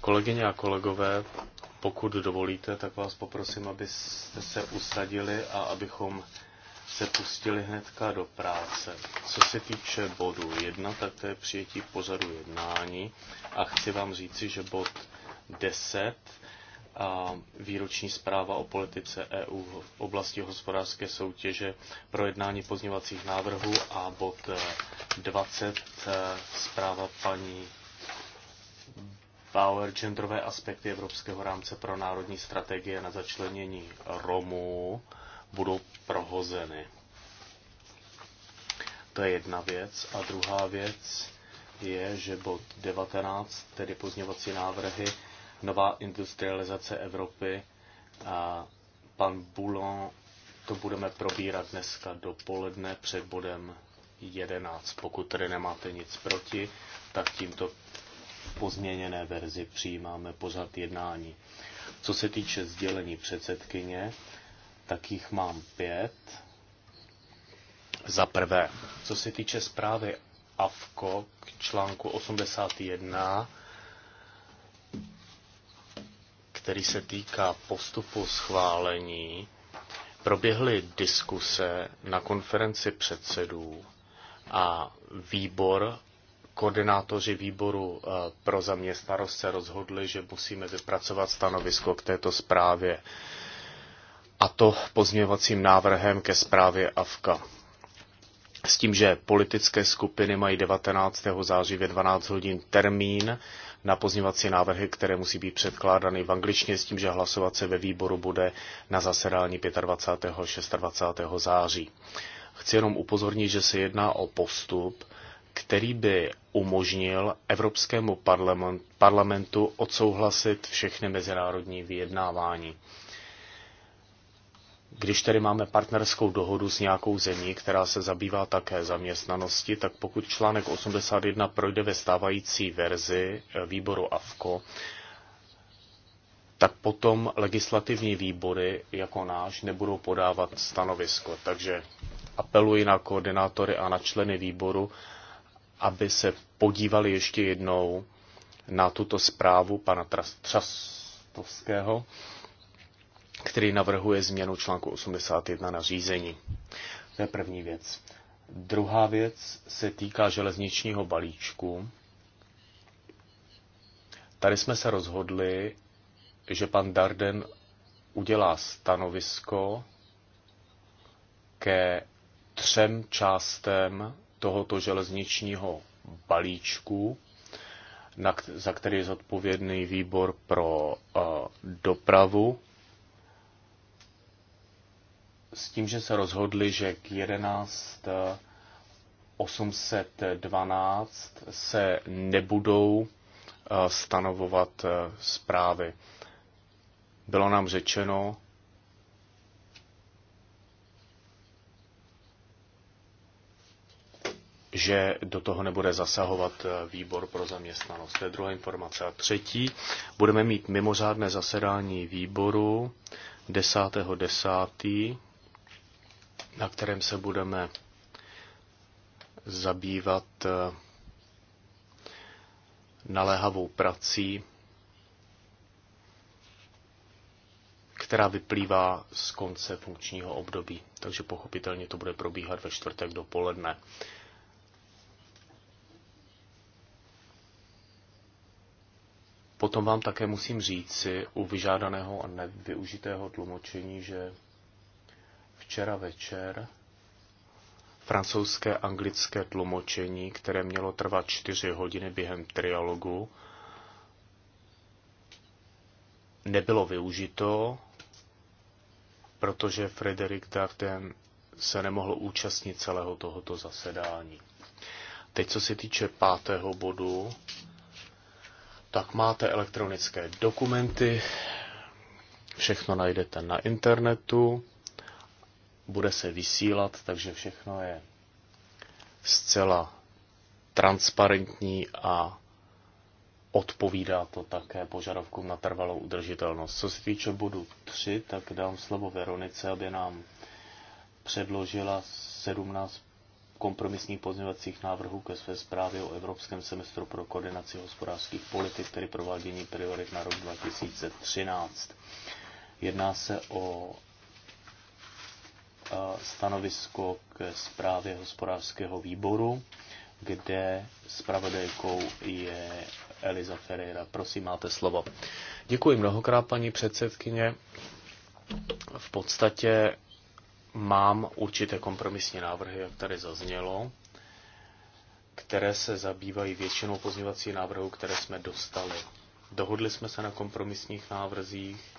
Kolegyně a kolegové, pokud dovolíte, tak vás poprosím, abyste se usadili a abychom se pustili hnedka do práce. Co se týče bodu 1, tak to je přijetí pořadu jednání a chci vám říci, že bod 10, a výroční zpráva o politice EU v oblasti hospodářské soutěže, projednání pozněvacích návrhů a bod 20, eh, zpráva paní Power genderové aspekty Evropského rámce pro národní strategie na začlenění Romů budou prohozeny. To je jedna věc. A druhá věc je, že bod 19, tedy pozněvací návrhy, nová industrializace Evropy, a pan Boulon, to budeme probírat dneska dopoledne před bodem 11. Pokud tedy nemáte nic proti, tak tímto v pozměněné verzi přijímáme pořad jednání. Co se týče sdělení předsedkyně, tak jich mám pět. Za prvé, co se týče zprávy AFKO k článku 81, který se týká postupu schválení, proběhly diskuse na konferenci předsedů a výbor koordinátoři výboru eh, pro zaměstnanost se rozhodli, že musíme vypracovat stanovisko k této zprávě. A to pozměvacím návrhem ke zprávě AFKA. S tím, že politické skupiny mají 19. září ve 12 hodin termín na pozměvací návrhy, které musí být předkládány v angličtině, s tím, že hlasovat se ve výboru bude na zasedání 25. a 26. září. Chci jenom upozornit, že se jedná o postup, který by umožnil Evropskému parlamentu odsouhlasit všechny mezinárodní vyjednávání. Když tedy máme partnerskou dohodu s nějakou zemí, která se zabývá také zaměstnanosti, tak pokud článek 81 projde ve stávající verzi eh, výboru AFKO, tak potom legislativní výbory jako náš nebudou podávat stanovisko. Takže apeluji na koordinátory a na členy výboru, aby se podívali ještě jednou na tuto zprávu pana Třastovského, který navrhuje změnu článku 81 na řízení. To je první věc. Druhá věc se týká železničního balíčku. Tady jsme se rozhodli, že pan Darden udělá stanovisko ke třem částem tohoto železničního balíčku, na, za který je zodpovědný výbor pro uh, dopravu, s tím, že se rozhodli, že k 11 812 eh, se nebudou eh, stanovovat zprávy. Bylo nám řečeno, že do toho nebude zasahovat eh, výbor pro zaměstnanost. To je druhá informace. A třetí, budeme mít mimořádné zasedání výboru 10.10., 10., na kterém se budeme zabývat eh, naléhavou prací, která vyplývá z konce funkčního období. Takže pochopitelně to bude probíhat ve čtvrtek dopoledne. Potom vám také musím říct, si u vyžádaného a nevyužitého tlumočení, že včera večer francouzské anglické tlumočení, které mělo trvat čtyři hodiny během trialogu, nebylo využito, protože Frederik Dardem se nemohl účastnit celého tohoto zasedání. Teď, co se týče pátého bodu, tak máte elektronické dokumenty, všechno najdete na internetu, bude se vysílat, takže všechno je zcela transparentní a odpovídá to také požadavkům na trvalou udržitelnost. Co se týče bodu 3, tak dám slovo Veronice, aby nám předložila 17 kompromisních pozměňovacích návrhů ke své zprávě o Evropském semestru pro koordinaci hospodářských politik, tedy provádění priorit na rok 2013. Jedná se o e, stanovisko k zprávě hospodářského výboru, kde zpravodajkou je Eliza Ferreira. Prosím, máte slovo. Děkuji mnohokrát, paní předsedkyně. V podstatě mám určité kompromisní návrhy, jak tady zaznělo, které se zabývají většinou pozměvací návrhů, které jsme dostali. Dohodli jsme se na kompromisních návrzích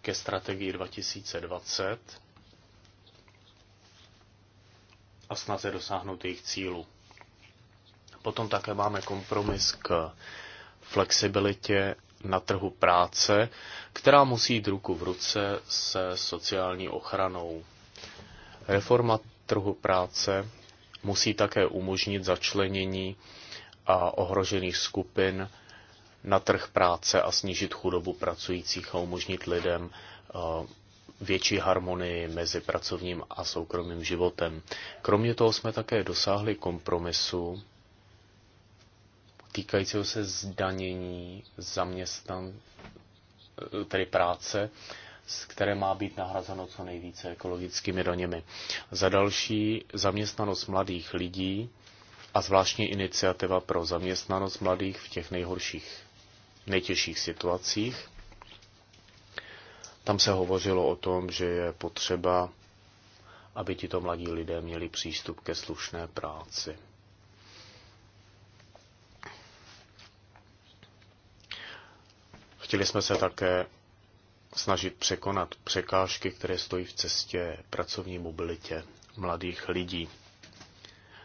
ke strategii 2020 a snaze dosáhnout jejich cílu. Potom také máme kompromis k flexibilitě na trhu práce, která musí jít ruku v ruce se sociální ochranou. Reforma trhu práce musí také umožnit začlenění a ohrožených skupin na trh práce a snížit chudobu pracujících a umožnit lidem eh, větší harmonii mezi pracovním a soukromým životem. Kromě toho jsme také dosáhli kompromisu týkajícího se zdanění zaměstnan, tedy práce, které má být nahrazeno co nejvíce ekologickými daněmi. Za další zaměstnanost mladých lidí a zvláštní iniciativa pro zaměstnanost mladých v těch nejhorších, nejtěžších situacích. Tam se hovořilo o tom, že je potřeba, aby tito mladí lidé měli přístup ke slušné práci. Chtěli jsme se také snažit překonat překážky, které stojí v cestě pracovní mobilitě mladých lidí.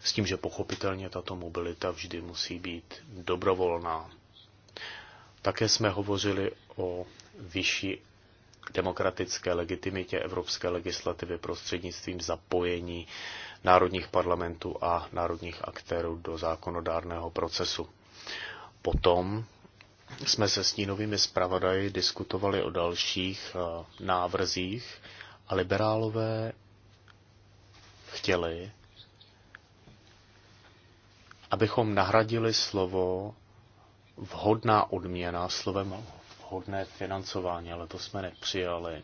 S tím, že pochopitelně tato mobilita vždy musí být dobrovolná. Také jsme hovořili o vyšší demokratické legitimitě evropské legislativy prostřednictvím zapojení národních parlamentů a národních aktérů do zákonodárného procesu. Potom jsme se stínovými zpravodaji diskutovali o dalších eh, návrzích a liberálové chtěli, abychom nahradili slovo vhodná odměna slovem vhodné financování, ale to jsme nepřijali.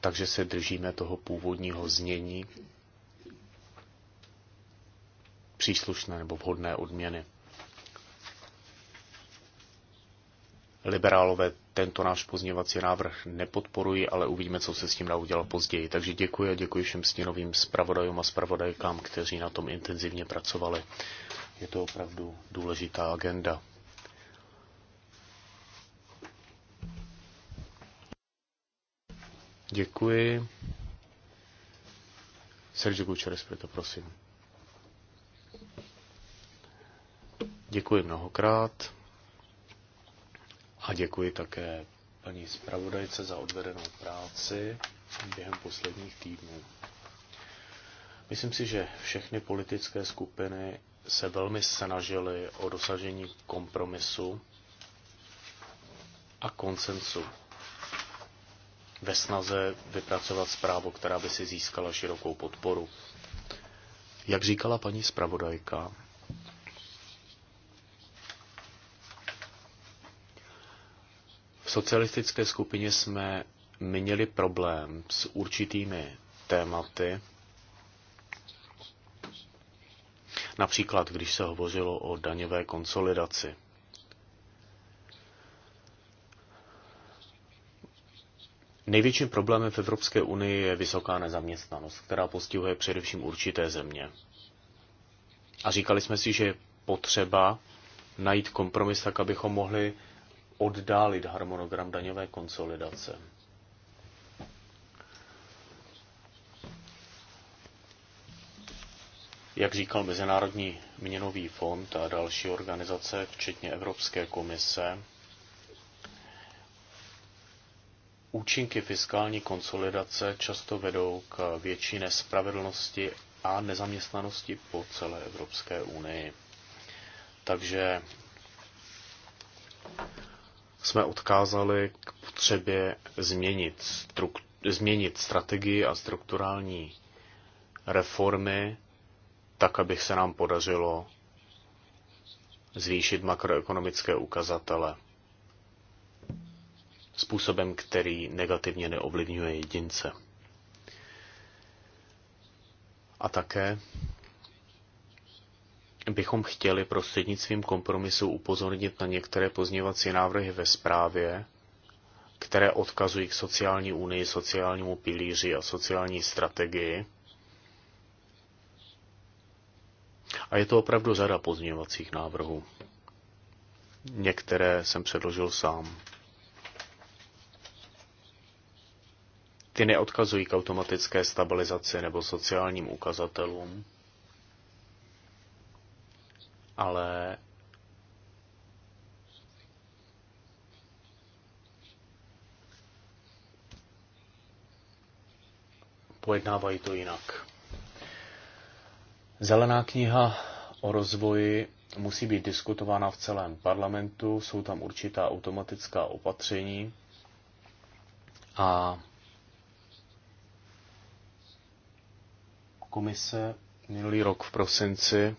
Takže se držíme toho původního znění příslušné nebo vhodné odměny. Liberálové tento náš pozměňovací návrh nepodporují, ale uvidíme, co se s tím dá udělat později. Takže děkuji a děkuji všem stínovým zpravodajům a zpravodajkám, kteří na tom intenzivně pracovali. Je to opravdu důležitá agenda. Děkuji. Sergio Gučeres, to prosím. Děkuji mnohokrát. A děkuji také paní zpravodajce za odvedenou práci během posledních týdnů. Myslím si, že všechny politické skupiny se velmi snažily o dosažení kompromisu a konsensu ve snaze vypracovat zprávu, která by si získala širokou podporu. Jak říkala paní zpravodajka, socialistické skupině jsme měli problém s určitými tématy, například když se hovořilo o daňové konsolidaci. Největším problémem v Evropské unii je vysoká nezaměstnanost, která postihuje především určité země. A říkali jsme si, že je potřeba najít kompromis tak, abychom mohli oddálit harmonogram daňové konsolidace. Jak říkal Mezinárodní měnový fond a další organizace, včetně Evropské komise, účinky fiskální konsolidace často vedou k větší nespravedlnosti a nezaměstnanosti po celé Evropské unii. Takže jsme odkázali k potřebě změnit, struk, změnit strategii a strukturální reformy tak, aby se nám podařilo zvýšit makroekonomické ukazatele způsobem, který negativně neovlivňuje jedince. A také bychom chtěli prostřednictvím kompromisu upozornit na některé pozměvací návrhy ve zprávě, které odkazují k sociální unii, sociálnímu pilíři a sociální strategii. A je to opravdu řada pozměňovacích návrhů. Některé jsem předložil sám. Ty neodkazují k automatické stabilizaci nebo sociálním ukazatelům ale pojednávají to jinak. Zelená kniha o rozvoji musí být diskutována v celém parlamentu, jsou tam určitá automatická opatření a komise minulý rok v prosinci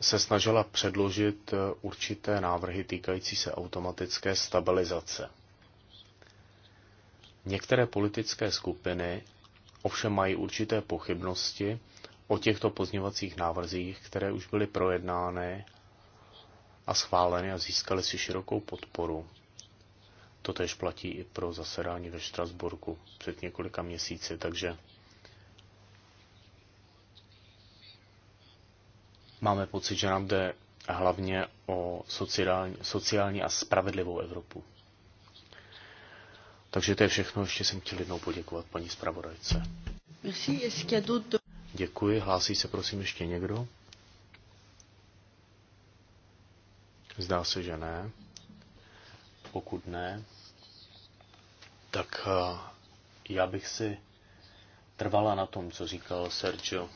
se snažila předložit eh, určité návrhy týkající se automatické stabilizace. Některé politické skupiny ovšem mají určité pochybnosti o těchto pozněvacích návrzích, které už byly projednány a schváleny a získaly si širokou podporu. Totež platí i pro zasedání ve Štrasburku před několika měsíci, takže Máme pocit, že nám jde hlavně o sociální, sociální a spravedlivou Evropu. Takže to je všechno. Ještě jsem chtěl jednou poděkovat paní zpravodajce. Děkuji. Hlásí se prosím ještě někdo? Zdá se, že ne. Pokud ne, tak eh, já bych si trvala na tom, co říkal Sergio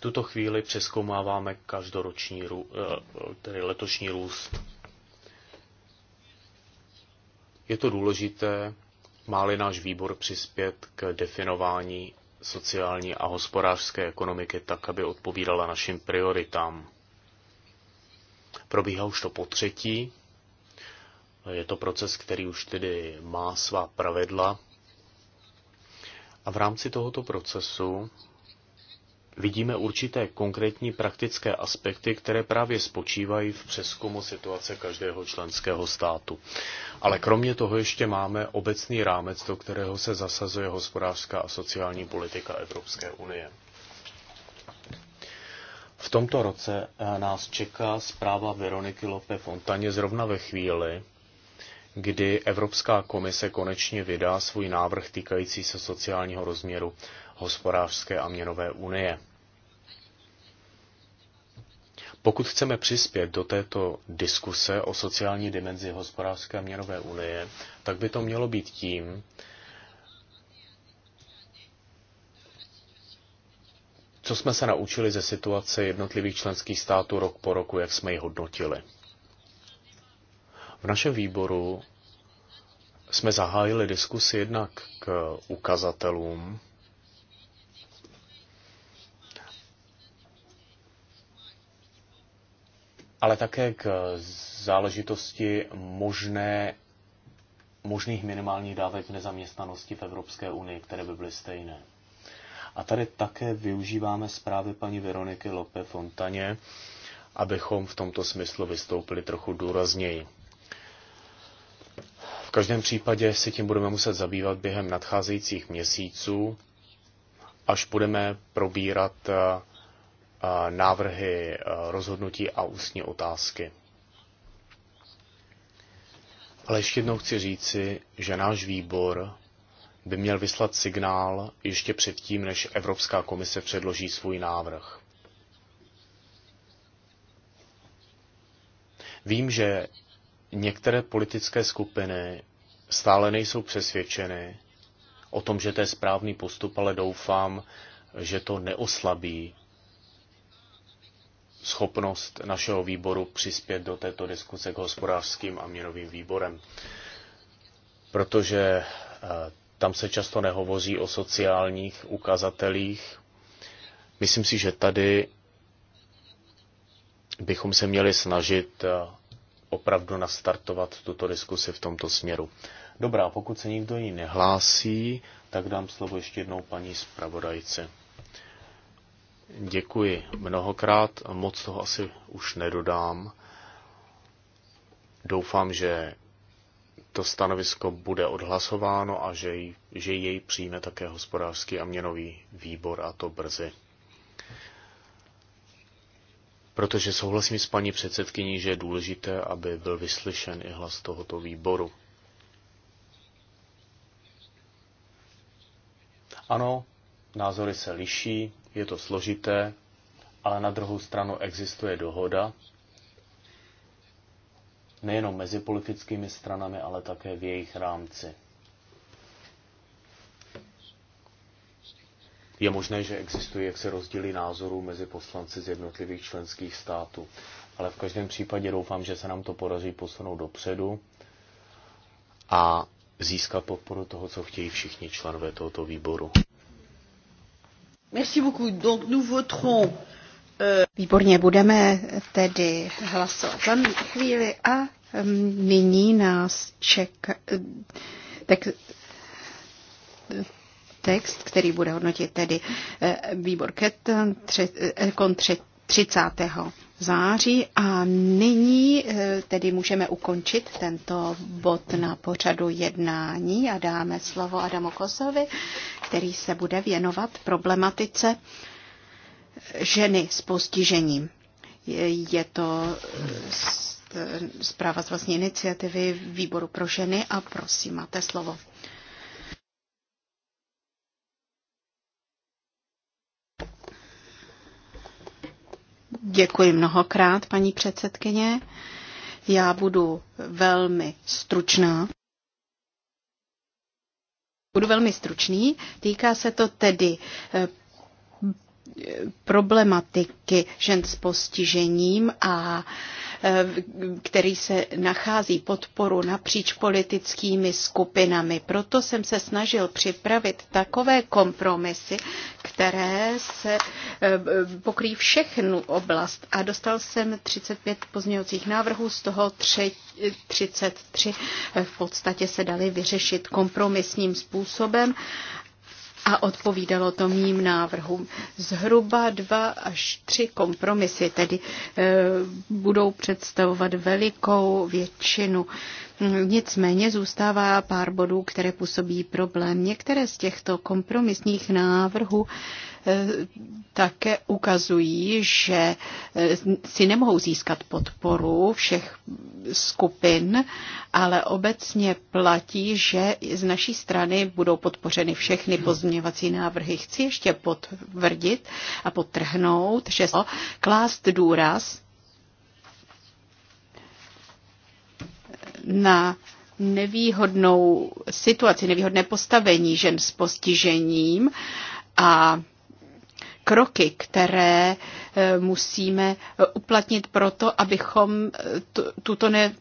tuto chvíli přeskoumáváme každoroční, eh, tedy letošní růst. Je to důležité, má-li náš výbor přispět k definování sociální a hospodářské ekonomiky tak, aby odpovídala našim prioritám. Probíhá už to po třetí. Je to proces, který už tedy má svá pravidla. A v rámci tohoto procesu vidíme určité konkrétní praktické aspekty, které právě spočívají v přeskumu situace každého členského státu. Ale kromě toho ještě máme obecný rámec, do kterého se zasazuje hospodářská a sociální politika Evropské unie. V tomto roce eh, nás čeká zpráva Veroniky Lope Fontaně zrovna ve chvíli, kdy Evropská komise konečně vydá svůj návrh týkající se sociálního rozměru hospodářské a měnové unie. Pokud chceme přispět do této diskuse o sociální dimenzi hospodářské a měnové unie, tak by to mělo být tím, co jsme se naučili ze situace jednotlivých členských států rok po roku, jak jsme ji hodnotili. V našem výboru jsme zahájili diskusi jednak k ukazatelům ale také k záležitosti možné, možných minimálních dávek nezaměstnanosti v Evropské unii, které by byly stejné. A tady také využíváme zprávy paní Veroniky Lope Fontaně, abychom v tomto smyslu vystoupili trochu důrazněji. V každém případě si tím budeme muset zabývat během nadcházejících měsíců, až budeme probírat eh, Eh, návrhy eh, rozhodnutí a ústní otázky. Ale ještě jednou chci říci, že náš výbor by měl vyslat signál ještě předtím, než Evropská komise předloží svůj návrh. Vím, že některé politické skupiny stále nejsou přesvědčeny o tom, že to je správný postup, ale doufám, že to neoslabí schopnost našeho výboru přispět do této diskuse k hospodářským a měnovým výborem. Protože eh, tam se často nehovoří o sociálních ukazatelích. Myslím si, že tady bychom se měli snažit eh, opravdu nastartovat tuto diskusi v tomto směru. Dobrá, pokud se nikdo ji nehlásí, tak dám slovo ještě jednou paní zpravodajce. Děkuji mnohokrát, moc toho asi už nedodám. Doufám, že to stanovisko bude odhlasováno a že, jej, že jej přijme také hospodářský a měnový výbor a to brzy. Protože souhlasím s paní předsedkyní, že je důležité, aby byl vyslyšen i hlas tohoto výboru. Ano, názory se liší, je to složité, ale na druhou stranu existuje dohoda, nejenom mezi politickými stranami, ale také v jejich rámci. Je možné, že existují jaksi rozdíly názorů mezi poslanci z jednotlivých členských států, ale v každém případě doufám, že se nám to podaří posunout dopředu a získat podporu toho, co chtějí všichni členové tohoto výboru. Euh, Výborně, budeme tedy hlasovat za chvíli a um, nyní nás ček tak, text, který bude hodnotit tedy eh, výbor KET, eh, eh, kon 30. září a nyní eh, tedy můžeme ukončit tento bod na pořadu jednání a dáme slovo Adamu Kosovi, který se bude věnovat problematice ženy s postižením. Je to eh, eh, zpráva z vlastní iniciativy Výboru pro ženy a prosím, máte slovo. Děkuji mnohokrát, paní předsedkyně. Já budu velmi stručná. Budu velmi stručný. Týká se to tedy eh, problematiky žen s postižením a e, který se nachází podporu napříč politickými skupinami. Proto jsem se snažil připravit takové kompromisy, které se e, pokrý všechnu oblast. A dostal jsem 35 pozměňovacích návrhů, z toho 33 v podstatě se daly vyřešit kompromisním způsobem a odpovídalo to mým návrhům. Zhruba dva až tři kompromisy tedy eh, budou představovat velikou většinu. Nicméně zůstává pár bodů, které působí problém. Některé z těchto kompromisních návrhů E, také ukazují, že e, si nemohou získat podporu všech skupin, ale obecně platí, že z naší strany budou podpořeny všechny pozměňovací návrhy. Chci ještě potvrdit a potrhnout, že klást důraz na nevýhodnou situaci, nevýhodné postavení žen s postižením a kroky, které eh, musíme eh, uplatnit proto, abychom eh, tuto ne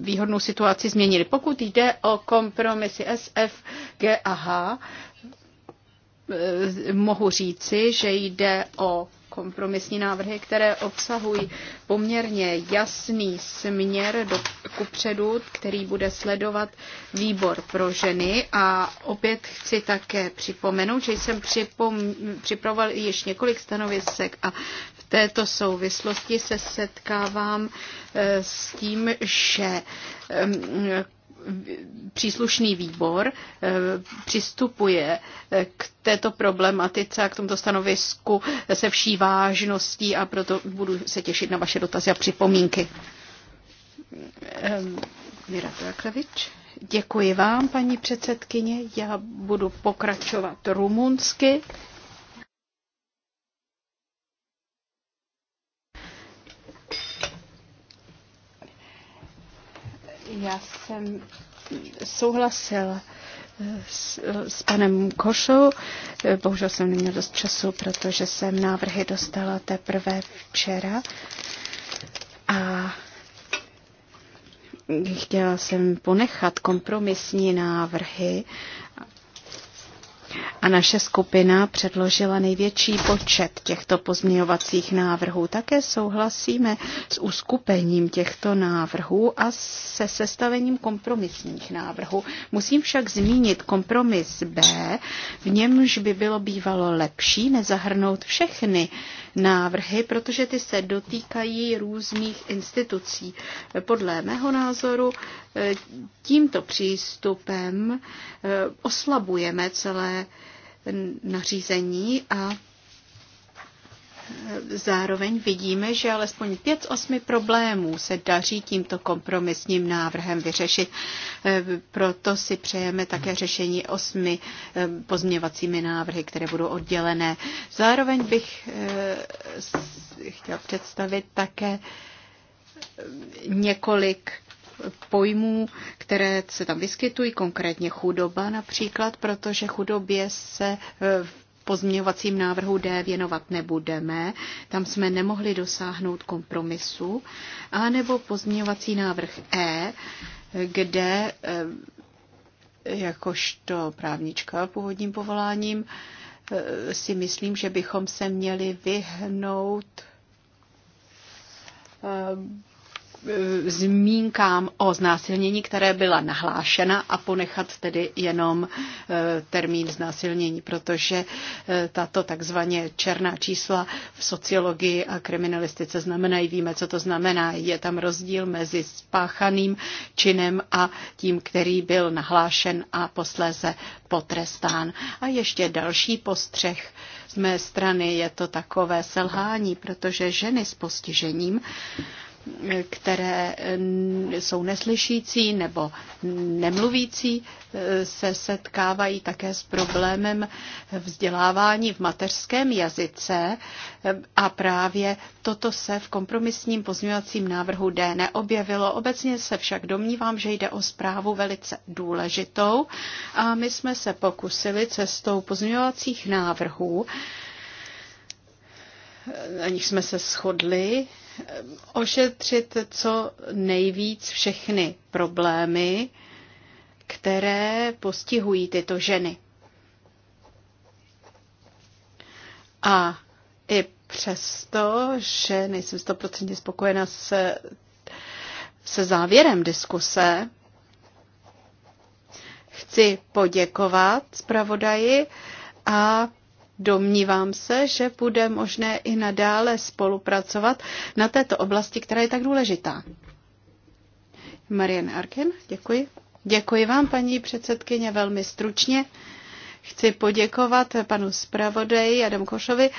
výhodnou situaci změnili. Pokud jde o kompromisy SF, G a H, mohu říci, že jde o kompromisní návrhy, které obsahují poměrně jasný směr do, kupředu, který bude sledovat výbor pro ženy. A opět chci také připomenout, že jsem připom, připravoval již několik stanovisek a v této souvislosti se setkávám eh, s tím, že příslušný výbor eh, přistupuje eh, k této problematice a k tomto stanovisku se vší vážností a proto budu se těšit na vaše dotazy a připomínky. Mira ehm, Traklevič. Děkuji vám, paní předsedkyně. Já budu pokračovat rumunsky. Já jsem souhlasil eh, s, eh, s panem Košou. Eh, bohužel jsem neměl dost času, protože jsem návrhy dostala teprve včera. A chtěla jsem ponechat kompromisní návrhy a naše skupina předložila největší počet těchto pozměňovacích návrhů. Také souhlasíme s uskupením těchto návrhů a se sestavením kompromisních návrhů. Musím však zmínit kompromis B, v němž by bylo bývalo lepší nezahrnout všechny návrhy, protože ty se dotýkají různých institucí. Podle mého názoru eh, tímto přístupem eh, oslabujeme celé nařízení a Zároveň vidíme, že alespoň pět z osmi problémů se daří tímto kompromisním návrhem vyřešit. Eh, proto si přejeme také řešení osmi eh, pozměvacími návrhy, které budou oddělené. Zároveň bych eh, chtěla představit také několik pojmů, které se tam vyskytují, konkrétně chudoba například, protože chudobě se v pozměňovacím návrhu D věnovat nebudeme, tam jsme nemohli dosáhnout kompromisu, anebo pozměňovací návrh E, kde eh, jakožto právnička původním povoláním eh, si myslím, že bychom se měli vyhnout eh, Eh, zmínkám o znásilnění, které byla nahlášena a ponechat tedy jenom eh, termín znásilnění, protože eh, tato takzvaně černá čísla v sociologii a kriminalistice znamenají, víme, co to znamená. Je tam rozdíl mezi spáchaným činem a tím, který byl nahlášen a posléze potrestán. A ještě další postřeh z mé strany je to takové selhání, protože ženy s postižením které eh, jsou neslyšící nebo nemluvící, eh, se setkávají také s problémem vzdělávání v mateřském jazyce eh, a právě toto se v kompromisním pozměňovacím návrhu D neobjevilo. Obecně se však domnívám, že jde o zprávu velice důležitou a my jsme se pokusili cestou pozměňovacích návrhů, na nich jsme se shodli, ošetřit co nejvíc všechny problémy, které postihují tyto ženy. A i přesto, že nejsem stoprocentně spokojena se, se závěrem diskuse, chci poděkovat zpravodaji a Domnívám se, že bude možné i nadále spolupracovat na této oblasti, která je tak důležitá. Marian Arkin, děkuji. Děkuji vám, paní předsedkyně, velmi stručně. Chci poděkovat panu zpravodaji Adam Košovi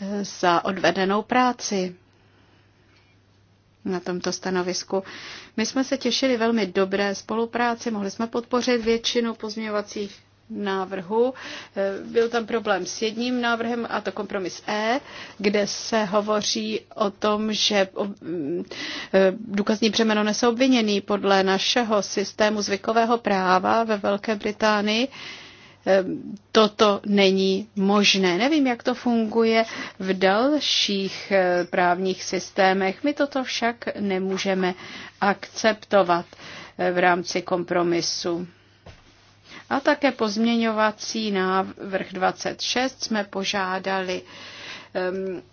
eh, za odvedenou práci na tomto stanovisku. My jsme se těšili velmi dobré spolupráci, mohli jsme podpořit většinu pozměňovacích návrhu. Eh, byl tam problém s jedním návrhem, a to kompromis E, kde se hovoří o tom, že eh, důkazní břemeno nese obviněný podle našeho systému zvykového práva ve Velké Británii eh, toto není možné. Nevím, jak to funguje v dalších právních systémech. My toto však nemůžeme akceptovat v rámci kompromisu. A také pozměňovací návrh 26 jsme požádali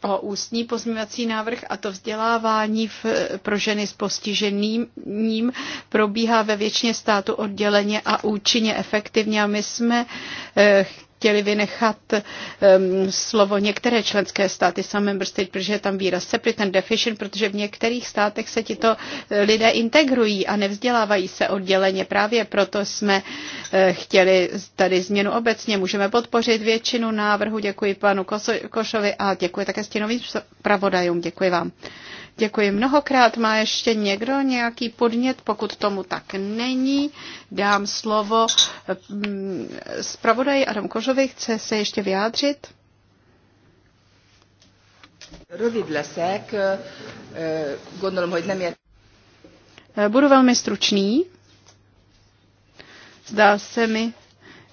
o ústní pozměňovací návrh a to vzdělávání v, pro ženy s postižením probíhá ve většině státu odděleně a účinně efektivně a my jsme eh, chtěli vynechat um, slovo některé členské státy, some member state, protože je tam výraz separate and deficient, protože v některých státech se tito eh, lidé integrují a nevzdělávají se odděleně. Právě proto jsme uh, chtěli tady změnu obecně. Můžeme podpořit většinu návrhu. Děkuji panu Košovi a děkuji také stěnovým pravodajům. Děkuji vám. Děkuji mnohokrát. Má ještě někdo nějaký podnět? Pokud tomu tak není, dám slovo mm, zpravodaj Adam Kožovi. Chce se ještě vyjádřit? Rövid leszek, e, e, gondolom, hogy nem e, Budu velmi stručný. Zdá se mi,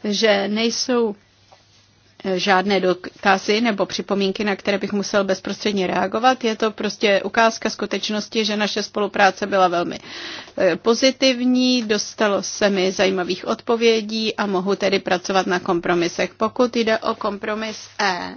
že nejsou Eh, žádné dokazy nebo připomínky, na které bych musel bezprostředně reagovat. Je to prostě ukázka skutečnosti, že naše spolupráce byla velmi eh, pozitivní, dostalo se mi zajímavých odpovědí a mohu tedy pracovat na kompromisech. Pokud jde o kompromis E,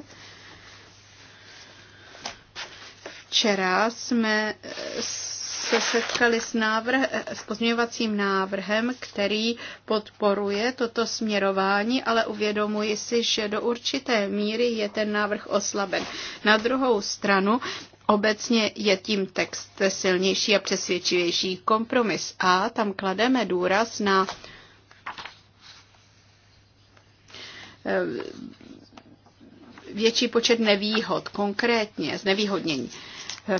včera jsme s se setkali s, návrh, s pozměňovacím návrhem, který podporuje toto směrování, ale uvědomuji si, že do určité míry je ten návrh oslaben. Na druhou stranu Obecně je tím text silnější a přesvědčivější. Kompromis A, tam klademe důraz na eh, větší počet nevýhod, konkrétně znevýhodnění.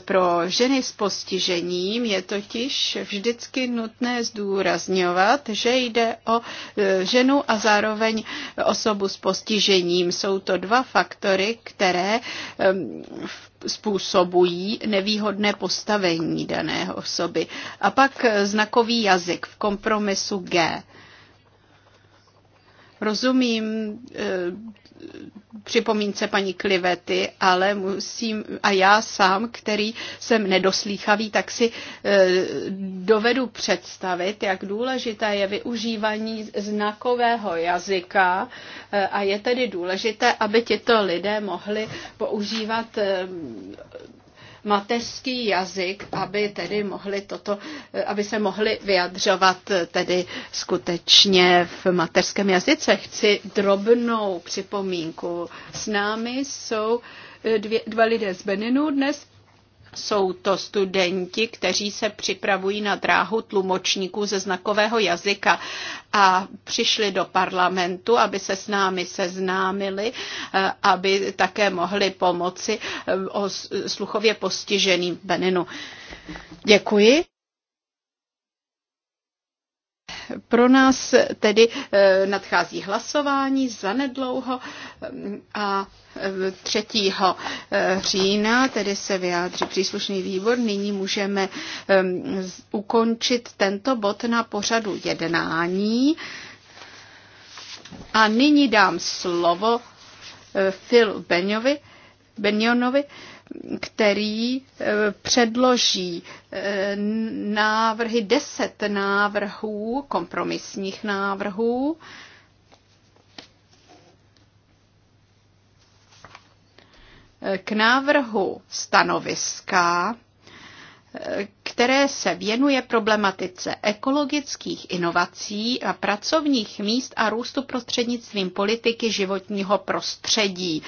Pro ženy s postižením je totiž vždycky nutné zdůrazňovat, že jde o e, ženu a zároveň osobu s postižením. Jsou to dva faktory, které e, způsobují nevýhodné postavení dané osoby. A pak e, znakový jazyk v kompromisu G. Rozumím eh, připomínce paní Klivety, ale musím, a já sám, který jsem nedoslýchavý, tak si eh, dovedu představit, jak důležité je využívání znakového jazyka eh, a je tedy důležité, aby tito lidé mohli používat mateřský jazyk, aby tedy mohli toto, aby se mohli vyjadřovat tedy skutečně v mateřském jazyce. Chci drobnou připomínku. S námi jsou dvě, dva lidé z Beninu dnes jsou to studenti, kteří se připravují na dráhu tlumočníků ze znakového jazyka a přišli do parlamentu, aby se s námi seznámili, eh, aby také mohli pomoci eh, sluchově postiženým Beninu. Děkuji. Pro nás tedy eh, nadchází hlasování zanedlouho eh, a 3. Eh, října, tedy se vyjádří příslušný výbor. Nyní můžeme ukončit tento bod na pořadu jednání. A nyní dám slovo Phil Benjovi, Benjonovi, který e, předloží e, návrhy, deset návrhů, kompromisních návrhů, e, k návrhu stanoviska které se věnuje problematice ekologických inovací a pracovních míst a růstu prostřednictvím politiky životního prostředí.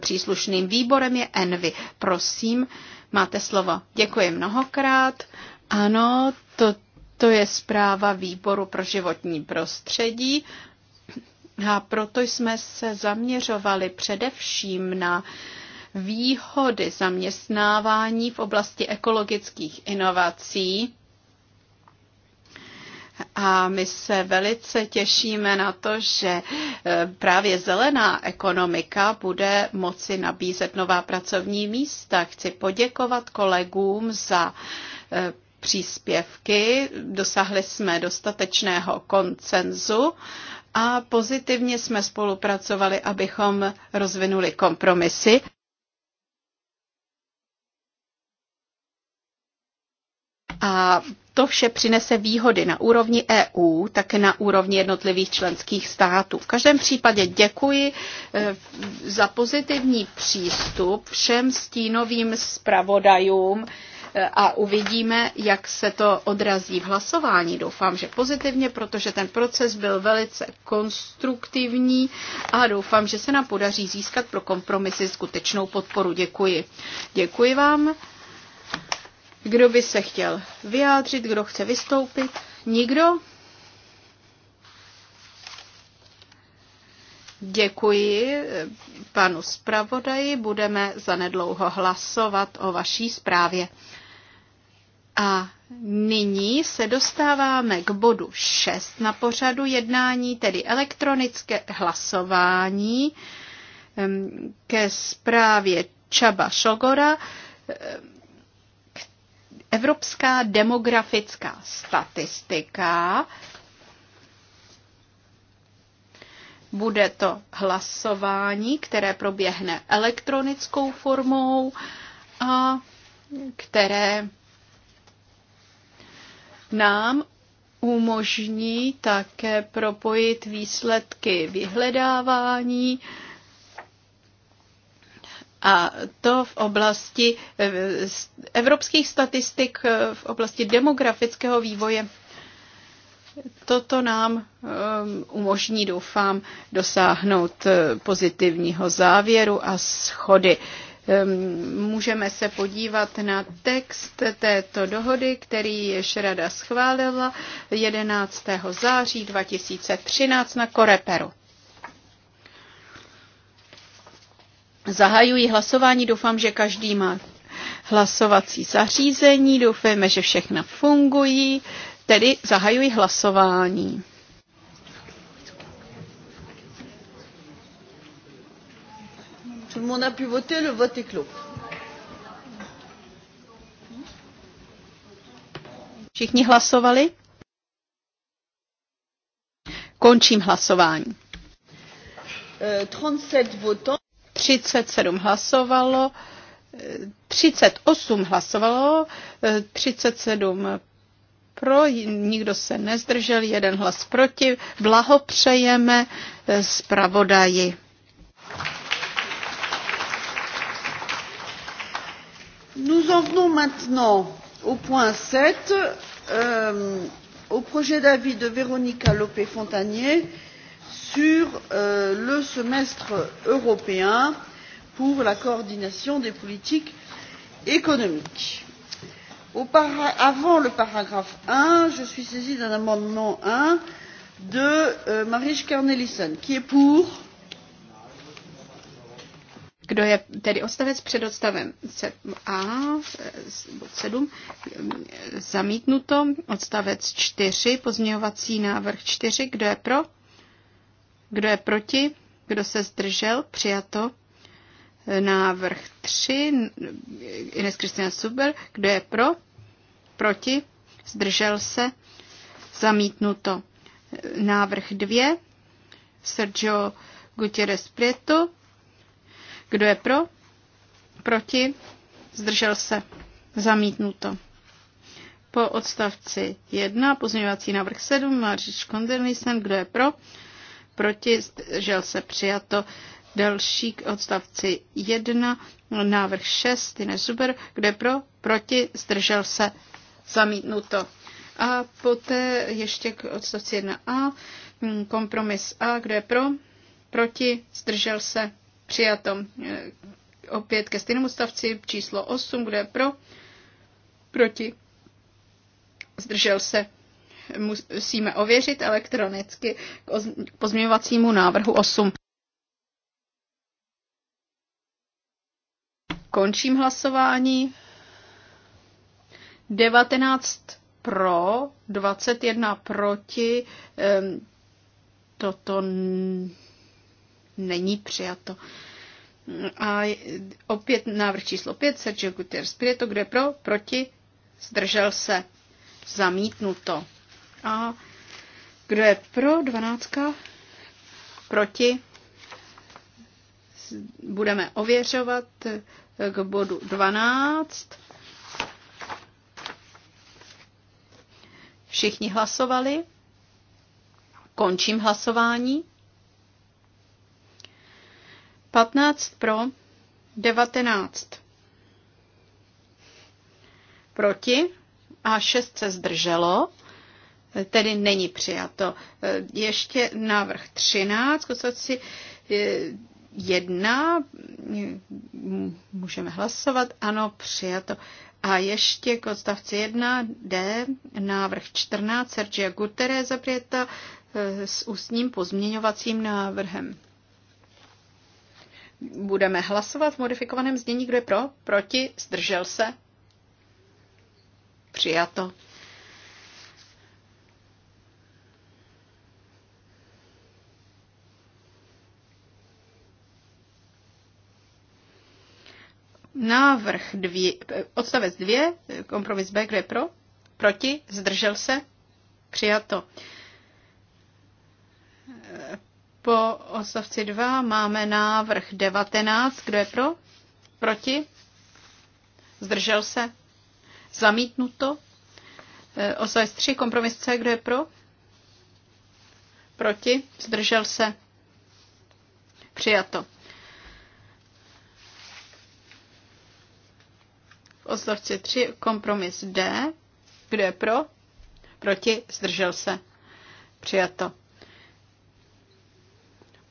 Příslušným výborem je Envy. Prosím, máte slovo. Děkuji mnohokrát. Ano, to, to je zpráva výboru pro životní prostředí. A proto jsme se zaměřovali především na uh, výhody zaměstnávání v oblasti ekologických inovací. A my se velice těšíme na to, že e, právě zelená ekonomika bude moci nabízet nová pracovní místa. Chci poděkovat kolegům za e, příspěvky. Dosahli jsme dostatečného koncenzu a pozitivně jsme spolupracovali, abychom rozvinuli kompromisy. A to vše přinese výhody na úrovni EU, také na úrovni jednotlivých členských států. V každém případě děkuji eh, za pozitivní přístup všem stínovým zpravodajům eh, a uvidíme, jak se to odrazí v hlasování. Doufám, že pozitivně, protože ten proces byl velice konstruktivní a doufám, že se nám podaří získat pro kompromisy skutečnou podporu. Děkuji. Děkuji vám. Kdo by se chtěl vyjádřit, kdo chce vystoupit? Nikdo? Děkuji eh, panu zpravodaji, budeme zanedlouho hlasovat o vaší zprávě. A nyní se dostáváme k bodu 6 na pořadu jednání, tedy elektronické hlasování ehm, ke zprávě Čaba Šogora Evropská demografická statistika. Bude to hlasování, které proběhne elektronickou formou a které nám umožní také propojit výsledky vyhledávání a to v oblasti eh, evropských statistik, eh, v oblasti demografického vývoje. Toto nám eh, umožní, doufám, dosáhnout pozitivního závěru a schody. Ehm, můžeme se podívat na text této dohody, který již rada schválila 11. září 2013 na Koreperu. Zahajuji hlasování, doufám, že každý má hlasovací zařízení, doufejme, že všechna fungují, tedy zahajuji hlasování. Tout le monde a pu voter, le vote est clos. Všichni hlasovali? Končím hlasování. 37 euh, votants. 37 hlasovalo, 38 hlasovalo, 37 pro, nikdo se nezdržel, jeden hlas proti. Blahopřejeme eh, zpravodaji. Nous en venons maintenant au point 7, euh, au projet d'avis de Véronica Lopé-Fontanier sur euh, le semestre européen pour la coordination des politiques économiques. avant le paragraphe un je suis saisie d'un amendement un de euh, marietje cornelissen qui est pour kdo je tedy odstavec před odstavem A, 7, zamítnuto, odstavec 4, pozměňovací návrh 4, kdo je pro? Kdo je proti? Kdo se zdržel? Přijato. Návrh 3, Ines Kristina Suber. Kdo je pro? Proti? Zdržel se? Zamítnuto. Návrh 2, Sergio Gutierrez Prieto. Kdo je pro? Proti? Zdržel se? Zamítnuto. Po odstavci 1, pozměňovací návrh 7, Maříč Konderlisen, kdo je pro? proti, zdržel se přijato. Další k odstavci 1, návrh 6, Tine Zuber, kde pro, proti, zdržel se zamítnuto. A poté ještě k odstavci 1a, kompromis A, kde pro, proti, zdržel se, přijato. Opět ke stejnému stavci číslo 8, kde pro, proti, zdržel se, musíme ověřit elektronicky k pozměňovacímu návrhu 8. Končím hlasování. 19 pro, 21 proti. Toto není přijato. A opět návrh číslo 5, Sergio Gutierrez Prieto, kde pro, proti, zdržel se, zamítnuto. A kdo je pro dvanáctka? Proti? Budeme ověřovat k bodu 12. Všichni hlasovali. Končím hlasování. 15 pro, 19 proti a 6 se zdrželo tedy není přijato. Eh, ještě návrh 13, konstatující 1, můžeme hlasovat, ano, přijato. A ještě k odstavci 1D, návrh 14 Sergio Guterreza Prieta eh, s ústním pozměňovacím návrhem. Budeme hlasovat v modifikovaném znění, kdo je pro, proti, zdržel se. Přijato. Návrh dvě, odstavec 2, kompromis B, kdo je pro? Proti? Zdržel se? Přijato. Po odstavci 2 máme návrh 19, kdo je pro? Proti? Zdržel se? Zamítnuto. E, odstavec 3, kompromis C, kdo je pro? Proti? Zdržel se? Přijato. odstavci 3, kompromis D. Kdo je pro? Proti? Zdržel se. Přijato.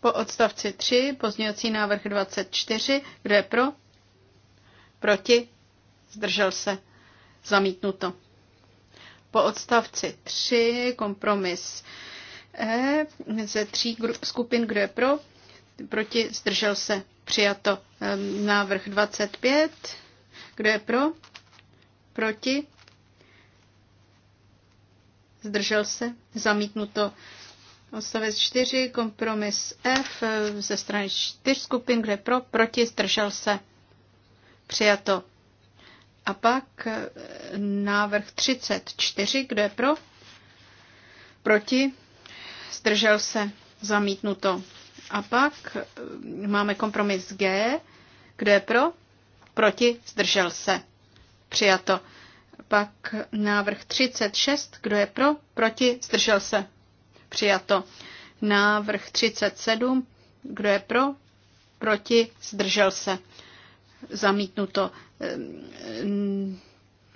Po odstavci 3, pozměňovací návrh 24. Kdo je pro? Proti? Zdržel se. Zamítnuto. Po odstavci 3, kompromis E ze tří skupin, kdo je pro? Proti? Zdržel se. Přijato. Návrh 25 kdo je pro? Proti? Zdržel se? Zamítnuto. Odstavec 4, kompromis F eh, ze strany 4 skupin, kde pro, proti, zdržel se. Přijato. A pak eh, návrh 34, kde je pro, proti, zdržel se, zamítnuto. A pak eh, máme kompromis G, kde je pro, proti, zdržel se. Přijato. Pak návrh 36, kdo je pro, proti, zdržel se. Přijato. Návrh 37, kdo je pro, proti, zdržel se. Zamítnuto. Ehm, ehm,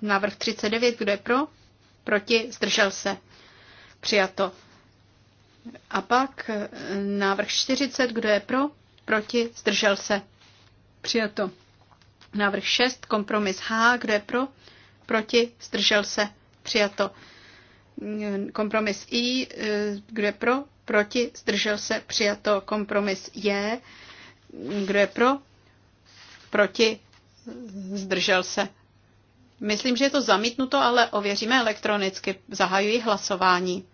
návrh 39, kdo je pro, proti, zdržel se. Přijato. A pak ehm, návrh 40, kdo je pro, proti, zdržel se. Přijato. Návrh 6, kompromis H, kdo je pro, proti, zdržel se, přijato. Kompromis I, eh, kdo je pro, proti, zdržel se, přijato. Kompromis J, kdo je pro, proti, zdržel se. Myslím, že je to zamítnuto, ale ověříme elektronicky. Zahajuji hlasování.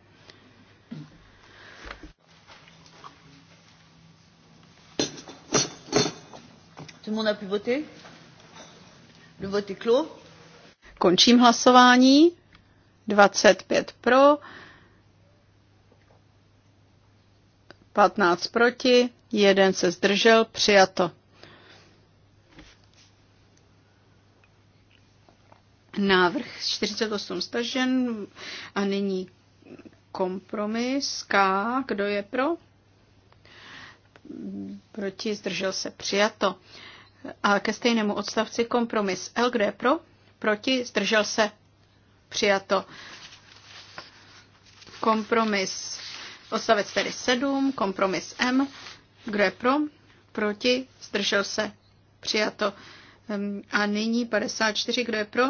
Tout le monde a pu voter Dvotiklu. Končím hlasování. 25 pro, 15 proti, jeden se zdržel, přijato. Návrh 48 stažen a nyní kompromis K. Kdo je pro? Proti zdržel se přijato. A ke stejnému odstavci kompromis LGD pro, proti, zdržel se, přijato. Kompromis odstavec tedy 7, kompromis M, kdo je pro, proti, zdržel se, přijato. A nyní 54, kdo je pro,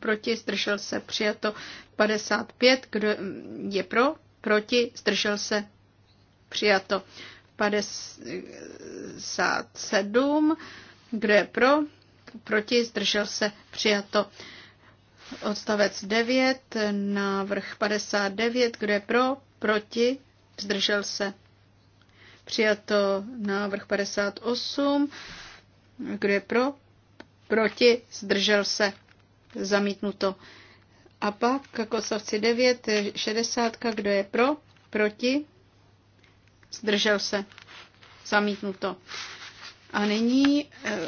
proti, zdržel se, přijato. 55, kdo je pro, proti, zdržel se, přijato. 57. Kdo je pro? Proti? Zdržel se? Přijato. Odstavec 9, návrh 59. Kdo je pro? Proti? Zdržel se? Přijato návrh 58. Kdo je pro? Proti? Zdržel se? Zamítnuto. A pak k odstavci 9, 60. Kdo je pro? Proti? zdržel se, to. A nyní eh,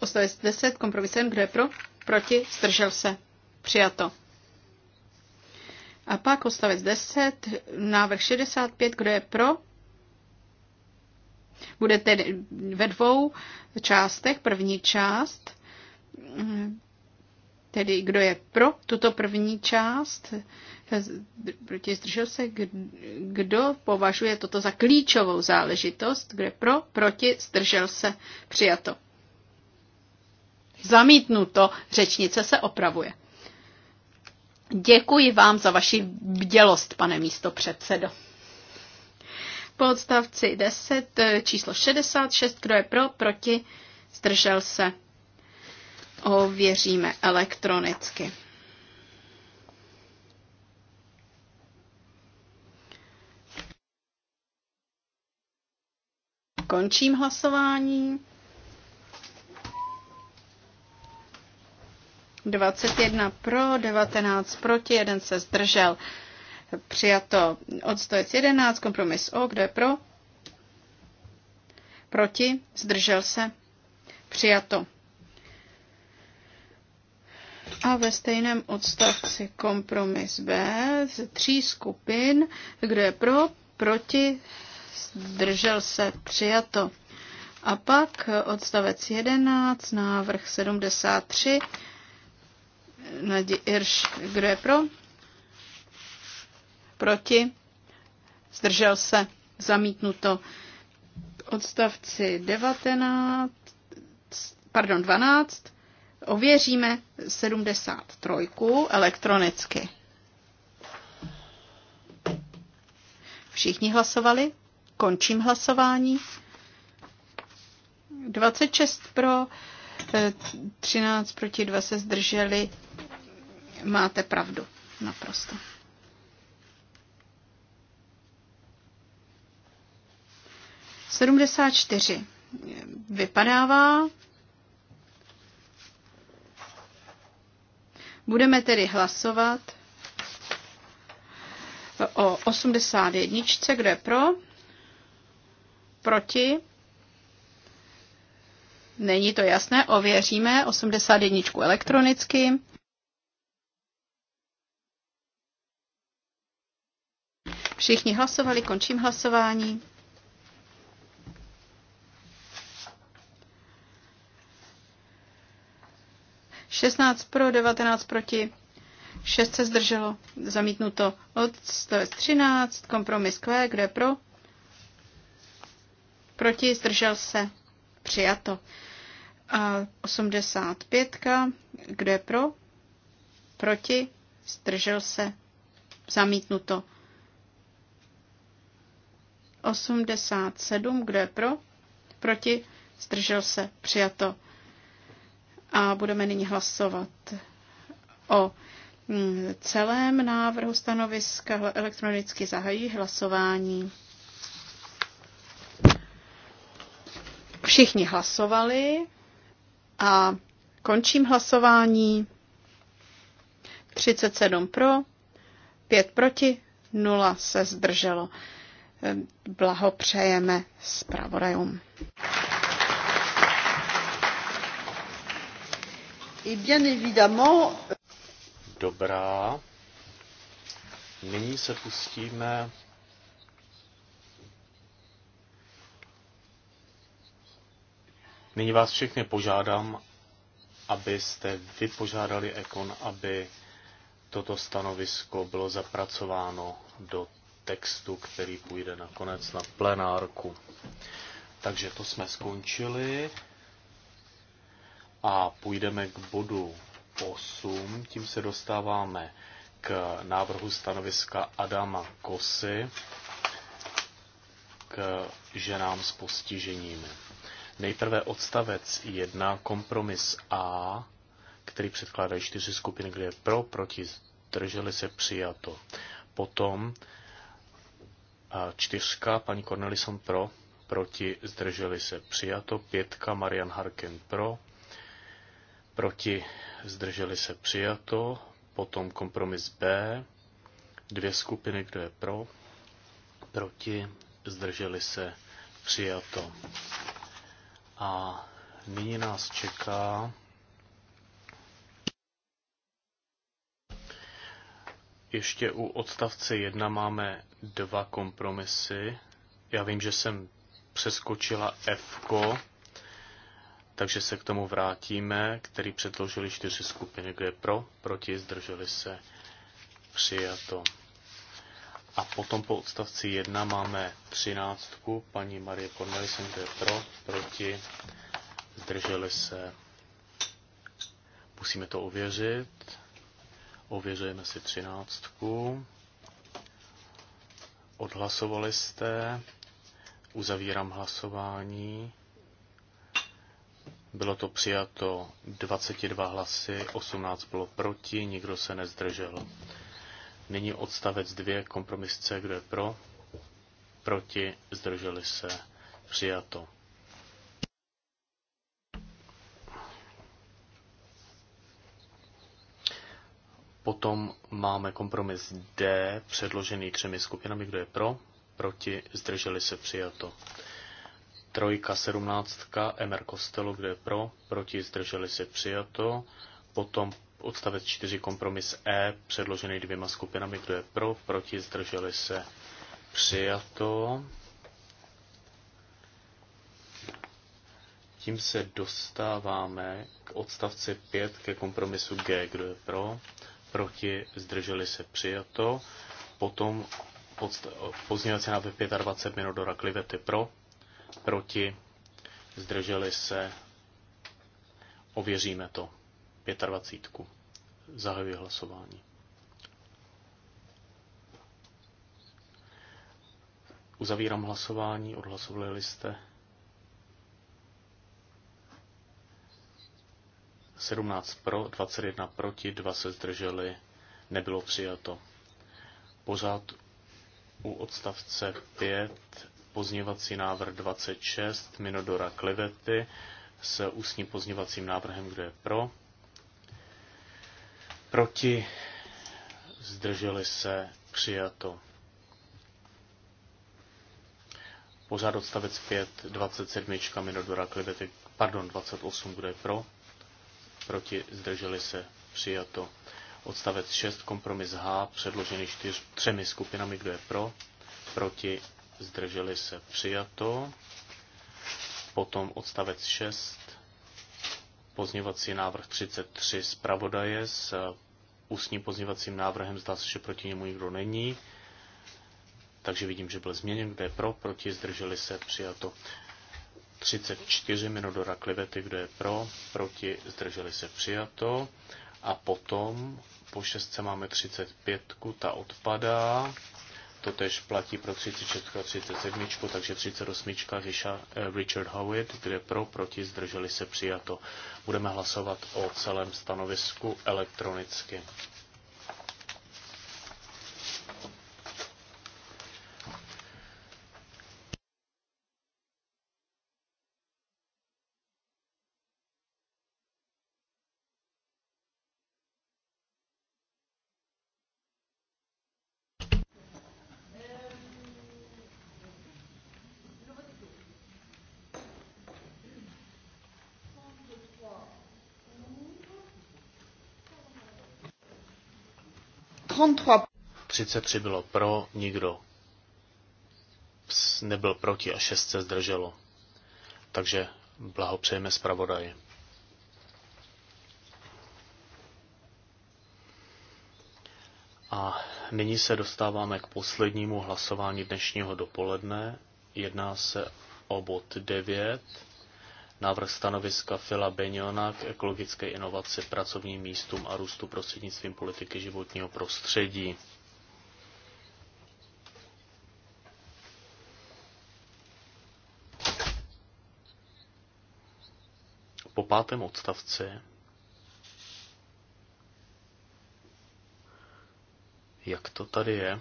odstavec 10, kompromis 7, kdo je pro, proti, zdržel se, přijato. A pak odstavec 10, návrh 65, kdo je pro, bude tedy ve dvou částech, první část, eh, tedy kdo je pro tuto první část, proti zdržel se, kdo považuje toto za klíčovou záležitost, kde pro, proti, zdržel se, přijato. Zamítnuto, řečnice se opravuje. Děkuji vám za vaši bdělost, pane místo předsedo. Po odstavci 10, číslo 66, kdo je pro, proti, zdržel se. Ověříme elektronicky. Končím hlasování. 21 pro, 19 proti, jeden se zdržel. Přijato odstojec 11, kompromis O, kdo je pro? Proti, zdržel se. Přijato. A ve stejném odstavci kompromis B z tří skupin, kdo je pro, proti, zdržel se, přijato. A pak odstavec 11, návrh 73, Nadi Irš, kdo je pro? Proti? Zdržel se, zamítnuto. Odstavci 19, pardon, 12, ověříme 73 elektronicky. Všichni hlasovali? Končím hlasování. 26 pro, 13 eh, proti 2 se zdrželi. Máte pravdu, naprosto. Sedmdesát čtyři vypadává. Budeme tedy hlasovat o 81. Kdo je pro? Proti? Není to jasné, ověříme 81 elektronicky. Všichni hlasovali, končím hlasování. Šestnáct pro, devatenáct proti, šest se zdrželo, zamítnuto odstavec třináct, kompromis Q, kdo je pro, proti, zdržel se, přijato. A 85, kdo je pro, proti, zdržel se, zamítnuto. 87, kdo je pro, proti, zdržel se, přijato. A budeme nyní hlasovat o mm, celém návrhu stanoviska elektronicky zahají hlasování. Všichni hlasovali a končím hlasování. 37 pro, 5 proti, 0 se zdrželo. Blahopřejeme zpravodajům. Et bien évidemment... Euh, Dobrá. Nyní se pustíme Nyní vás všechny požádám, abyste vypožádali Ekon, aby toto stanovisko bylo zapracováno do textu, který půjde nakonec na plenárku. Takže to jsme skončili a půjdeme k bodu 8. Tím se dostáváme k návrhu stanoviska Adama Kosy k ženám s postiženími. Nejprve odstavec 1, kompromis A, který předkládají čtyři skupiny, kde je pro, proti, drželi se přijato. Potom čtyřka, paní Cornelison pro, proti, zdrželi se přijato. Pětka, Marian Harken, pro, proti, zdrželi se přijato. Potom kompromis B, dvě skupiny, kdo je pro, proti, zdrželi se přijato. A nyní nás čeká ještě u odstavce 1 máme dva kompromisy. Já vím, že jsem přeskočila F, takže se k tomu vrátíme, který předložili čtyři skupiny, kde pro, proti, zdrželi se, přijato. A potom po odstavci 1 máme 13. Paní Marie Cornelison, kdo je pro, proti, zdrželi se. Musíme to ověřit. Ověřujeme si 13. Odhlasovali jste. Uzavírám hlasování. Bylo to přijato 22 hlasy, 18 bylo proti, nikdo se nezdržel. Nyní odstavec 2, kompromis C, kdo je pro, proti, zdrželi se, přijato. Potom máme kompromis D, předložený třemi skupinami, kdo je pro, proti, zdrželi se, přijato. Trojka, sedmnáctka, MR Kostelu, kdo je pro, proti, zdrželi se, přijato. Potom odstavec 4 kompromis E, předložený dvěma skupinami, kdo je pro, proti, zdrželi se, přijato. Tím se dostáváme k odstavci 5 ke kompromisu G, kdo je pro, proti, zdrželi se, přijato. Potom pozměňovací návrh 25 minut do Raklivety pro, proti, zdrželi se, ověříme to. 25. Zahajuji hlasování. Uzavírám hlasování, odhlasovali jste 17 pro, 21 proti, 2 se zdrželi, nebylo přijato. Pořád u odstavce 5 pozněvací návrh 26 Minodora Klivety s ústním pozněvacím návrhem, kdo je pro, Proti? Zdrželi se? Přijato. Pořád odstavec 5, 27 Minodora Klibety, pardon, 28, kde je pro? Proti? Zdrželi se? Přijato. Odstavec 6, kompromis H, předložený čtyř, třemi skupinami, kdo je pro? Proti? Zdrželi se? Přijato. Potom odstavec 6, pozněvací návrh 33 zpravodaje s eh, ústním pozněvacím návrhem. Zdá se, že proti němu nikdo není. Takže vidím, že byl změněn. Kdo je pro? Proti? Zdrželi se? Přijato. 34 minut do raklivety. Kdo je pro? Proti? Zdrželi se? Přijato. A potom po šestce máme 35, ta odpadá. To tež platí pro 36 a 37, takže 38 eh, Richard Howitt, kde pro, proti, zdrželi se přijato. Budeme hlasovat o celém stanovisku elektronicky. 33 bylo pro, nikdo nebyl proti a 6 se zdrželo. Takže blahopřejeme zpravodaji. A nyní se dostáváme k poslednímu hlasování dnešního dopoledne. Jedná se o bod 9, návrh stanoviska Fila Beniona k ekologické inovaci, pracovním místům a růstu prostřednictvím politiky životního prostředí. pátém odstavci jak to tady je.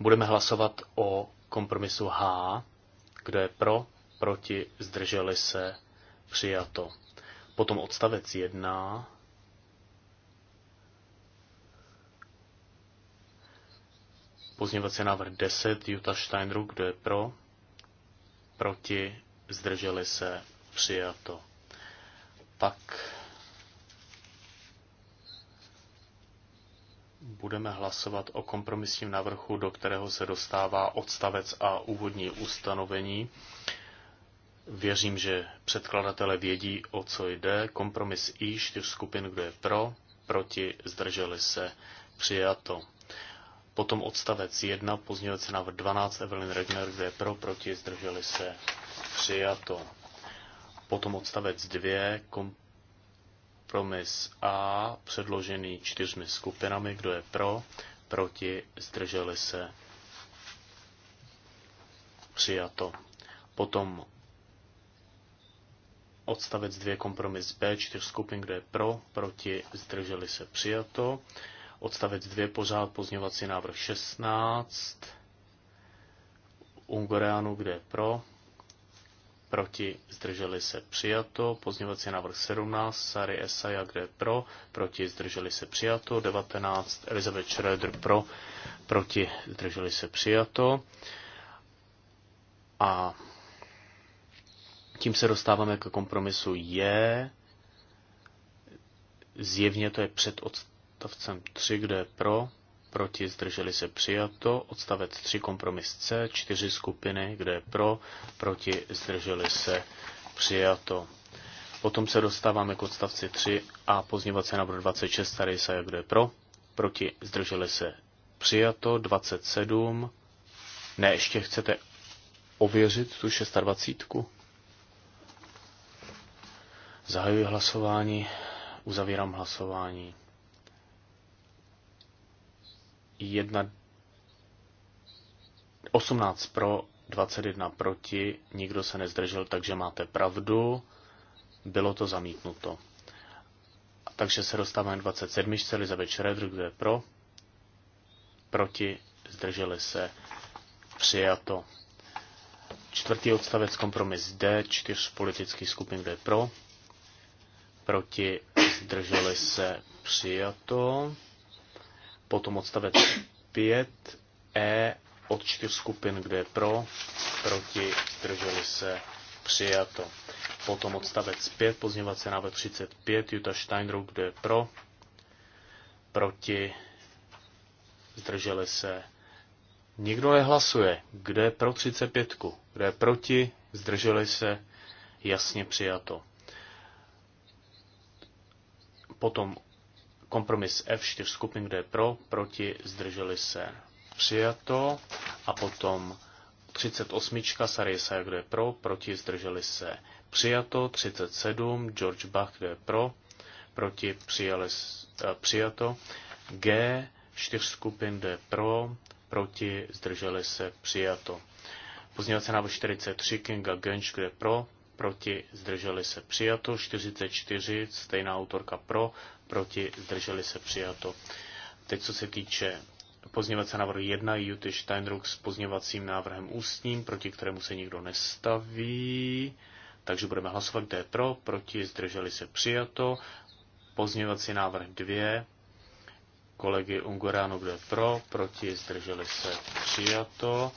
Budeme hlasovat o kompromisu H, kdo je pro, proti, zdrželi se, přijato. Potom odstavec 1. Pozněvací návrh 10, Juta Steinruck, kdo je pro, proti, zdrželi se, přijato. Tak budeme hlasovat o kompromisním návrhu, do kterého se dostává odstavec a úvodní ustanovení. Věřím, že předkladatele vědí, o co jde. Kompromis I, čtyř skupin, kdo je pro, proti, zdrželi se, přijato. Potom odstavec 1, pozdějovací návrh 12, Evelyn Regner, kdo je pro, proti, zdrželi se, přijato. Potom odstavec 2, kompromis A, předložený čtyřmi skupinami, kdo je pro, proti, zdrželi se, přijato. Potom odstavec 2, kompromis B, čtyř skupin, kdo je pro, proti, zdrželi se, přijato. Odstavec 2, pořád pozněvací návrh 16, Ungoreanu, kde je pro, proti, zdrželi se přijato, pozněvací návrh 17, Sary Esaja, kde pro, proti, zdrželi se přijato, 19, Elizabeth Schroeder pro, proti, zdrželi se přijato. A tím se dostáváme k kompromisu je, zjevně to je před odstavcem 3, kde je pro, proti, zdrželi se přijato, odstavec 3 kompromis C, čtyři skupiny, kde je pro, proti, zdrželi se přijato. Potom se dostáváme k odstavci 3 a pozněvací návrh 26, tady se kde je pro, proti, zdrželi se přijato, 27, ne, ještě chcete ověřit tu 26. Zahajuji hlasování, uzavírám hlasování. 1, 18 pro, 21 proti, nikdo se nezdržel, takže máte pravdu, bylo to zamítnuto. Takže se dostáváme 27. Elizabeth Schroeder, kdo je pro, proti, zdrželi se, přijato. Čtvrtý odstavec kompromis D, čtyř politických skupin, kde je pro, proti, zdrželi se, přijato. Potom odstavec 5, E od čtyř skupin, kde je pro, proti, zdrželi se, přijato. Potom odstavec 5, pozměňovací návrh 35, Jutta Steinruck, kde je pro, proti, zdrželi se. Nikdo nehlasuje, kde je pro 35, kde je proti, zdrželi se, jasně přijato. Potom Kompromis F4 skupin, kde je pro, proti, zdrželi se přijato. A potom 38. Sarisa, kde je pro, proti, zdrželi se přijato. 37. George Bach, kde je pro, proti, přijali, eh, přijato. G, 4 skupin, kde je pro, proti, zdrželi se přijato. Pozměňovací návrh 43 Kinga Genč, kde pro, proti, zdrželi se přijato, 44, stejná autorka pro, proti, zdrželi se přijato. Teď co se týče pozněvací návrh 1 Juty Steinruck s pozněvacím návrhem ústním, proti kterému se nikdo nestaví. Takže budeme hlasovat, kde je pro, proti, zdrželi se přijato. Pozněvací návrh 2 kolegy Ungoránu, kde je pro, proti, zdrželi se přijato.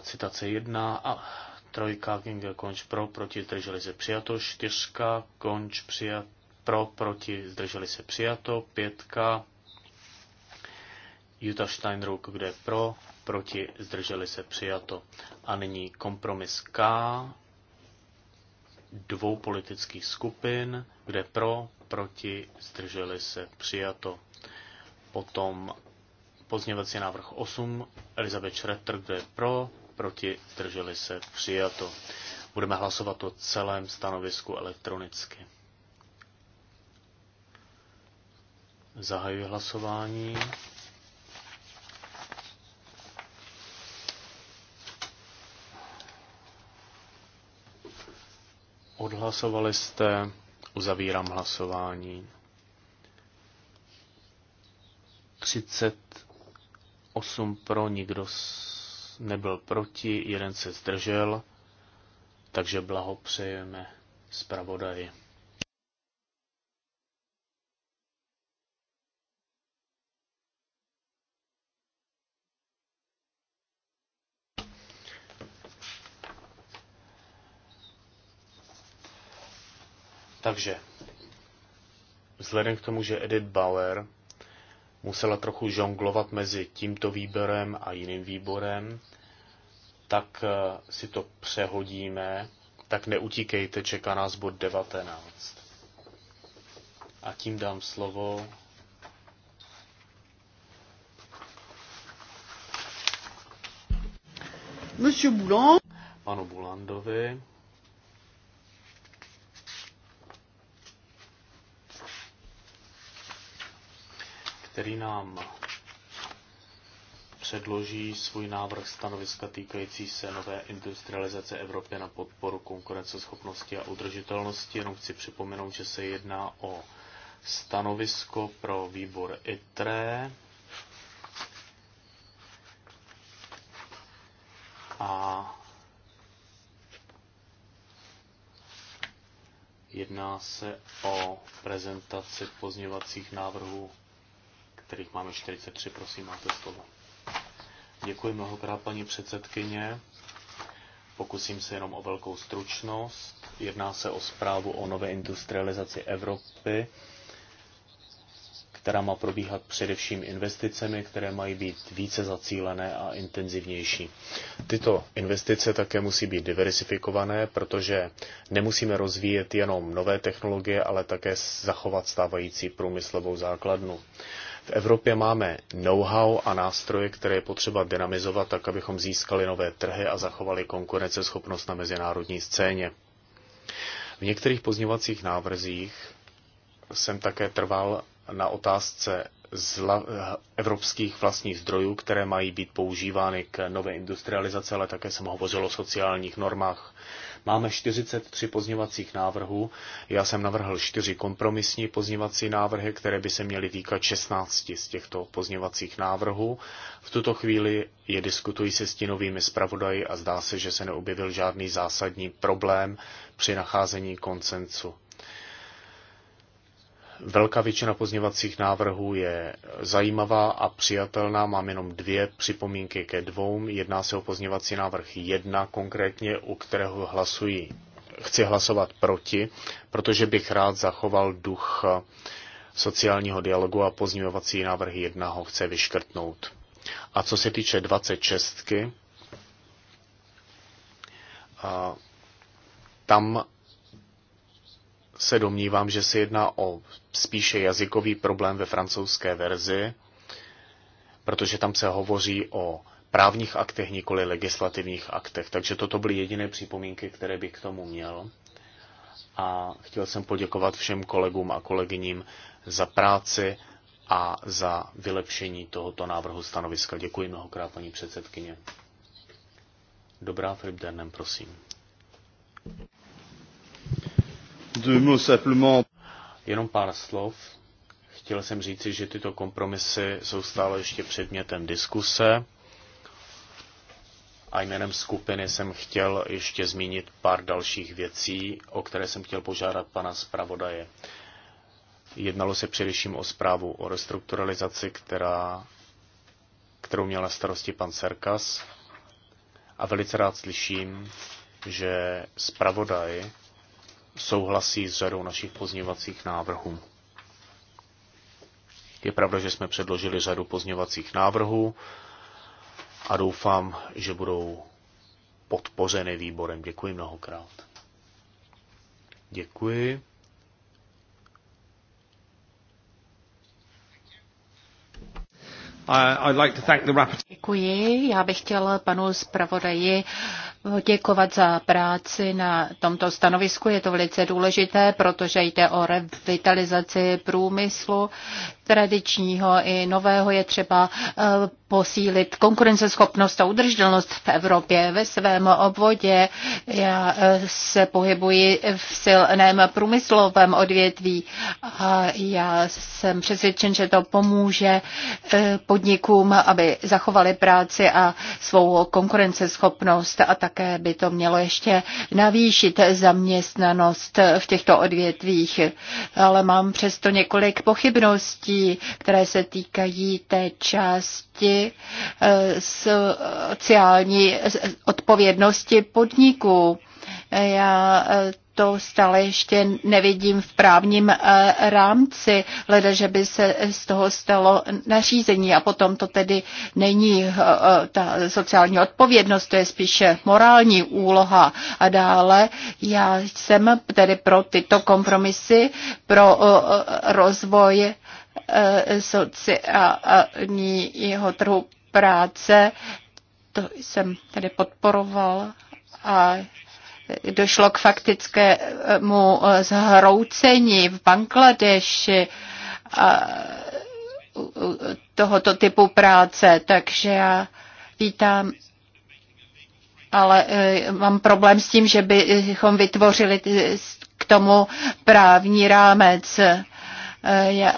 Citace 1 a trojka Kingel, Konč pro, proti, zdrželi se přijato. Čtyřka Konč přijato pro, proti, zdrželi se přijato, pětka, Jutta Steinruck, kde pro, proti, zdrželi se přijato. A nyní kompromis K dvou politických skupin, kde pro, proti, zdrželi se přijato. Potom pozněvací návrh 8, Elizabeth Schretter, kde pro, proti, zdrželi se přijato. Budeme hlasovat o celém stanovisku elektronicky. Zahajuji hlasování. Odhlasovali jste, uzavírám hlasování. 38 pro, nikdo nebyl proti, jeden se zdržel, takže blahopřejeme zpravodaji. Takže, vzhledem k tomu, že Edith Bauer musela trochu žonglovat mezi tímto výborem a jiným výborem, tak eh, si to přehodíme, tak neutíkejte, čeká nás bod 19. A tím dám slovo Monsieur Boulan. Pano Boulandovi. který nám předloží svůj návrh stanoviska týkající se nové industrializace Evropy na podporu konkurenceschopnosti a udržitelnosti. Jenom chci připomenout, že se jedná o stanovisko pro výbor ITRE. A jedná se o prezentaci pozněvacích návrhů kterých máme 43. Prosím, máte slovo. Děkuji mnohokrát, paní předsedkyně. Pokusím se jenom o velkou stručnost. Jedná se o zprávu o nové industrializaci Evropy, která má probíhat především investicemi, které mají být více zacílené a intenzivnější. Tyto investice také musí být diversifikované, protože nemusíme rozvíjet jenom nové technologie, ale také zachovat stávající průmyslovou základnu. V Evropě máme know-how a nástroje, které je potřeba dynamizovat tak, abychom získali nové trhy a zachovali konkurenceschopnost na mezinárodní scéně. V některých pozněvacích návrzích jsem také trval na otázce zla, evropských vlastních zdrojů, které mají být používány k nové industrializaci, ale také jsem hovořil o sociálních normách Máme 43 pozněvacích návrhů. Já jsem navrhl 4 kompromisní pozněvací návrhy, které by se měly týkat 16 z těchto pozněvacích návrhů. V tuto chvíli je diskutují se stínovými zpravodaji a zdá se, že se neobjevil žádný zásadní problém při nacházení koncensu. Velká většina pozněvacích návrhů je zajímavá a přijatelná. Mám jenom dvě připomínky ke dvou. Jedná se o pozněvací návrh jedna konkrétně, u kterého hlasuji. chci hlasovat proti, protože bych rád zachoval duch sociálního dialogu a pozněvací návrh jedna ho chce vyškrtnout. A co se týče 26, tam se domnívám, že se jedná o spíše jazykový problém ve francouzské verzi, protože tam se hovoří o právních aktech, nikoli legislativních aktech. Takže toto byly jediné připomínky, které bych k tomu měl. A chtěl jsem poděkovat všem kolegům a kolegyním za práci a za vylepšení tohoto návrhu stanoviska. Děkuji mnohokrát, paní předsedkyně. Dobrá, Filip Dernem, prosím. Jenom pár slov. Chtěl jsem říci, že tyto kompromisy jsou stále ještě předmětem diskuse a jménem skupiny jsem chtěl ještě zmínit pár dalších věcí, o které jsem chtěl požádat pana zpravodaje. Jednalo se především o zprávu o restrukturalizaci, která, kterou měl na starosti pan Serkas. A velice rád slyším, že zpravodaj souhlasí s řadou našich pozněvacích návrhů. Je pravda, že jsme předložili řadu pozněvacích návrhů a doufám, že budou podpořeny výborem. Děkuji mnohokrát. Děkuji. Děkuji. Já bych chtěl panu zpravodaji poděkovat za práci na tomto stanovisku. Je to velice důležité, protože jde o revitalizaci průmyslu tradičního i nového. Je třeba eh, posílit konkurenceschopnost a udržitelnost v Evropě. Ve svém obvodě já eh, se pohybuji v silném průmyslovém odvětví a já jsem přesvědčen, že to pomůže eh, podnikům, aby zachovali práci a svou konkurenceschopnost a také by to mělo ještě navýšit zaměstnanost v těchto odvětvích. Ale mám přesto několik pochybností, které se týkají té části odpovědnosti, eh, sociální odpovědnosti podniků. Eh, já eh, to stále ještě nevidím v právním rámci, hleda, že by se z toho stalo nařízení a potom to tedy není ta sociální odpovědnost, to je spíše morální úloha a dále. Já jsem tedy pro tyto kompromisy, pro rozvoj Eh, sociálního trhu práce. To jsem tedy podporoval a došlo k faktickému eh, zhroucení v Bangladeši eh, tohoto typu práce, takže já vítám ale mám problém s tím, že bychom vytvořili k tomu právní rámec. Eh,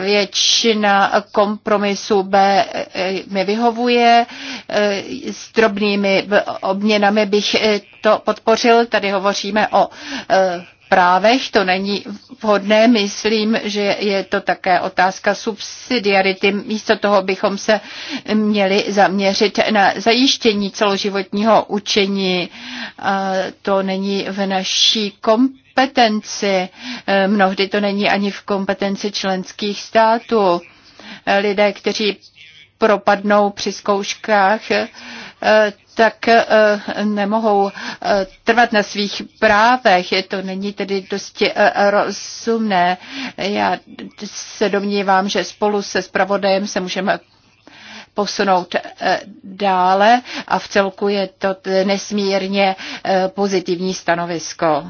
většina kompromisu B eh, mi vyhovuje. Eh, s drobnými obměnami bych to podpořil. Tady hovoříme o právech, to není vhodné. Myslím, že je to také otázka subsidiarity. Místo toho bychom se měli zaměřit na zajištění celoživotního učení. To není v naší kompromisu kompetenci. Eh, mnohdy to není ani v kompetenci členských států. Eh, lidé, kteří propadnou při zkouškách, eh, tak nemohou trvat na svých právech. Je To není tedy dosti rozumné. Já se domnívám, že spolu se spravodajem se můžeme posunout dále a v celku je to nesmírně pozitivní stanovisko.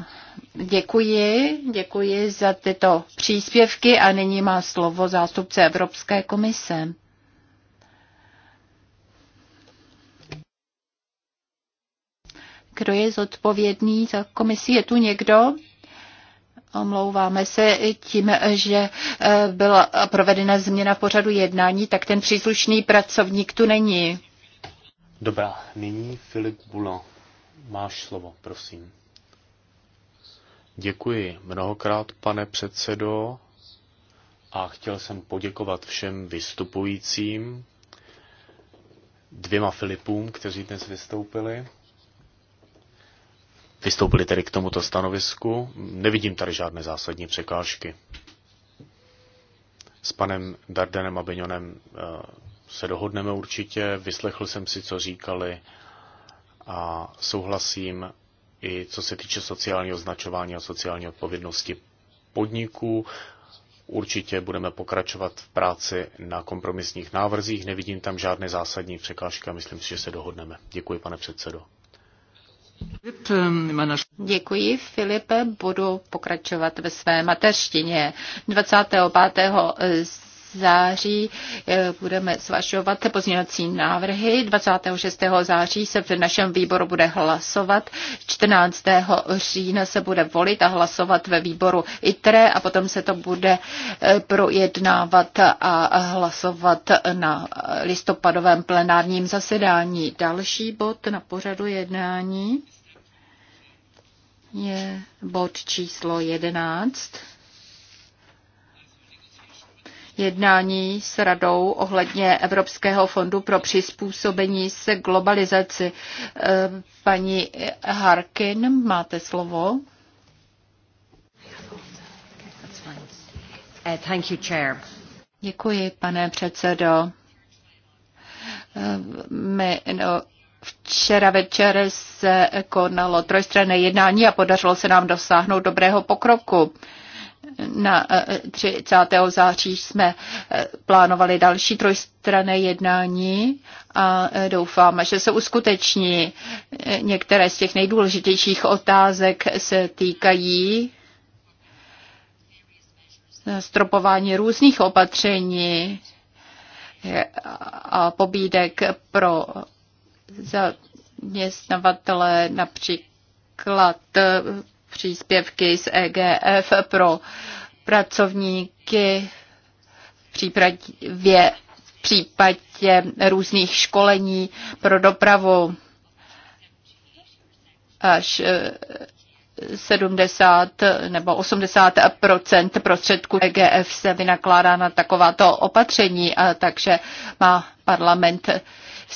Děkuji, děkuji za tyto příspěvky a nyní má slovo zástupce Evropské komise. Kdo je zodpovědný za komisi? Je tu někdo? Omlouváme se tím, že eh, byla provedena změna pořadu jednání, tak ten příslušný pracovník tu není. Dobrá, nyní Filip Bulo. Máš slovo, prosím. Děkuji mnohokrát, pane předsedo, a chtěl jsem poděkovat všem vystupujícím, dvěma Filipům, kteří dnes vystoupili. Vystoupili tedy k tomuto stanovisku. Nevidím tady žádné zásadní překážky. S panem Dardenem a Benionem eh, se dohodneme určitě. Vyslechl jsem si, co říkali a souhlasím i co se týče sociálního označování a sociální odpovědnosti podniků. Určitě budeme pokračovat v práci na kompromisních návrzích. Nevidím tam žádné zásadní překážky a myslím si, že se dohodneme. Děkuji, pane předsedo. Děkuji, Filipe. Budu pokračovat ve své mateřštině. 25 září eh, budeme zvažovat pozměňovací návrhy. 26. září se v našem výboru bude hlasovat, 14. října se bude volit a hlasovat ve výboru ITRE a potom se to bude eh, projednávat a hlasovat na listopadovém plenárním zasedání. Další bod na pořadu jednání je bod číslo 11 jednání s radou ohledně Evropského fondu pro přizpůsobení se globalizaci. Eh, paní Harkin, máte slovo. Eh, thank you, Chair. Děkuji, pane předsedo. Eh, my, no, Včera večer se konalo trojstranné jednání a podařilo se nám dosáhnout dobrého pokroku na 30. Eh, září jsme eh, plánovali další trojstrané jednání a eh, doufáme, že se uskuteční. Některé z těch nejdůležitějších otázek se týkají stropování různých opatření a pobídek pro zaměstnavatele, například příspěvky z EGF pro pracovníky v případě, v případě různých školení pro dopravu až 70 eh, nebo 80 prostředků EGF se vynakládá na takováto opatření, a takže má parlament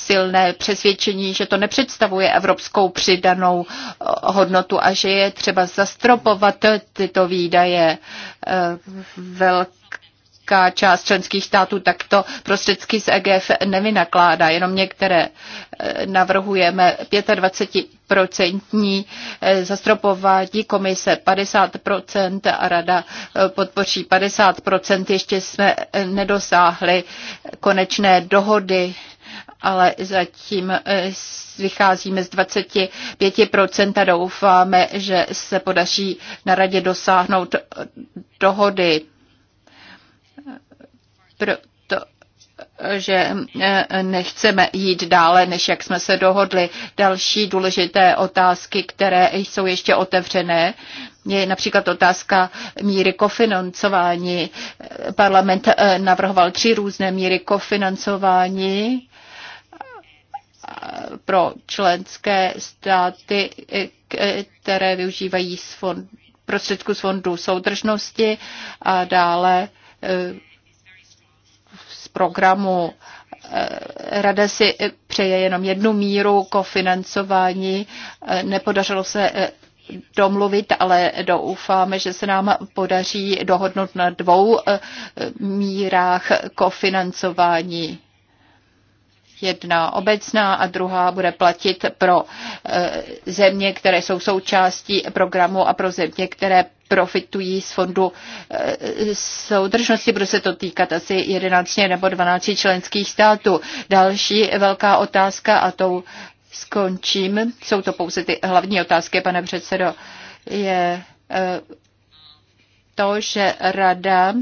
silné přesvědčení, že to nepředstavuje evropskou přidanou eh, hodnotu a že je třeba zastropovat tyto výdaje. Velké eh, velká část členských států takto prostředky z EGF nevynakládá, jenom některé eh, navrhujeme 25% zastropování komise 50% a rada podpoří 50%. Ještě jsme nedosáhli konečné dohody ale zatím eh, vycházíme z 25% a doufáme, že se podaří na radě dosáhnout eh, dohody. Proto že eh, nechceme jít dále, než jak jsme se dohodli. Další důležité otázky, které jsou ještě otevřené, je například otázka míry kofinancování. Parlament navrhoval tři různé míry kofinancování pro členské státy, které využívají z fond, prostředku z fondu soudržnosti a dále eh, z programu eh, Rada si přeje jenom jednu míru kofinancování. Eh, nepodařilo se domluvit, ale doufáme, že se nám podaří dohodnout na dvou mírách kofinancování jedna obecná a druhá bude platit pro e, země, které jsou součástí programu a pro země, které profitují z fondu e, soudržnosti. Bude se to týkat asi 11 nebo 12 členských států. Další velká otázka a tou skončím. Jsou to pouze ty hlavní otázky, pane předsedo. Je e, to, že rada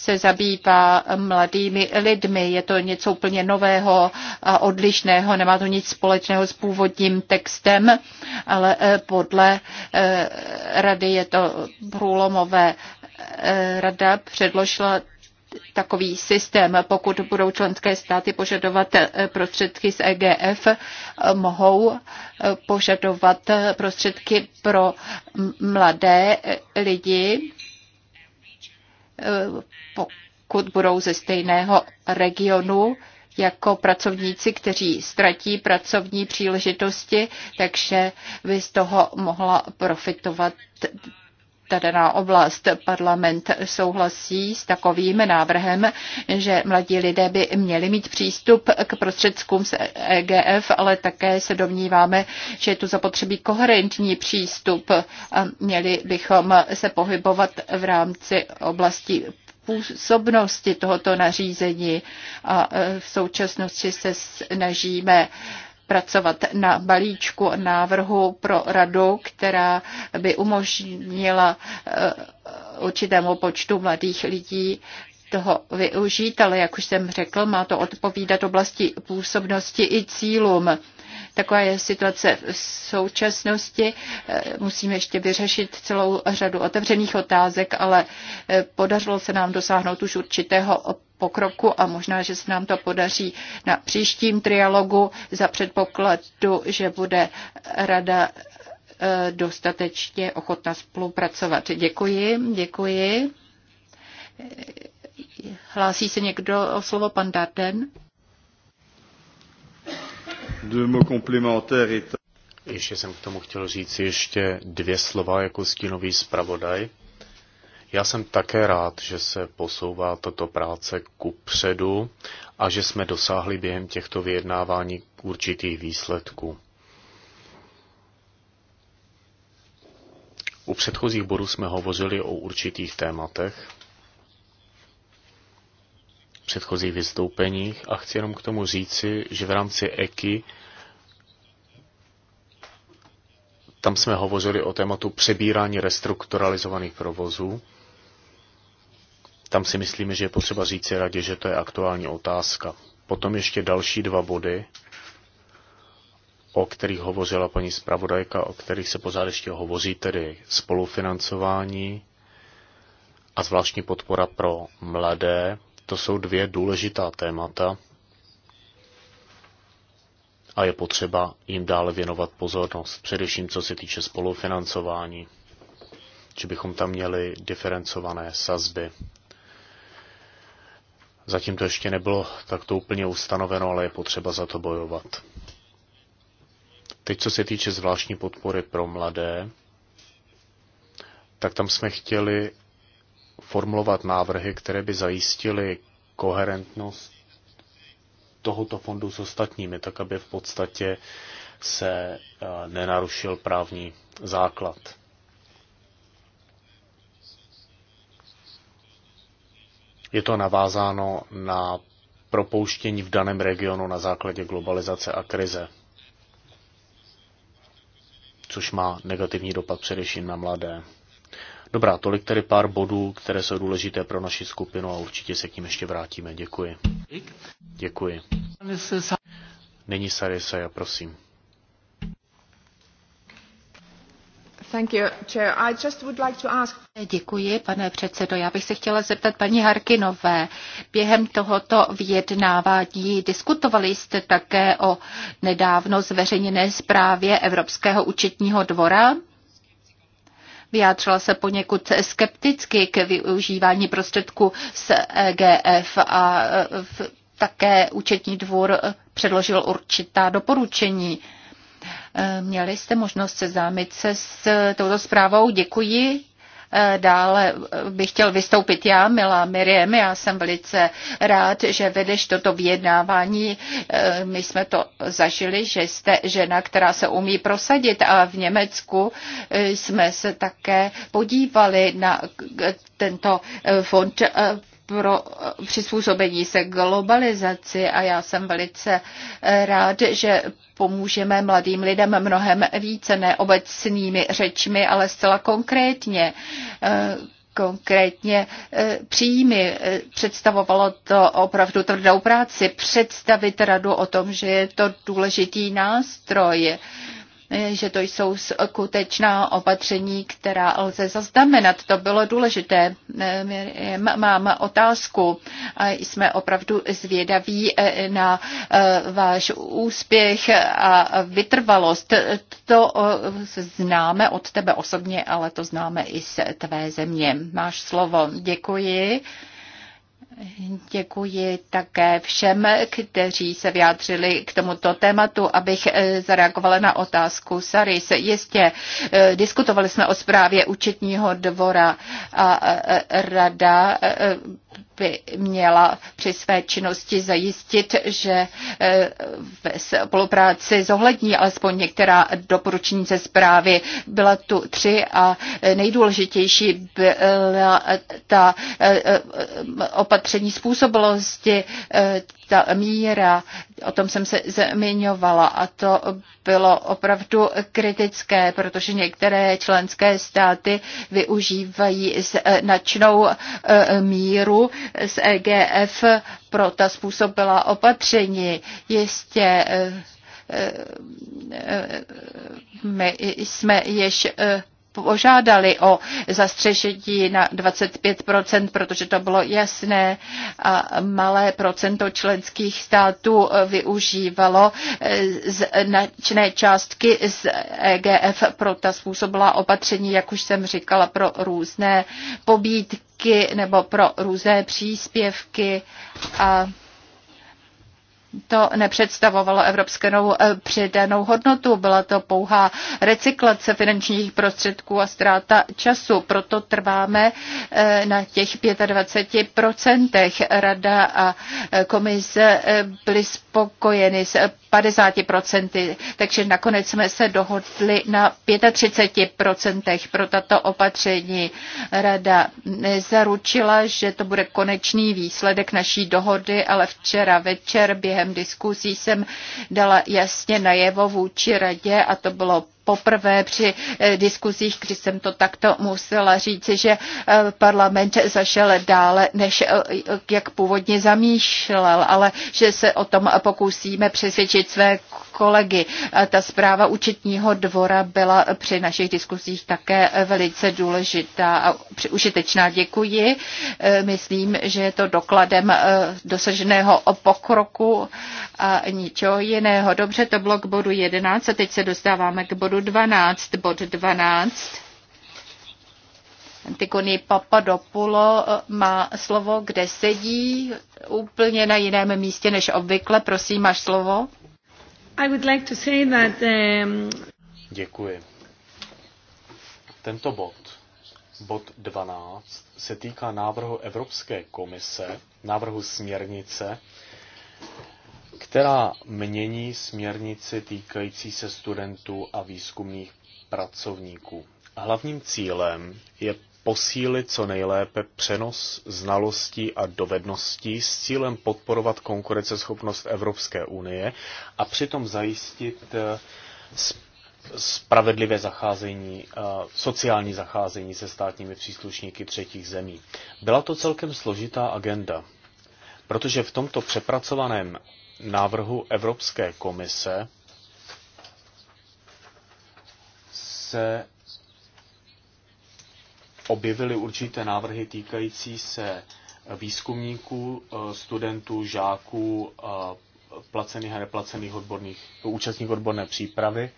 se zabývá mladými lidmi. Je to něco úplně nového a odlišného, nemá to nic společného s původním textem, ale eh, podle eh, rady je to průlomové. Eh, rada předložila takový systém, pokud budou členské státy požadovat prostředky z EGF, mohou požadovat prostředky pro mladé lidi pokud budou ze stejného regionu jako pracovníci, kteří ztratí pracovní příležitosti, takže by z toho mohla profitovat daná oblast. Parlament souhlasí s takovým návrhem, že mladí lidé by měli mít přístup k prostředkům z EGF, ale také se domníváme, že je tu zapotřebí koherentní přístup. A měli bychom se pohybovat v rámci oblasti působnosti tohoto nařízení a v současnosti se snažíme pracovat na balíčku návrhu pro radu, která by umožnila eh, určitému počtu mladých lidí toho využít, ale jak už jsem řekl, má to odpovídat oblasti působnosti i cílům. Taková je situace v současnosti. Eh, musíme ještě vyřešit celou řadu otevřených otázek, ale eh, podařilo se nám dosáhnout už určitého pokroku a možná, že se nám to podaří na příštím trialogu za předpokladu, že bude rada eh, dostatečně ochotna spolupracovat. Děkuji, děkuji. Hlásí se někdo o slovo pan Darden? Ještě jsem k tomu chtěl říct ještě dvě slova jako stínový zpravodaj. Já jsem také rád, že se posouvá tato práce ku předu a že jsme dosáhli během těchto vyjednávání určitých výsledků. U předchozích bodů jsme hovořili o určitých tématech, předchozích vystoupeních a chci jenom k tomu říci, že v rámci EKI tam jsme hovořili o tématu přebírání restrukturalizovaných provozů tam si myslíme, že je potřeba říci radě, že to je aktuální otázka. Potom ještě další dva body, o kterých hovořila paní zpravodajka, o kterých se pořád ještě hovoří, tedy spolufinancování a zvláštní podpora pro mladé. To jsou dvě důležitá témata a je potřeba jim dále věnovat pozornost, především co se týče spolufinancování, že bychom tam měli diferencované sazby Zatím to ještě nebylo takto úplně ustanoveno, ale je potřeba za to bojovat. Teď, co se týče zvláštní podpory pro mladé, tak tam jsme chtěli formulovat návrhy, které by zajistily koherentnost tohoto fondu s ostatními, tak aby v podstatě se eh, nenarušil právní základ. Je to navázáno na propouštění v daném regionu na základě globalizace a krize, což má negativní dopad především na mladé. Dobrá, tolik tedy pár bodů, které jsou důležité pro naši skupinu a určitě se k ním ještě vrátíme. Děkuji. Děkuji. Není Sarisa, já prosím. Děkuji, pane předsedo. Já bych se chtěla zeptat paní Harkinové. Během tohoto vyjednávání diskutovali jste také o nedávno zveřejněné zprávě Evropského účetního dvora? Vyjádřila se poněkud skepticky k využívání prostředků z EGF a e, také účetní dvůr předložil určitá doporučení. Eh, měli jste možnost seznámit se s eh, touto zprávou. Děkuji. Eh, dále bych chtěl vystoupit já, milá Miriam, já jsem velice rád, že vedeš toto vyjednávání. My jsme to zažili, že jste žena, která se umí prosadit a v Německu jsme se také podívali na tento fond pro přizpůsobení se globalizaci a já jsem velice eh, rád, že pomůžeme mladým lidem mnohem více, ne obecnými řečmi, ale zcela konkrétně eh, konkrétně eh, příjmy. Představovalo to opravdu tvrdou práci představit radu o tom, že je to důležitý nástroj že to jsou skutečná opatření, která lze zaznamenat. To bylo důležité. Mám otázku. Jsme opravdu zvědaví eh, na eh, váš úspěch a vytrvalost. To eh, známe od tebe osobně, ale to známe i z tvé země. Máš slovo. Děkuji. Děkuji také všem, kteří se vyjádřili k tomuto tématu, abych eh, zareagovala na otázku Saris. Jistě, eh, diskutovali jsme o zprávě účetního dvora a eh, rada by měla při své činnosti zajistit, že eh, ve spolupráci zohlední alespoň některá doporučení ze zprávy. Byla tu tři a eh, nejdůležitější byla ta eh, opatření způsobilosti ta míra, o tom jsem se zmiňovala a to bylo opravdu kritické, protože některé členské státy využívají e, značnou e, míru z EGF pro ta způsobila opatření. Jistě e, my jsme ještě požádali o zastřešení na 25%, protože to bylo jasné a malé procento členských států využívalo eh, značné částky z EGF pro ta způsobila opatření, jak už jsem říkala, pro různé pobídky nebo pro různé příspěvky a to nepředstavovalo evropskou eh, přidanou hodnotu, byla to pouhá recyklace finančních prostředků a ztráta času. Proto trváme eh, na těch 25%. Rada a eh, komise byly spokojeny s 50%, takže nakonec jsme se dohodli na 35% pro tato opatření. Rada mm, zaručila, že to bude konečný výsledek naší dohody, ale včera večer během během diskuzí jsem dala jasně najevo vůči radě a to bylo poprvé při eh, diskuzích, kdy jsem to takto musela říci, že eh, parlament zašel dále, než eh, jak původně zamýšlel, ale že se o tom pokusíme přesvědčit své kolegy. Ta zpráva účetního dvora byla při našich diskuzích také velice důležitá a užitečná. Děkuji. Myslím, že je to dokladem dosaženého pokroku a ničeho jiného. Dobře, to bylo k bodu 11 a teď se dostáváme k bodu bodu 12. Bod 12. Antigony Papadopulo eh, má slovo, kde sedí, úplně na jiném místě než obvykle. Prosím, máš slovo. I would like to say that, um... Děkuji. Tento bod, bod 12, se týká návrhu Evropské komise, návrhu směrnice, která mění směrnici týkající se studentů a výzkumných pracovníků. Hlavním cílem je posílit co nejlépe přenos znalostí a dovedností s cílem podporovat konkurenceschopnost Evropské unie a přitom zajistit eh, spravedlivé zacházení, eh, sociální zacházení se státními příslušníky třetích zemí. Byla to celkem složitá agenda, protože v tomto přepracovaném návrhu Evropské komise se objevily určité návrhy týkající se výzkumníků, eh, studentů, žáků, eh, placených a neplacených odborných, účastníků odborné přípravy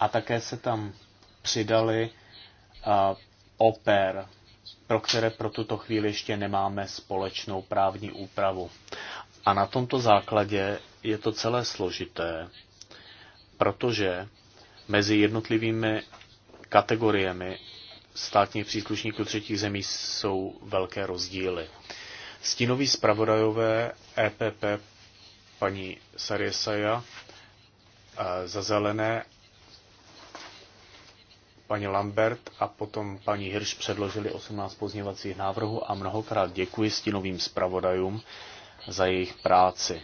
a také se tam přidali eh, oper, pro které pro tuto chvíli ještě nemáme společnou právní úpravu. A na tomto základě je to celé složité, protože mezi jednotlivými kategoriemi státních příslušníků třetích zemí jsou velké rozdíly. Stínoví zpravodajové EPP paní Sarjesaja eh, za zelené paní Lambert a potom paní Hirsch předložili 18 pozněvacích návrhů a mnohokrát děkuji stínovým zpravodajům za jejich práci.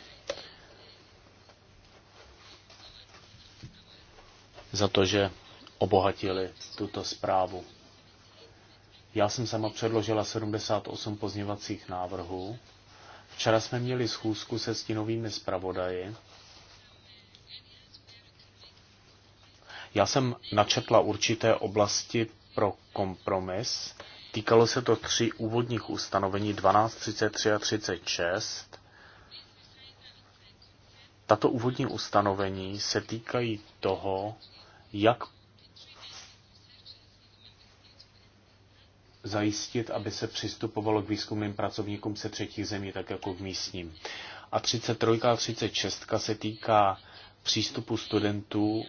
Za to, že obohatili tuto zprávu. Já jsem sama předložila 78 pozněvacích návrhů. Včera jsme měli schůzku se stinovými zpravodaji. Já jsem načetla určité oblasti pro kompromis. Týkalo se to tří úvodních ustanovení 12, 33 a 36. Tato úvodní ustanovení se týkají toho, jak zajistit, aby se přistupovalo k výzkumným pracovníkům se třetích zemí, tak jako k místním. A 33 a 36 se týká přístupu studentů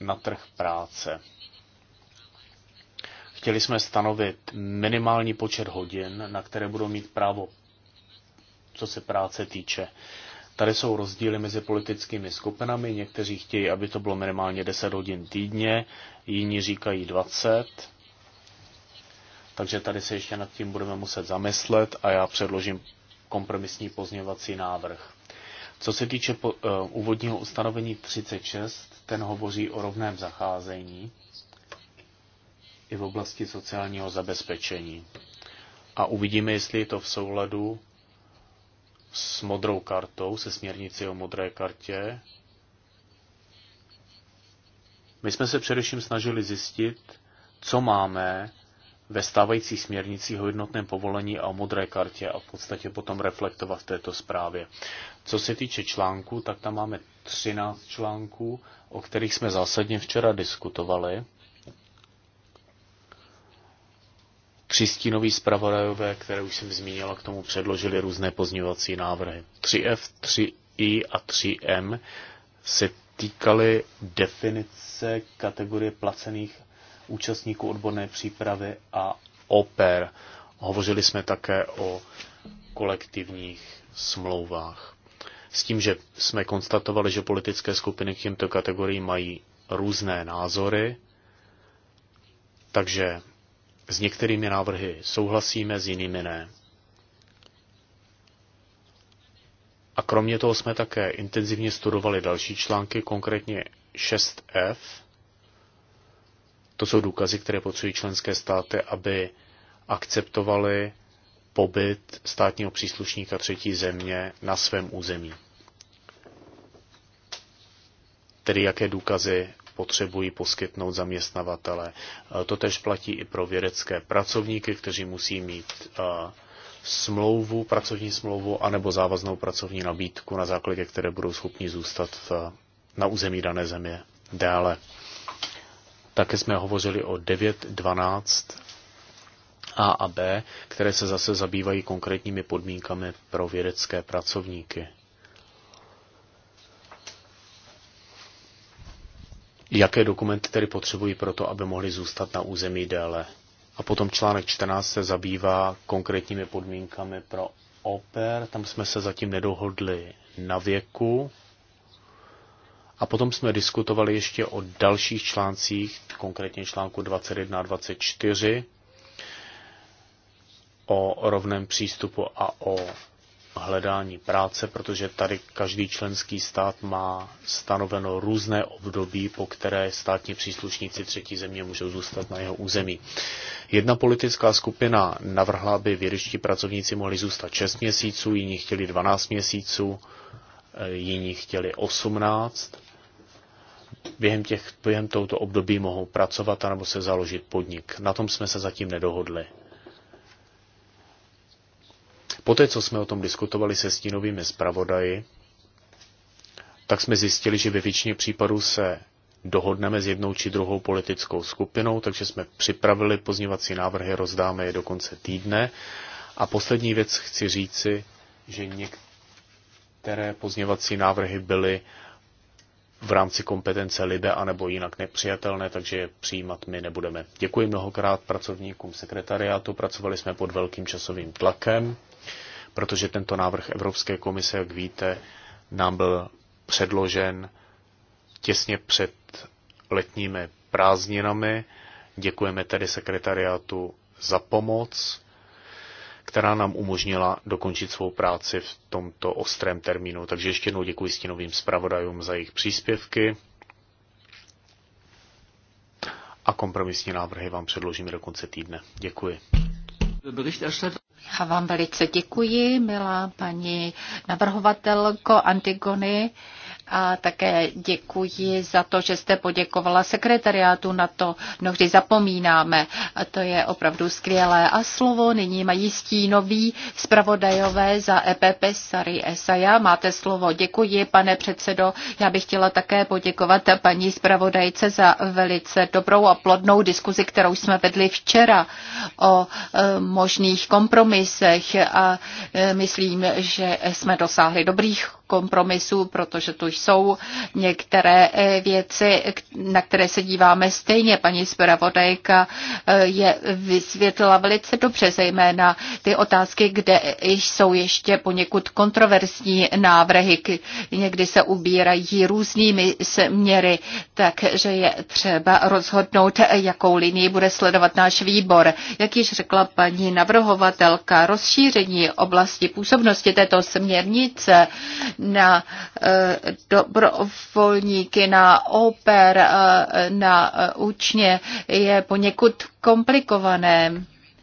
na trh práce. Chtěli jsme stanovit minimální počet hodin, na které budou mít právo, co se práce týče. Tady jsou rozdíly mezi politickými skupinami. Někteří chtějí, aby to bylo minimálně 10 hodin týdně, jiní říkají 20. Takže tady se ještě nad tím budeme muset zamyslet a já předložím kompromisní pozměňovací návrh. Co se týče po, uh, úvodního ustanovení 36, ten hovoří o rovném zacházení i v oblasti sociálního zabezpečení. A uvidíme, jestli je to v souladu s modrou kartou, se směrnicí o modré kartě. My jsme se především snažili zjistit, co máme ve stávající směrnici o jednotném povolení a o modré kartě a v podstatě potom reflektovat v této zprávě. Co se týče článků, tak tam máme 13 článků, o kterých jsme zásadně včera diskutovali. Tři zpravodajové, které už jsem zmínila, k tomu předložili různé pozměňovací návrhy. 3F, 3I a 3M se týkaly definice kategorie placených účastníků odborné přípravy a oper. Hovořili jsme také o kolektivních smlouvách. S tím, že jsme konstatovali, že politické skupiny k těmto kategoriím mají různé názory, takže s některými návrhy souhlasíme, s jinými ne. A kromě toho jsme také intenzivně studovali další články, konkrétně 6F. To jsou důkazy, které potřebují členské státy, aby akceptovali pobyt státního příslušníka třetí země na svém území. Tedy jaké důkazy potřebují poskytnout zaměstnavatele. Eh, to tež platí i pro vědecké pracovníky, kteří musí mít eh, smlouvu, pracovní smlouvu, anebo závaznou pracovní nabídku, na základě které budou schopni zůstat eh, na území dané země déle. Také jsme hovořili o 9, 12 A a B, které se zase zabývají konkrétními podmínkami pro vědecké pracovníky. jaké dokumenty tedy potřebují pro to, aby mohli zůstat na území déle. A potom článek 14 se zabývá konkrétními podmínkami pro oper, tam jsme se zatím nedohodli na věku. A potom jsme diskutovali ještě o dalších článcích, konkrétně článku 21 a 24, o rovném přístupu a o hledání práce, protože tady každý členský stát má stanoveno různé období, po které státní příslušníci třetí země můžou zůstat na jeho území. Jedna politická skupina navrhla, aby vědečtí pracovníci mohli zůstat 6 měsíců, jiní chtěli 12 měsíců, eh, jiní chtěli 18. Během, těch, během tohoto období mohou pracovat anebo se založit podnik. Na tom jsme se zatím nedohodli. Poté, co jsme o tom diskutovali se stínovými zpravodaji, tak jsme zjistili, že ve většině případů se dohodneme s jednou či druhou politickou skupinou, takže jsme připravili pozněvací návrhy, rozdáme je do konce týdne. A poslední věc chci říci, že některé pozněvací návrhy byly v rámci kompetence LIBE anebo jinak nepřijatelné, takže je přijímat my nebudeme. Děkuji mnohokrát pracovníkům sekretariátu, pracovali jsme pod velkým časovým tlakem protože tento návrh Evropské komise, jak víte, nám byl předložen těsně před letními prázdninami. Děkujeme tedy sekretariátu za pomoc, která nám umožnila dokončit svou práci v tomto ostrém termínu. Takže ještě jednou děkuji stinovým zpravodajům za jejich příspěvky a kompromisní návrhy vám předložíme do konce týdne. Děkuji. Já vám velice děkuji, milá paní navrhovatelko Antigony a také děkuji za to, že jste poděkovala sekretariátu na to, když no, zapomínáme. A to je opravdu skvělé. A slovo nyní mají stínoví zpravodajové za EPP Sary Esaja. Máte slovo. Děkuji, pane předsedo. Já bych chtěla také poděkovat paní zpravodajce za velice dobrou a plodnou diskuzi, kterou jsme vedli včera o e, možných kompromisech a e, myslím, že jsme dosáhli dobrých kompromisů, protože tu jsou některé eh, věci, na které se díváme stejně. Paní zpravodajka eh, je vysvětlila velice dobře, zejména ty otázky, kde jsou ještě poněkud kontroverzní návrhy, někdy se ubírají různými směry, takže je třeba rozhodnout, jakou linii bude sledovat náš výbor. Jak již řekla paní navrhovatelka, rozšíření oblasti působnosti této směrnice na eh, dobrovolníky, na oper, eh, na eh, učně je poněkud komplikované.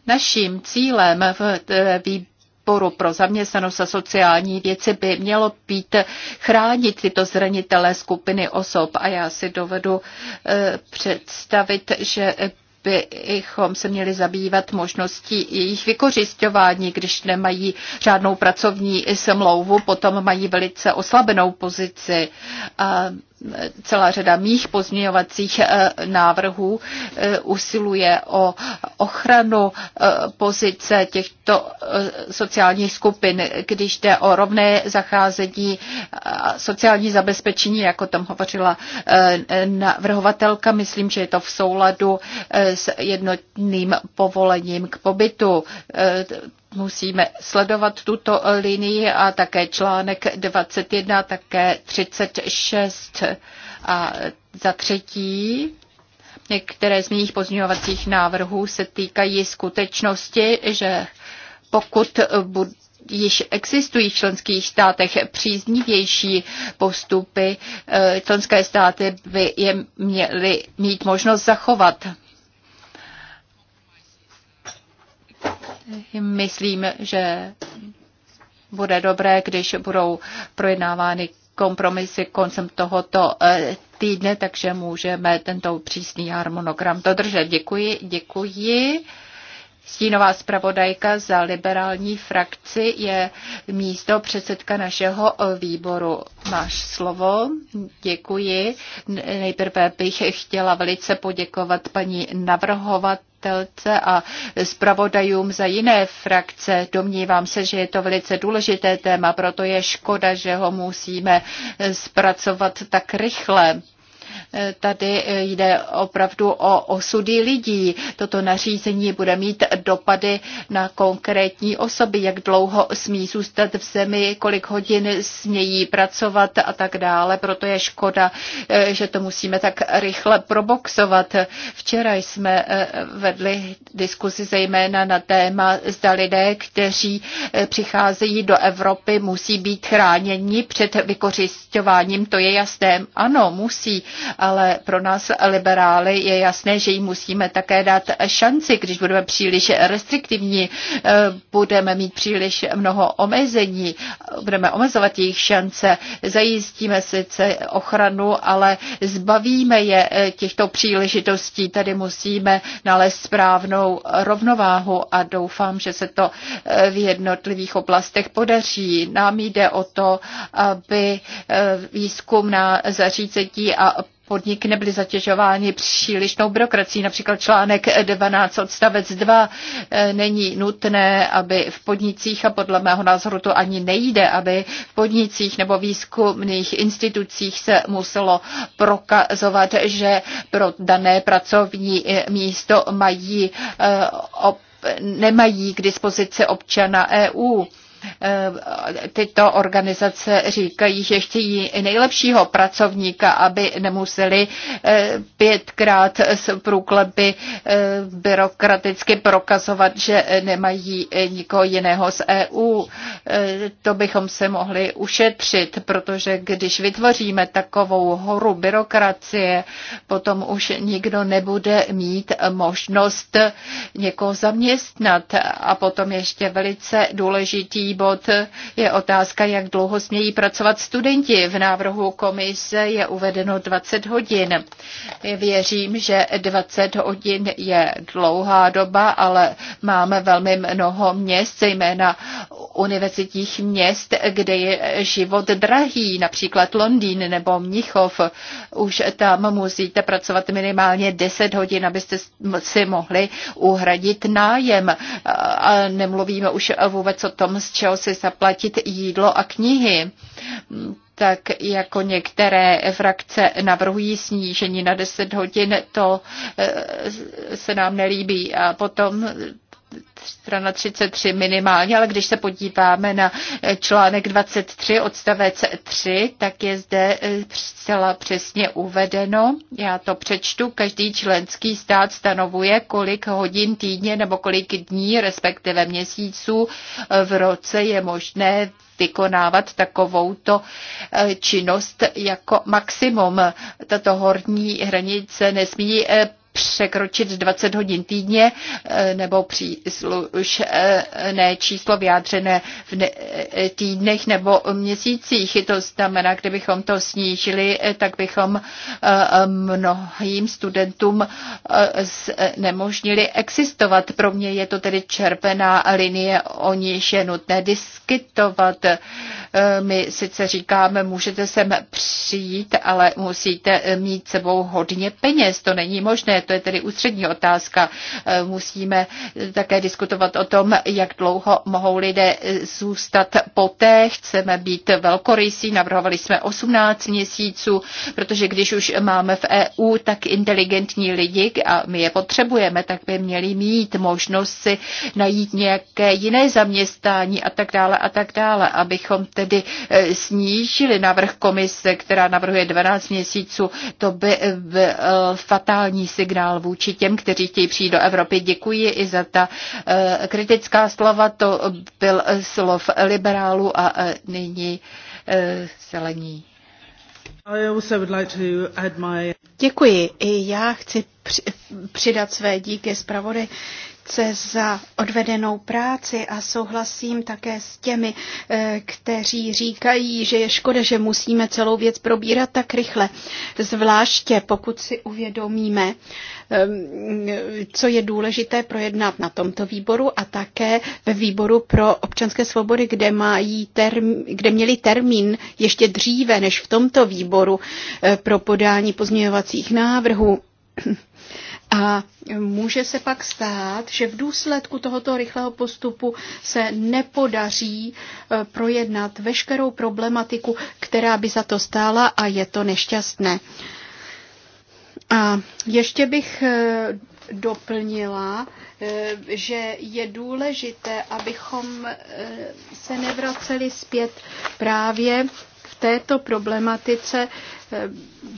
Naším cílem v výboru pro zaměstnanost a sociální věci by mělo být chránit tyto zranitelé skupiny osob a já si dovedu představit, že bychom se měli zabývat možností jejich vykořišťování. Když nemají žádnou pracovní smlouvu, potom mají velice oslabenou pozici celá řada mých pozměňovacích eh, návrhů eh, usiluje o ochranu eh, pozice těchto sociálních skupin, když jde o rovné zacházení a sociální zabezpečení, jako tam hovořila navrhovatelka. Myslím, že je to v souladu s jednotným povolením k pobytu musíme sledovat tuto linii a také článek 21, také 36 a za třetí. Některé z mých pozměňovacích návrhů se týkají skutečnosti, že pokud budou již existují v členských státech příznivější postupy. Eh, členské státy by je měly mít možnost zachovat. Myslím, že bude dobré, když budou projednávány kompromisy koncem tohoto eh, týdne, takže můžeme tento přísný harmonogram dodržet. Děkuji, děkuji. Stínová zpravodajka za liberální frakci je místo předsedka našeho eh, výboru. Máš slovo, děkuji. Nejprve bych chtěla velice poděkovat paní navrhovat a zpravodajům za jiné frakce. Domnívám se, že je to velice důležité téma, proto je škoda, že ho musíme eh, zpracovat tak rychle. Tady eh, jde opravdu o osudy lidí. Toto nařízení bude mít dopady na konkrétní osoby, jak dlouho smí zůstat v zemi, kolik hodin smějí pracovat a tak dále. Proto je škoda, eh, že to musíme tak rychle proboxovat. Včera jsme eh, vedli diskuzi zejména na téma, zda lidé, kteří přicházejí do Evropy, musí být chráněni před vykořišťováním. To je jasné. Ano, musí ale pro nás liberály je jasné, že jim musíme také dát šanci. Když budeme příliš restriktivní, eh, budeme mít příliš mnoho omezení, budeme omezovat jejich šance, zajistíme sice ochranu, ale zbavíme je eh, těchto příležitostí. Tady musíme nalézt správnou rovnováhu a doufám, že se to eh, v jednotlivých oblastech podaří. Nám jde o to, aby výzkum na zařízení a podniky nebyly zatěžovány přílišnou byrokracií. Například článek 12 odstavec 2 eh, není nutné, aby v podnicích, a podle mého názoru to ani nejde, aby v podnicích nebo výzkumných institucích se muselo prokazovat, že pro dané pracovní eh, místo mají eh, nemají k dispozici občana EU. Eh, tyto organizace říkají, že chtějí nejlepšího pracovníka, aby nemuseli eh, pětkrát s průkleby eh, byrokraticky prokazovat, že nemají nikoho jiného z EU. To bychom se mohli ušetřit, protože když vytvoříme takovou horu byrokracie, potom už nikdo nebude mít možnost někoho zaměstnat. A potom ještě velice důležitý bod je otázka, jak dlouho smějí pracovat studenti. V návrhu komise je uvedeno 20 hodin. Věřím, že 20 hodin je dlouhá doba, ale máme velmi mnoho měst, zejména univerzitních měst, kde je život drahý, například Londýn nebo Mnichov. Už tam musíte pracovat minimálně 10 hodin, abyste si mohli uhradit nájem. A nemluvíme už vůbec o tom, z čeho si zaplatit jídlo a knihy tak jako některé frakce navrhují snížení na 10 hodin, to eh, se nám nelíbí. A potom strana 33 minimálně, ale když se podíváme na eh, článek 23 odstavec 3, tak je zde eh, zcela přesně uvedeno, já to přečtu, každý členský stát stanovuje, kolik hodin týdně nebo kolik dní, respektive měsíců eh, v roce je možné vykonávat takovouto činnost jako maximum. Tato horní hranice nesmí překročit 20 hodin týdně eh, nebo příslušné číslo vyjádřené v eh, týdnech nebo měsících. To znamená, kdybychom to snížili, eh, tak bychom mnohým studentům nemožnili existovat. Pro mě je to tedy červená linie, o níž je nutné diskutovat. My sice říkáme, můžete sem přijít, ale musíte mít sebou hodně peněz. To není možné to je tedy ústřední otázka. Eh, musíme eh, také diskutovat o tom, jak dlouho mohou lidé eh, zůstat poté. Chceme být velkorysí, navrhovali jsme 18 měsíců, protože když už máme v EU tak inteligentní lidi a my je potřebujeme, tak by měli mít možnost si najít nějaké jiné zaměstnání a tak dále a tak dále, abychom tedy snížili návrh komise, která navrhuje 12 měsíců, to by byl fatální signál signál vůči těm, kteří chtějí přijít do Evropy. Děkuji i za ta eh, kritická slova, to byl slov liberálu a eh, nyní eh, zelení. Děkuji. I já chci přidat své díky zpravodaj krátce za odvedenou práci a souhlasím také s těmi, eh, kteří říkají, že je škoda, že musíme celou věc probírat tak rychle, zvláště pokud si uvědomíme, ehm, co je důležité projednat na tomto výboru a také ve výboru pro občanské svobody, kde, mají term, kde měli termín ještě dříve než v tomto výboru eh, pro podání pozměňovacích návrhů. A může se pak stát, že v důsledku tohoto rychlého postupu se nepodaří e, projednat veškerou problematiku, která by za to stála a je to nešťastné. A ještě bych e, doplnila, e, že je důležité, abychom se nevraceli zpět právě této problematice eh,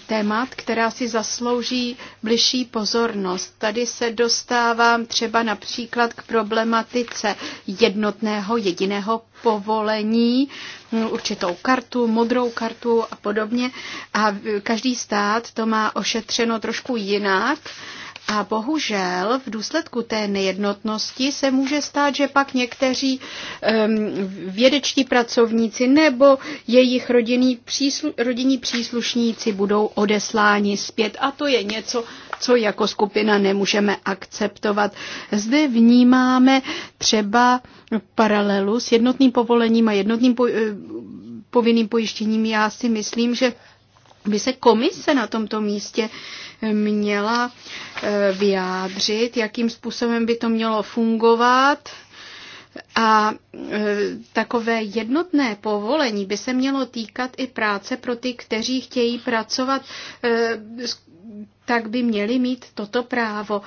témat, která si zaslouží bližší pozornost. Tady se dostávám třeba například k problematice jednotného, jediného povolení, hm, určitou kartu, modrou kartu a podobně. A každý stát to má ošetřeno trošku jinak. A bohužel v důsledku té nejednotnosti se může stát, že pak někteří vědečtí pracovníci nebo jejich rodinní, příslu, rodinní příslušníci budou odesláni zpět. A to je něco, co jako skupina nemůžeme akceptovat. Zde vnímáme třeba paralelu s jednotným povolením a jednotným po, eh, povinným pojištěním. Já si myslím, že by se komise na tomto místě eh, měla eh, vyjádřit, jakým způsobem by to mělo fungovat. A eh, takové jednotné povolení by se mělo týkat i práce pro ty, kteří chtějí pracovat, tak by měli mít toto právo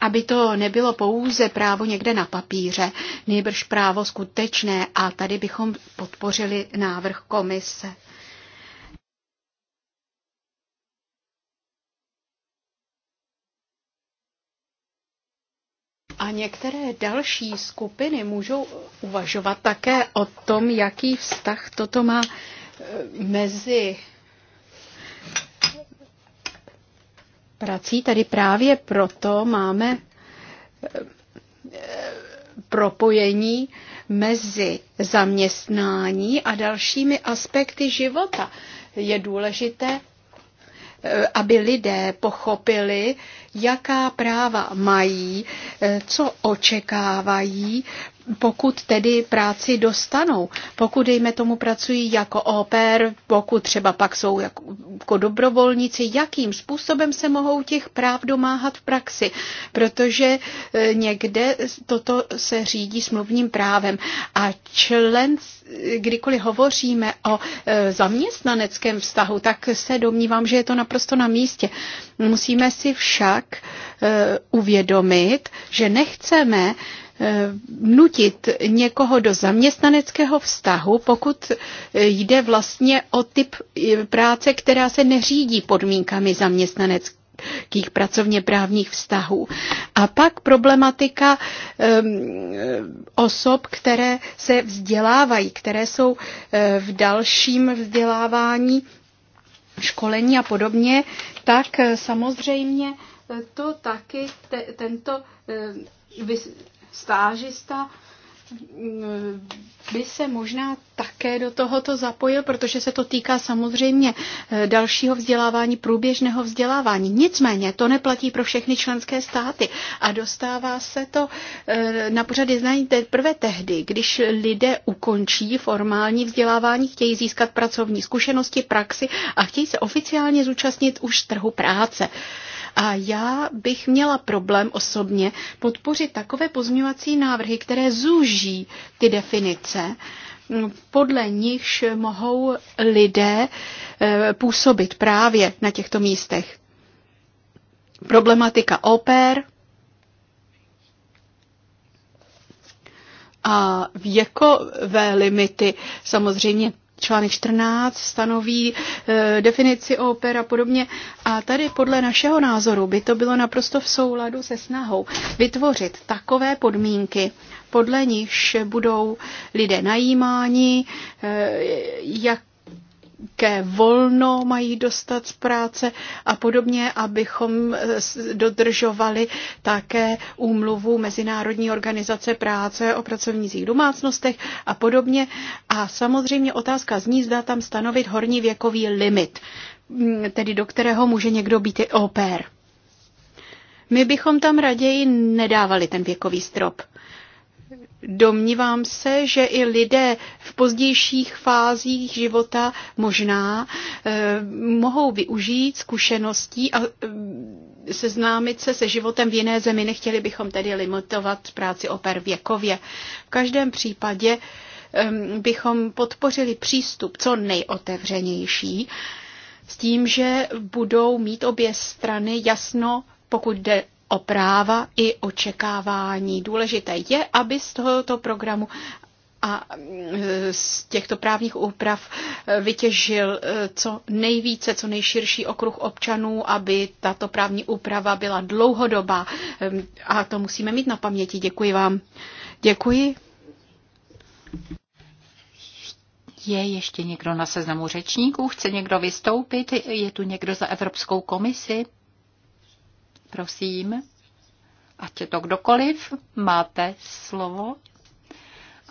aby to nebylo pouze právo někde na papíře, nejbrž právo skutečné a tady bychom podpořili návrh komise. A některé další skupiny můžou uvažovat také o tom, jaký vztah toto má eh, mezi prací. Tady právě proto máme eh, propojení mezi zaměstnání a dalšími aspekty života. Je důležité, eh, aby lidé pochopili, jaká práva mají, eh, co očekávají pokud tedy práci dostanou, pokud, dejme tomu, pracují jako oper, pokud třeba pak jsou jako dobrovolníci, jakým způsobem se mohou těch práv domáhat v praxi, protože e, někde toto se řídí smluvním právem. A člen, kdykoliv hovoříme o e, zaměstnaneckém vztahu, tak se domnívám, že je to naprosto na místě. Musíme si však e, uvědomit, že nechceme, Eh, nutit někoho do zaměstnaneckého vztahu, pokud eh, jde vlastně o typ eh, práce, která se neřídí podmínkami zaměstnaneckého kých pracovně právních vztahů. A pak problematika um, osob, které se vzdělávají, které jsou uh, v dalším vzdělávání, školení a podobně, tak samozřejmě to taky te, tento uh, stážista mm, by se možná také do tohoto zapojil, protože se to týká samozřejmě eh, dalšího vzdělávání, průběžného vzdělávání. Nicméně to neplatí pro všechny členské státy a dostává se to eh, na pořad jednání teprve tehdy, když lidé ukončí formální vzdělávání, chtějí získat pracovní zkušenosti, praxi a chtějí se oficiálně zúčastnit už trhu práce. A já bych měla problém osobně podpořit takové pozměňovací návrhy, které zúží ty definice, podle nichž mohou lidé e, působit právě na těchto místech. Problematika oper a věkové limity samozřejmě článek 14 stanoví e, definici oper a podobně. A tady podle našeho názoru by to bylo naprosto v souladu se snahou vytvořit takové podmínky, podle nichž budou lidé najímáni, e, jak jaké volno mají dostat z práce a podobně, abychom dodržovali také úmluvu Mezinárodní organizace práce o pracovnících domácnostech a podobně. A samozřejmě otázka zní, zda tam stanovit horní věkový limit, mm, tedy do kterého může někdo být i au pair. My bychom tam raději nedávali ten věkový strop Domnívám se, že i lidé v pozdějších fázích života možná eh, mohou využít zkušeností a eh, seznámit se se životem v jiné zemi. Nechtěli bychom tedy limitovat práci oper věkově. V každém případě ehm, bychom podpořili přístup co nejotevřenější s tím, že budou mít obě strany jasno, pokud jde o práva i očekávání. Důležité je, aby z tohoto programu a e, z těchto právních úprav e, vytěžil e, co nejvíce, co nejširší okruh občanů, aby tato právní úprava byla dlouhodobá. A to musíme mít na paměti. Děkuji vám. Děkuji. Je ještě někdo na seznamu řečníků? Chce někdo vystoupit? Je tu někdo za Evropskou komisi? Prosím, ať je to kdokoliv, máte slovo.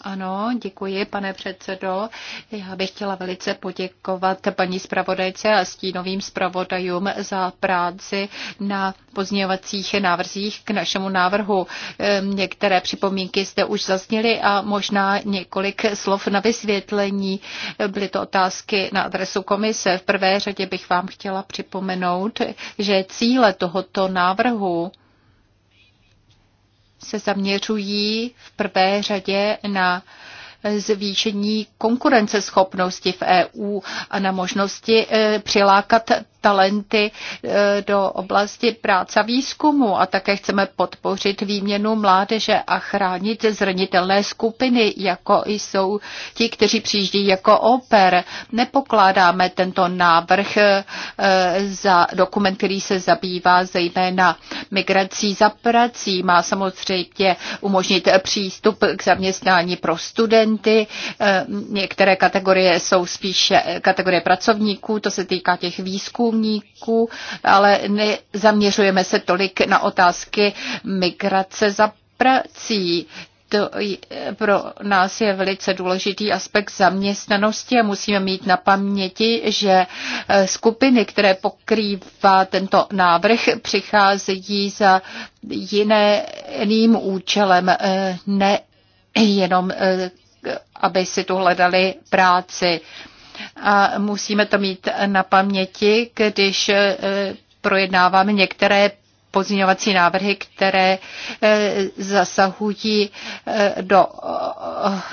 Ano, děkuji, pane předsedo. Já bych chtěla velice poděkovat paní zpravodajce a stínovým zpravodajům za práci na pozměňovacích návrzích k našemu návrhu. Ehm, některé připomínky zde už zazněly a možná několik slov na vysvětlení. Byly to otázky na adresu komise. V prvé řadě bych vám chtěla připomenout, že cíle tohoto návrhu se zaměřují v prvé řadě na zvýšení konkurenceschopnosti v EU a na možnosti eh, přilákat talenty e, do oblasti práce a výzkumu a také chceme podpořit výměnu mládeže a chránit zranitelné skupiny, jako jsou ti, kteří přijíždí jako oper. Nepokládáme tento návrh e, za dokument, který se zabývá zejména migrací za prací. Má samozřejmě umožnit přístup k zaměstnání pro studenty. E, některé kategorie jsou spíše kategorie pracovníků, to se týká těch výzkumů průzkumníků, ale nezaměřujeme se tolik na otázky migrace za prací. To pro nás je velice důležitý aspekt zaměstnanosti a musíme mít na paměti, že eh, skupiny, které pokrývá tento návrh, přicházejí za jiné, jiným účelem, eh, ne jenom eh, aby si tu hledali práci a musíme to mít na paměti, když e, projednáváme některé pozměňovací návrhy, které e, zasahují e, do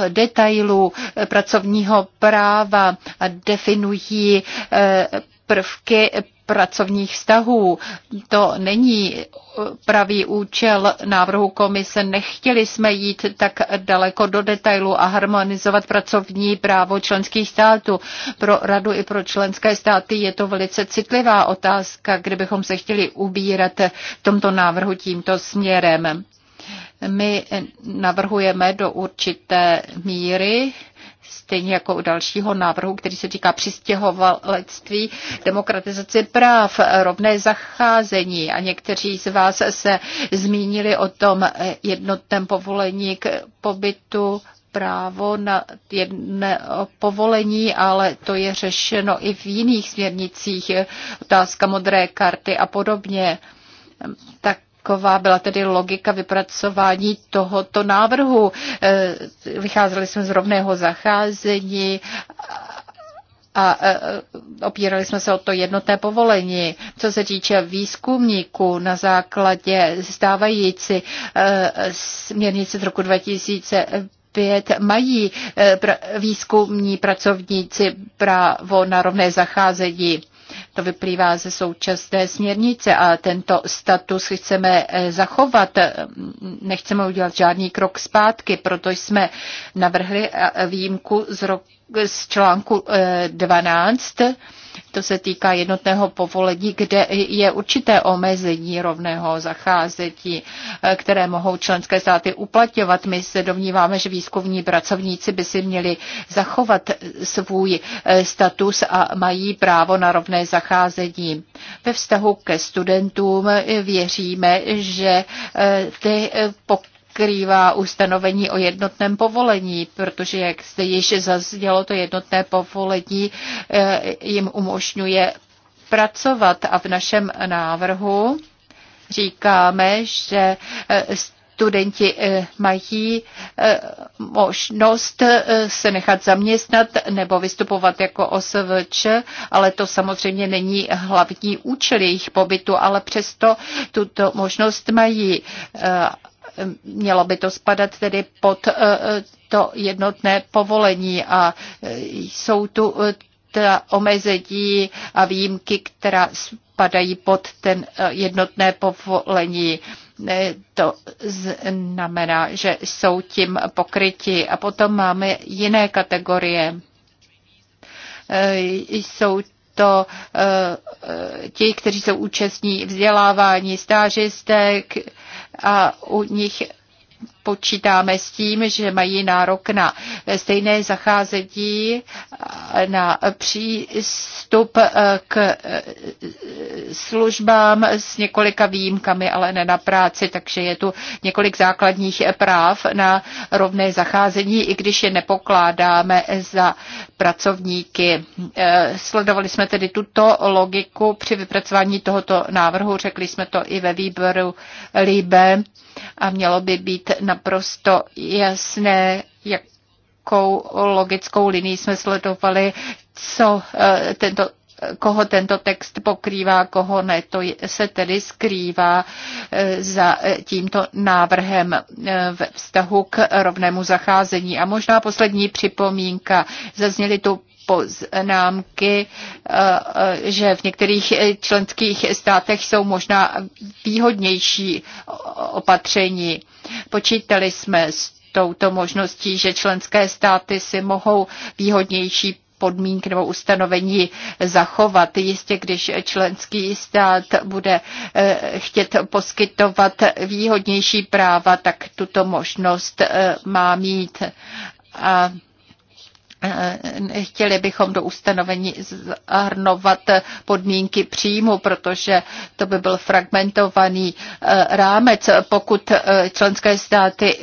detailů pracovního práva a definují prvky pracovních vztahů. To není eh, pravý účel návrhu komise. Nechtěli jsme jít tak daleko do detailu a harmonizovat pracovní právo členských států. Pro radu i pro členské státy je to velice citlivá otázka, kdybychom se chtěli ubírat v tomto návrhu tímto směrem. My navrhujeme do určité míry stejně jako u dalšího návrhu, který se týká přistěhovalectví, demokratizace práv, rovné zacházení. A někteří z vás se zmínili o tom jednotném povolení k pobytu právo na jedné povolení, ale to je řešeno i v jiných směrnicích, otázka modré karty a podobně. Tak Taková byla tedy logika vypracování tohoto návrhu. E, vycházeli jsme z rovného zacházení a opírali jsme se o to jednotné povolení. Co se týče výzkumníků na základě stávající e, směrnice z roku 2000, mají e, výzkumní pracovníci právo na rovné zacházení. To vyplývá ze současné směrnice a tento status chceme eh, zachovat. Nechceme udělat žádný krok zpátky, proto jsme navrhli eh, výjimku z, roku, z článku 12 eh, to se týká jednotného povolení, kde je určité omezení rovného zacházetí, eh, které mohou členské státy uplatňovat. My se domníváme, že výzkumní pracovníci by si měli zachovat svůj eh, status a mají právo na rovné zacházení. Ve vztahu ke studentům eh, věříme, že ty pokud skrývá ustanovení o jednotném povolení, protože, jak zde již zaznělo, to jednotné povolení eh, jim umožňuje pracovat a v našem návrhu říkáme, že eh, studenti eh, mají možnost se nechat zaměstnat nebo vystupovat jako OSVČ, ale to samozřejmě není hlavní účel jejich pobytu, ale přesto tuto možnost mají mělo by to spadat tedy pod eh, to jednotné povolení a eh, jsou tu eh, ta omezení a výjimky, která spadají pod ten jednotné povolení. To znamená, že jsou tím pokryti. A potom máme jiné kategorie. Jsou to eh, ti, kteří jsou účastní vzdělávání stážistek a u nich počítáme s tím, že mají nárok na stejné zacházetí, na přístup eh, k eh, službám s několika výjimkami, ale ne na práci, takže je tu několik základních práv na rovné zacházení, i když je nepokládáme za pracovníky. Eh, sledovali jsme tedy tuto logiku při vypracování tohoto návrhu, řekli jsme to i ve výboru LIBE a mělo by být naprosto jasné, jakou logickou linii jsme sledovali, co eh, tento koho tento text pokrývá, koho ne. To se tedy skrývá eh, za eh, tímto návrhem ve vztahu k rovnému zacházení. A možná poslední připomínka. Zazněly tu poznámky, eh, že v některých eh, členských státech jsou možná výhodnější opatření. Počítali jsme s touto možností, že členské státy si mohou výhodnější podmínky nebo ustanovení zachovat. Jistě, když členský stát bude eh, chtět poskytovat výhodnější práva, tak tuto možnost má mít. A Eh, Chtěli bychom do ustanovení zahrnovat podmínky příjmu, protože to by byl fragmentovaný eh, rámec. Pokud eh, členské státy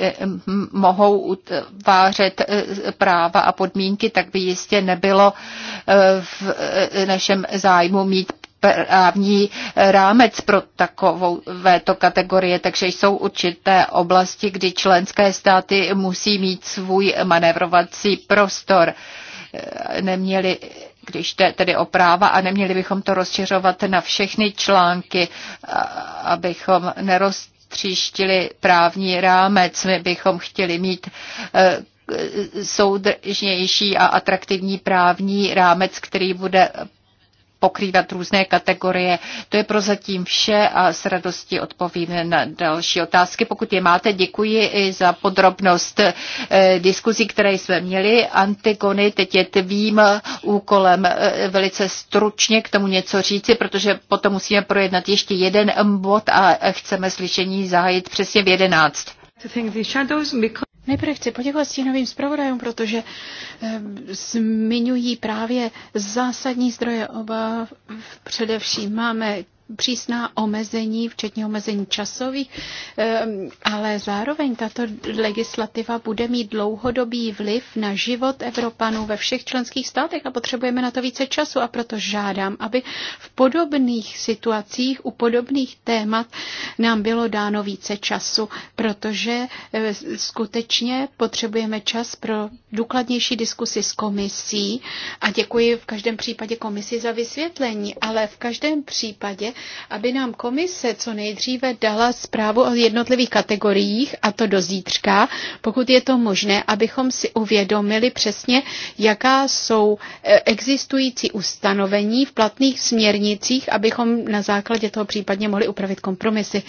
mohou utvářet práva a podmínky, tak by jistě nebylo v našem zájmu mít právní rámec pro takovou to kategorie, takže jsou určité oblasti, kdy členské státy musí mít svůj manevrovací prostor. Neměli když jde tedy o práva a neměli bychom to rozšiřovat na všechny články, abychom neroztříštili právní rámec. My bychom chtěli mít e, soudržnější a atraktivní právní rámec, který bude pokrývat různé kategorie. To je prozatím vše a s radostí odpovím na další otázky. Pokud je máte, děkuji i za podrobnost eh, diskuzí, které jsme měli. Antigony teď je tvým eh, úkolem eh, velice stručně k tomu něco říci, protože potom musíme projednat ještě jeden bod a chceme slyšení zahájit přesně v 11. Nejprve chci poděkovat stínovým zpravodajům, protože eh, zmiňují právě zásadní zdroje obav. Především máme přísná omezení, včetně omezení časových, ehm, ale zároveň tato legislativa bude mít dlouhodobý vliv na život Evropanů ve všech členských státech a potřebujeme na to více času a proto žádám, aby v podobných situacích, u podobných témat nám bylo dáno více času, protože eh, skutečně potřebujeme čas pro důkladnější diskusi s komisí a děkuji v každém případě komisi za vysvětlení, ale v každém případě aby nám komise co nejdříve dala zprávu o jednotlivých kategoriích, a to do zítřka, pokud je to možné, abychom si uvědomili přesně, jaká jsou eh, existující ustanovení v platných směrnicích, abychom na základě toho případně mohli upravit kompromisy.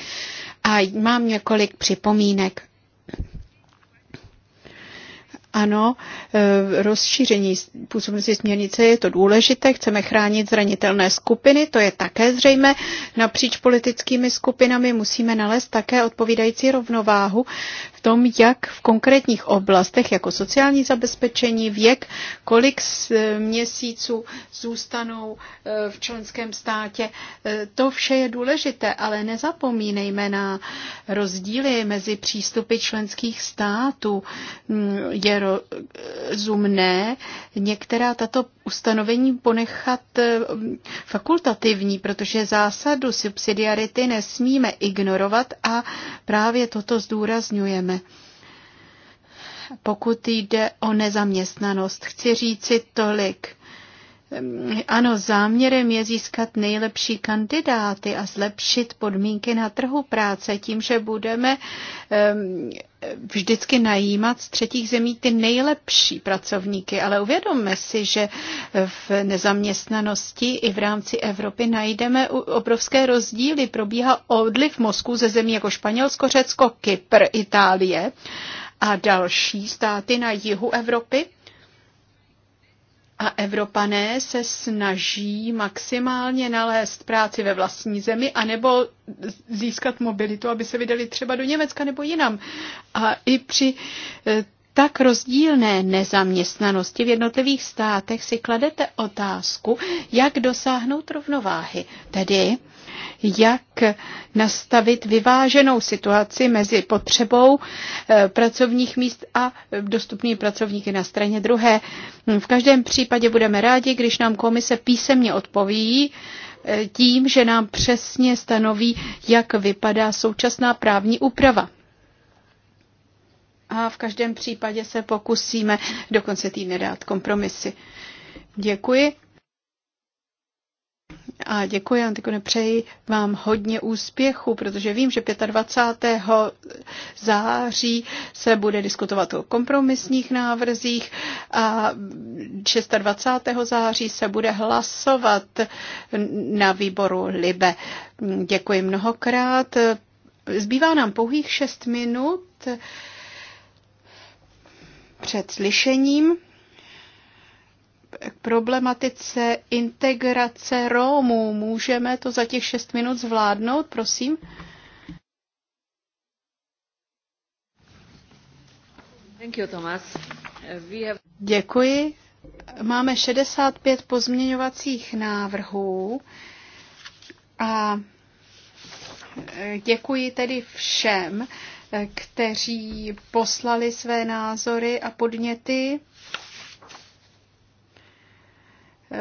A mám několik připomínek. Ano, e, rozšíření působnosti směrnice je to důležité, chceme chránit zranitelné skupiny, to je také zřejmé. Napříč politickými skupinami musíme nalézt také odpovídající rovnováhu v tom, jak v konkrétních oblastech, jako sociální zabezpečení, věk, kolik e, měsíců zůstanou e, v členském státě. To vše je důležité, ale nezapomínejme na rozdíly mezi přístupy členských států. Mm, je rozumné některá tato ustanovení ponechat eh, fakultativní, protože zásadu subsidiarity nesmíme ignorovat a právě toto zdůrazňujeme. Pokud jde o nezaměstnanost, chci říci tolik. Ehm, ano, záměrem je získat nejlepší kandidáty a zlepšit podmínky na trhu práce tím, že budeme ehm, vždycky najímat z třetích zemí ty nejlepší pracovníky, ale uvědomme si, že v nezaměstnanosti i v rámci Evropy najdeme obrovské rozdíly. Probíhá odliv mozku ze zemí jako Španělsko, Řecko, Kypr, Itálie a další státy na jihu Evropy a Evropané se snaží maximálně nalézt práci ve vlastní zemi, anebo získat mobilitu, aby se vydali třeba do Německa nebo jinam. A i při eh, tak rozdílné nezaměstnanosti v jednotlivých státech si kladete otázku, jak dosáhnout rovnováhy. Tedy jak nastavit vyváženou situaci mezi potřebou eh, pracovních míst a dostupnými pracovníky na straně druhé. V každém případě budeme rádi, když nám komise písemně odpoví, eh, tím, že nám přesně stanoví, jak vypadá současná právní úprava. A v každém případě se pokusíme do konce týdne dát kompromisy. Děkuji. A děkuji, Antikone, přeji vám hodně úspěchu, protože vím, že 25. září se bude diskutovat o kompromisních návrzích a 26. září se bude hlasovat na výboru LIBE. Děkuji mnohokrát. Zbývá nám pouhých 6 minut před slyšením k problematice integrace Rómů. Můžeme to za těch šest minut zvládnout, prosím? Thank you, Thomas. We have... Děkuji. Máme 65 pozměňovacích návrhů a eh, děkuji tedy všem, eh, kteří poslali své názory a podněty.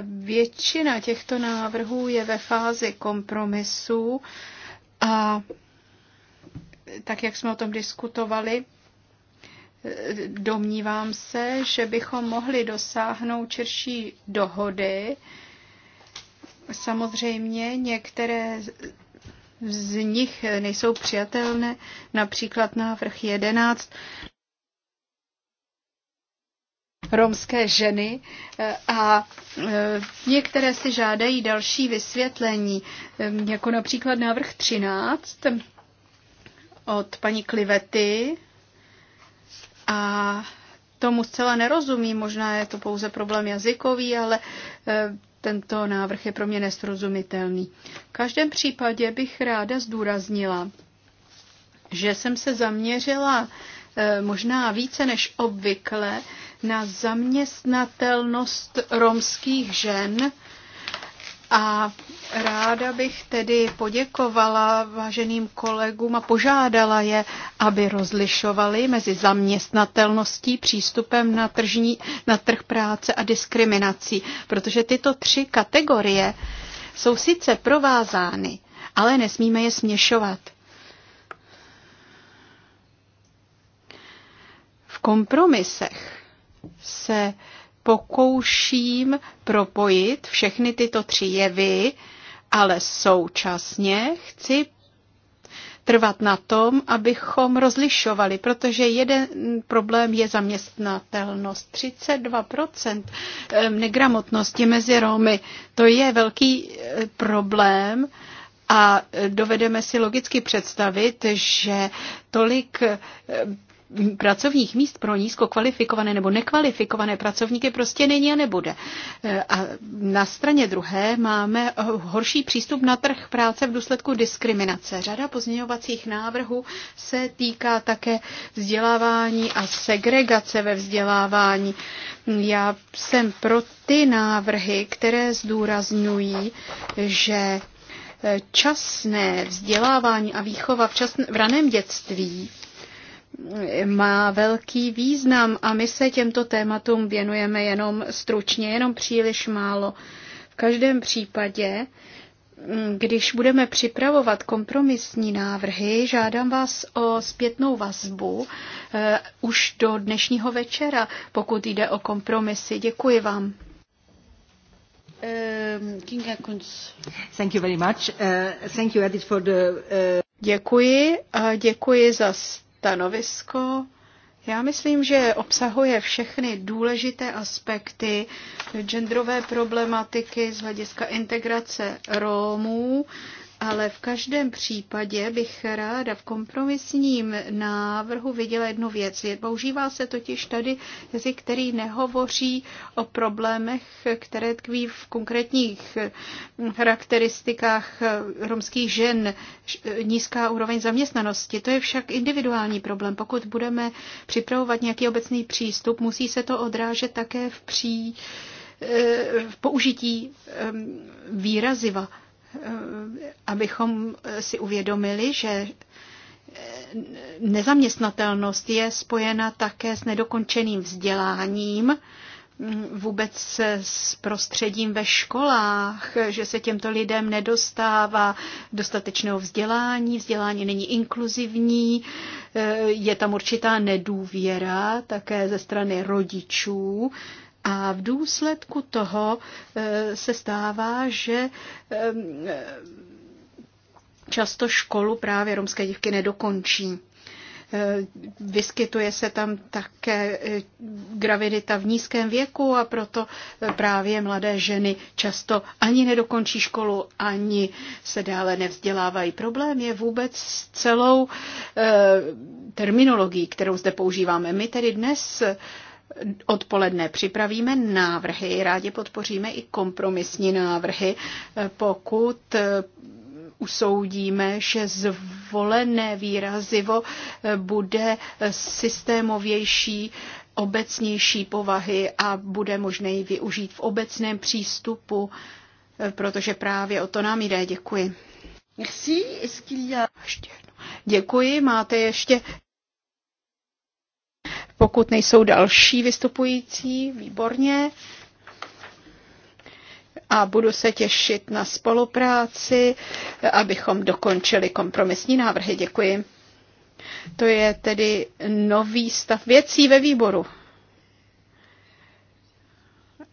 Většina těchto návrhů je ve fázi kompromisů a tak, jak jsme o tom diskutovali, domnívám se, že bychom mohli dosáhnout čerší dohody. Samozřejmě některé z nich nejsou přijatelné, například návrh 11 romské ženy eh, a eh, některé si žádají další vysvětlení, ehm, jako například návrh 13 od paní Klivety a tomu zcela nerozumím, možná je to pouze problém jazykový, ale eh, tento návrh je pro mě nesrozumitelný. V každém případě bych ráda zdůraznila, že jsem se zaměřila možná více než obvykle na zaměstnatelnost romských žen. A ráda bych tedy poděkovala váženým kolegům a požádala je, aby rozlišovali mezi zaměstnatelností, přístupem na, tržní, na trh práce a diskriminací, protože tyto tři kategorie jsou sice provázány, ale nesmíme je směšovat. V kompromisech se pokouším propojit všechny tyto tři jevy, ale současně chci trvat na tom, abychom rozlišovali, protože jeden problém je zaměstnatelnost. 32% negramotnosti mezi Romy, to je velký e, problém a e, dovedeme si logicky představit, že tolik e, pracovních míst pro nízko kvalifikované nebo nekvalifikované pracovníky prostě není a nebude. E, a na straně druhé máme horší přístup na trh práce v důsledku diskriminace. Řada pozměňovacích návrhů se týká také vzdělávání a segregace ve vzdělávání. Já jsem pro ty návrhy, které zdůrazňují, že časné vzdělávání a výchova v, časn- v raném dětství má velký význam a my se těmto tématům věnujeme jenom stručně, jenom příliš málo. V každém případě, mm, když budeme připravovat kompromisní návrhy, žádám vás o zpětnou vazbu eh, už do dnešního večera, pokud jde o kompromisy. Děkuji vám. Ehm, thank you very much. Eh, thank you, Edith, for the... Eh, děkuji a děkuji za stanovisko já myslím, že obsahuje všechny důležité aspekty genderové problematiky z hlediska integrace Rómů ale v každém případě bych ráda v kompromisním návrhu viděla jednu věc. Používá se totiž tady jazyk, který nehovoří o problémech, které tkví v konkrétních charakteristikách romských žen, nízká úroveň zaměstnanosti. To je však individuální problém. Pokud budeme připravovat nějaký obecný přístup, musí se to odrážet také v pří eh, v použití ehm, výraziva abychom si uvědomili, že nezaměstnatelnost je spojena také s nedokončeným vzděláním, vůbec s prostředím ve školách, že se těmto lidem nedostává dostatečného vzdělání, vzdělání není inkluzivní, je tam určitá nedůvěra také ze strany rodičů a v důsledku toho eh, se stává, že eh, často školu právě romské dívky nedokončí. Eh, vyskytuje se tam také gravidita v nízkém věku a proto právě mladé ženy často ani nedokončí školu, ani se dále nevzdělávají. Problém je vůbec s celou terminologií, kterou zde používáme. My tedy dnes odpoledne připravíme návrhy, rádi podpoříme i kompromisní návrhy, pokud eh, usoudíme, že zvolené výrazivo eh, bude systémovější, obecnější povahy a bude možné ji využít v obecném přístupu, eh, protože právě o to nám jde. Děkuji. Merci. Ještě Děkuji. Máte ještě pokud nejsou další vystupující, výborně. A budu se těšit na spolupráci, abychom dokončili kompromisní návrhy. Děkuji. To je tedy nový stav věcí ve výboru.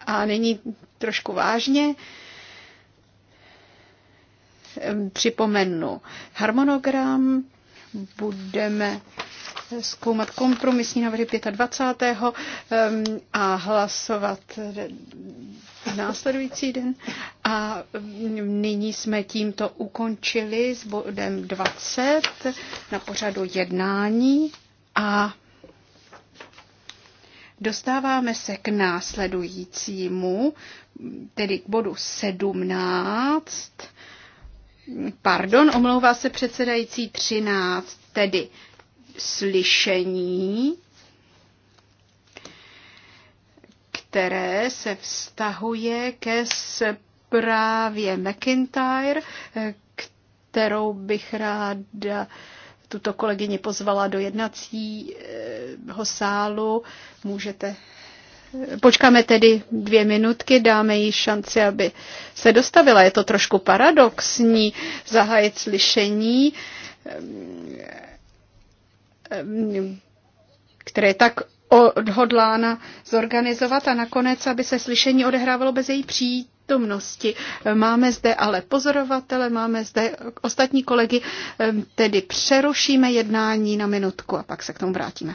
A nyní trošku vážně připomenu harmonogram. Budeme zkoumat kompromisní návrhy 25. a hlasovat následující den. A mm, nyní jsme tímto ukončili s bodem 20 na pořadu jednání a dostáváme se k následujícímu, tedy k bodu 17. Pardon, omlouvá se předsedající 13, tedy slyšení, které se vztahuje ke zprávě McIntyre, kterou bych ráda tuto kolegyni pozvala do jednacího sálu. Můžete Počkáme tedy dvě minutky, dáme jí šanci, aby se dostavila. Je to trošku paradoxní zahájit slyšení Eh, které je tak odhodlána zorganizovat a nakonec, aby se slyšení odehrávalo bez její přítomnosti. Máme zde ale pozorovatele, máme zde ostatní kolegy, eh, tedy přerušíme jednání na minutku a pak se k tomu vrátíme.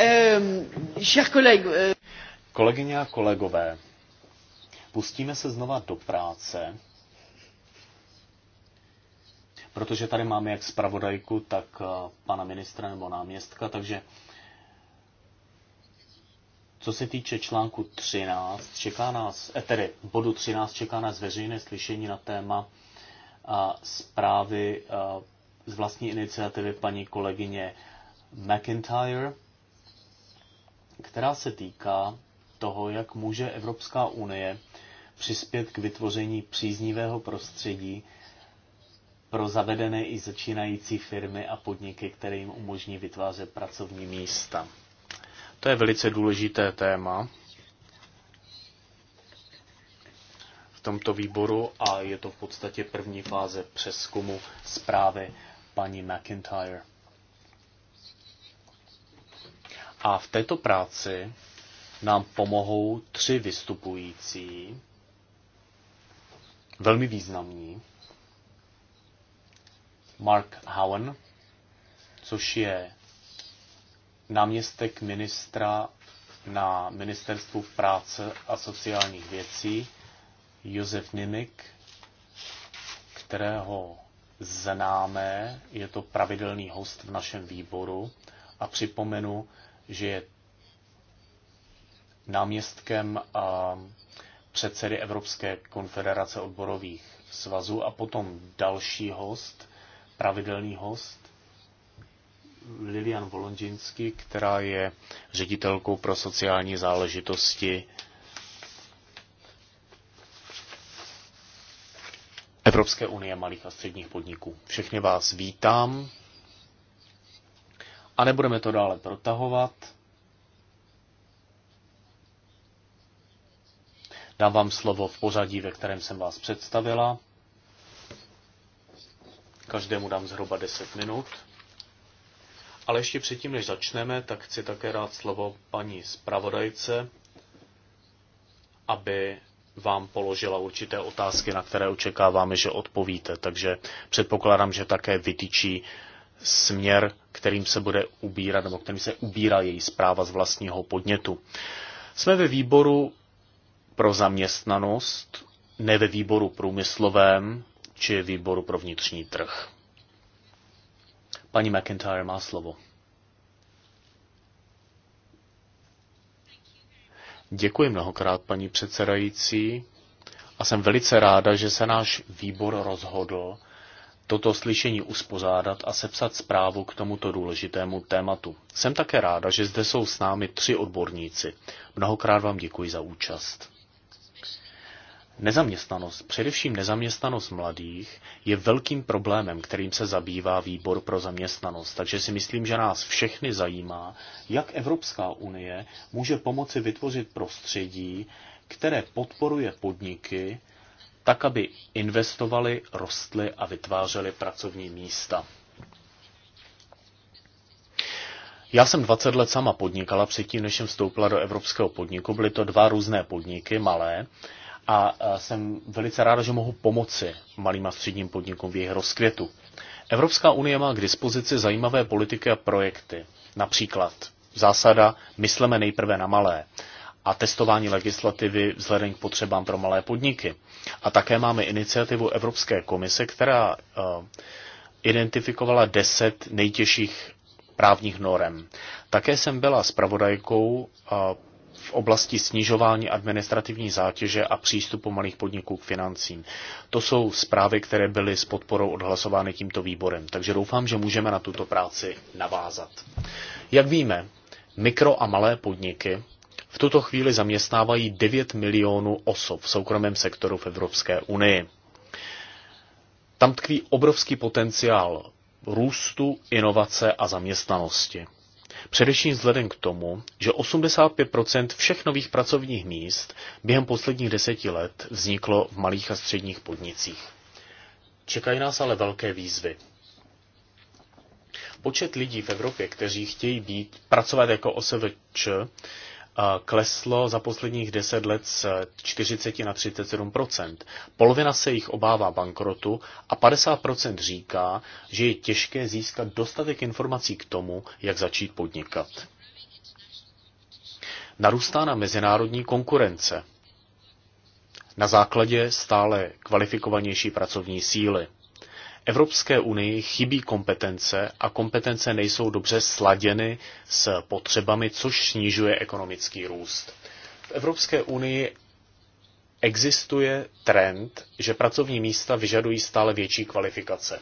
Ehm, eh, kolegyně a kolegové, pustíme se znova do práce, protože tady máme jak zpravodajku, tak eh, pana ministra nebo náměstka, takže co se týče článku 13, čeká nás, eh, tedy bodu 13 čeká nás veřejné slyšení na téma a zprávy a, z vlastní iniciativy paní kolegyně McIntyre která se týká toho, jak může Evropská unie přispět k vytvoření příznivého prostředí pro zavedené i začínající firmy a podniky, které jim umožní vytvářet pracovní místa. To je velice důležité téma v tomto výboru a je to v podstatě první fáze přeskumu zprávy paní McIntyre. A v této práci nám pomohou tři vystupující, velmi významní. Mark Howen, což je náměstek ministra na Ministerstvu práce a sociálních věcí, Josef Nimik, kterého známe, je to pravidelný host v našem výboru a připomenu, že je náměstkem a předsedy Evropské konfederace odborových svazů a potom další host, pravidelný host, Lilian Volonžinsky, která je ředitelkou pro sociální záležitosti Evropské unie malých a středních podniků. Všechny vás vítám a nebudeme to dále protahovat. Dám vám slovo v pořadí, ve kterém jsem vás představila. Každému dám zhruba 10 minut. Ale ještě předtím, než začneme, tak chci také rád slovo paní zpravodajce, aby vám položila určité otázky, na které očekáváme, že odpovíte. Takže předpokládám, že také vytyčí směr, kterým se bude ubírat, nebo kterým se ubírá její zpráva z vlastního podnětu. Jsme ve výboru pro zaměstnanost, ne ve výboru průmyslovém, či výboru pro vnitřní trh. Paní McIntyre má slovo. Děkuji mnohokrát, paní předsedající, a jsem velice ráda, že se náš výbor rozhodl, toto slyšení uspořádat a sepsat zprávu k tomuto důležitému tématu. Jsem také ráda, že zde jsou s námi tři odborníci. Mnohokrát vám děkuji za účast. Nezaměstnanost, především nezaměstnanost mladých, je velkým problémem, kterým se zabývá výbor pro zaměstnanost, takže si myslím, že nás všechny zajímá, jak Evropská unie může pomoci vytvořit prostředí, které podporuje podniky, tak aby investovali, rostly a vytvářely pracovní místa. Já jsem 20 let sama podnikala předtím, než jsem vstoupila do evropského podniku. Byly to dva různé podniky, malé, a jsem velice ráda, že mohu pomoci malým a středním podnikům v jejich rozkvětu. Evropská unie má k dispozici zajímavé politiky a projekty. Například zásada mysleme nejprve na malé a testování legislativy vzhledem k potřebám pro malé podniky. A také máme iniciativu Evropské komise, která eh, identifikovala deset nejtěžších právních norem. Také jsem byla spravodajkou eh, v oblasti snižování administrativní zátěže a přístupu malých podniků k financím. To jsou zprávy, které byly s podporou odhlasovány tímto výborem, takže doufám, že můžeme na tuto práci navázat. Jak víme, mikro a malé podniky v tuto chvíli zaměstnávají 9 milionů osob v soukromém sektoru v Evropské unii. Tam tkví obrovský potenciál růstu, inovace a zaměstnanosti. Především vzhledem k tomu, že 85% všech nových pracovních míst během posledních deseti let vzniklo v malých a středních podnicích. Čekají nás ale velké výzvy. Počet lidí v Evropě, kteří chtějí být, pracovat jako OSVČ, kleslo za posledních deset let z 40 na 37 Polovina se jich obává bankrotu a 50 říká, že je těžké získat dostatek informací k tomu, jak začít podnikat. Narůstá na mezinárodní konkurence na základě stále kvalifikovanější pracovní síly. Evropské unii chybí kompetence a kompetence nejsou dobře sladěny s potřebami, což snižuje ekonomický růst. V Evropské unii existuje trend, že pracovní místa vyžadují stále větší kvalifikace.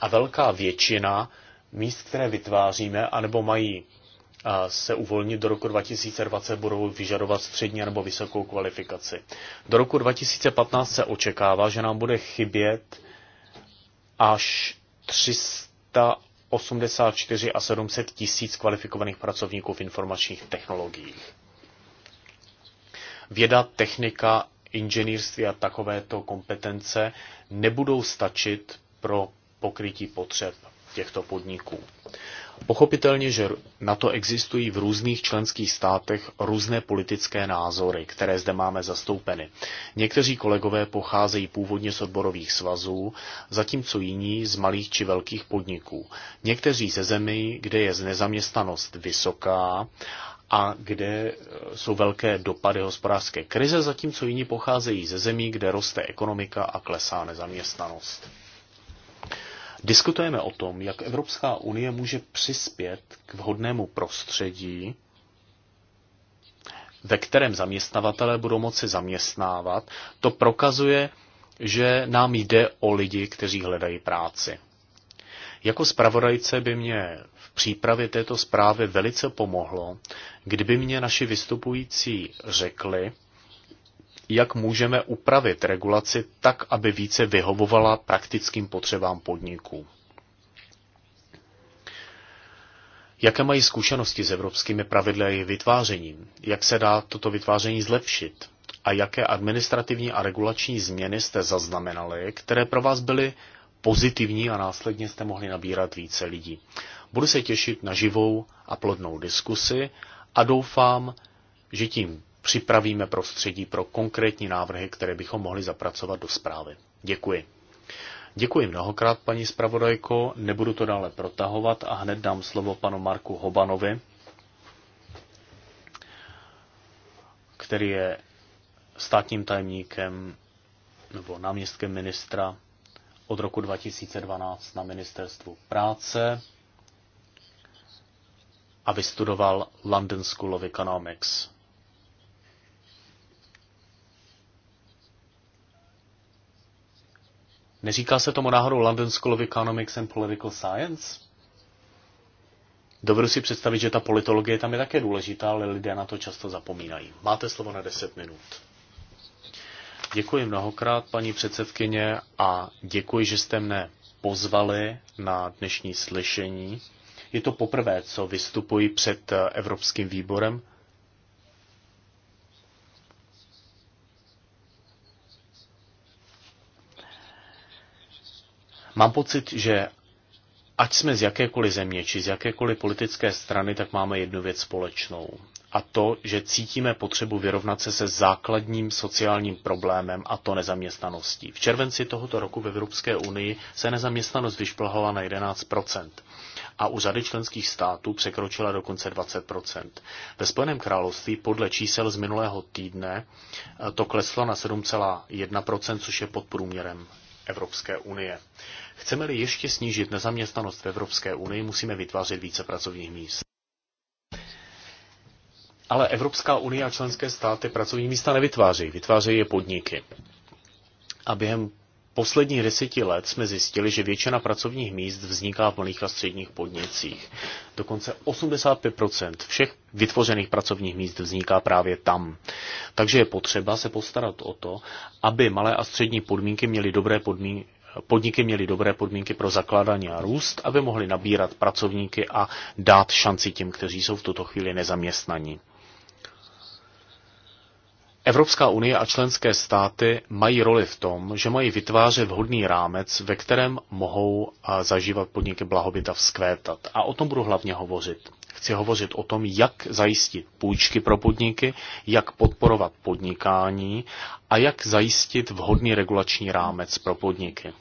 A velká většina míst, které vytváříme, anebo mají se uvolnit do roku 2020, budou vyžadovat střední nebo vysokou kvalifikaci. Do roku 2015 se očekává, že nám bude chybět až 384 a 700 tisíc kvalifikovaných pracovníků v informačních technologiích. Věda, technika, inženýrství a takovéto kompetence nebudou stačit pro pokrytí potřeb těchto podniků. Pochopitelně, že na to existují v různých členských státech různé politické názory, které zde máme zastoupeny. Někteří kolegové pocházejí původně z odborových svazů, zatímco jiní z malých či velkých podniků. Někteří ze zemí, kde je nezaměstnanost vysoká a kde e, jsou velké dopady hospodářské krize, zatímco jiní pocházejí ze zemí, kde roste ekonomika a klesá nezaměstnanost. Diskutujeme o tom, jak Evropská unie může přispět k vhodnému prostředí, ve kterém zaměstnavatele budou moci zaměstnávat. To prokazuje, že nám jde o lidi, kteří hledají práci. Jako zpravodajce by mě v přípravě této zprávy velice pomohlo, kdyby mě naši vystupující řekli, jak můžeme upravit regulaci tak, aby více vyhovovala praktickým potřebám podniků. Jaké mají zkušenosti s evropskými pravidly a jejich vytvářením? Jak se dá toto vytváření zlepšit? A jaké administrativní a regulační změny jste zaznamenali, které pro vás byly pozitivní a následně jste mohli nabírat více lidí? Budu se těšit na živou a plodnou diskusi a doufám, že tím připravíme prostředí pro konkrétní návrhy, které bychom mohli zapracovat do zprávy. Děkuji. Děkuji mnohokrát, paní zpravodajko. Nebudu to dále protahovat a hned dám slovo panu Marku Hobanovi, který je státním tajemníkem nebo náměstkem ministra od roku 2012 na ministerstvu práce a vystudoval London School of Economics. Neříká se tomu náhodou London School of Economics and Political Science? Dovedu si představit, že ta politologie tam je také důležitá, ale lidé na to často zapomínají. Máte slovo na 10 minut. Děkuji mnohokrát, paní předsedkyně, a děkuji, že jste mne pozvali na dnešní slyšení. Je to poprvé, co vystupuji před Evropským výborem Mám pocit, že ať jsme z jakékoliv země či z jakékoliv politické strany, tak máme jednu věc společnou. A to, že cítíme potřebu vyrovnat se se základním sociálním problémem, a to nezaměstnaností. V červenci tohoto roku ve Evropské unii se nezaměstnanost vyšplhala na 11 a u řady členských států překročila dokonce 20 Ve Spojeném království podle čísel z minulého týdne eh, to kleslo na 7,1 což je pod průměrem Evropské unie. Chceme-li ještě snížit nezaměstnanost v Evropské unii, musíme vytvářet více pracovních míst. Ale Evropská unie a členské státy pracovní místa nevytvářejí, vytvářejí je podniky. A během posledních deseti let jsme zjistili, že většina pracovních míst vzniká v malých a středních podnicích. Dokonce 85% všech vytvořených pracovních míst vzniká právě tam. Takže je potřeba se postarat o to, aby malé a střední podmínky měly dobré podmínky podniky měly dobré podmínky pro zakládání a růst, aby mohly nabírat pracovníky a dát šanci těm, kteří jsou v tuto chvíli nezaměstnaní. Evropská unie a členské státy mají roli v tom, že mají vytvářet vhodný rámec, ve kterém mohou zažívat podniky blahobyta vzkvétat. A o tom budu hlavně hovořit. Chci hovořit o tom, jak zajistit půjčky pro podniky, jak podporovat podnikání a jak zajistit vhodný regulační rámec pro podniky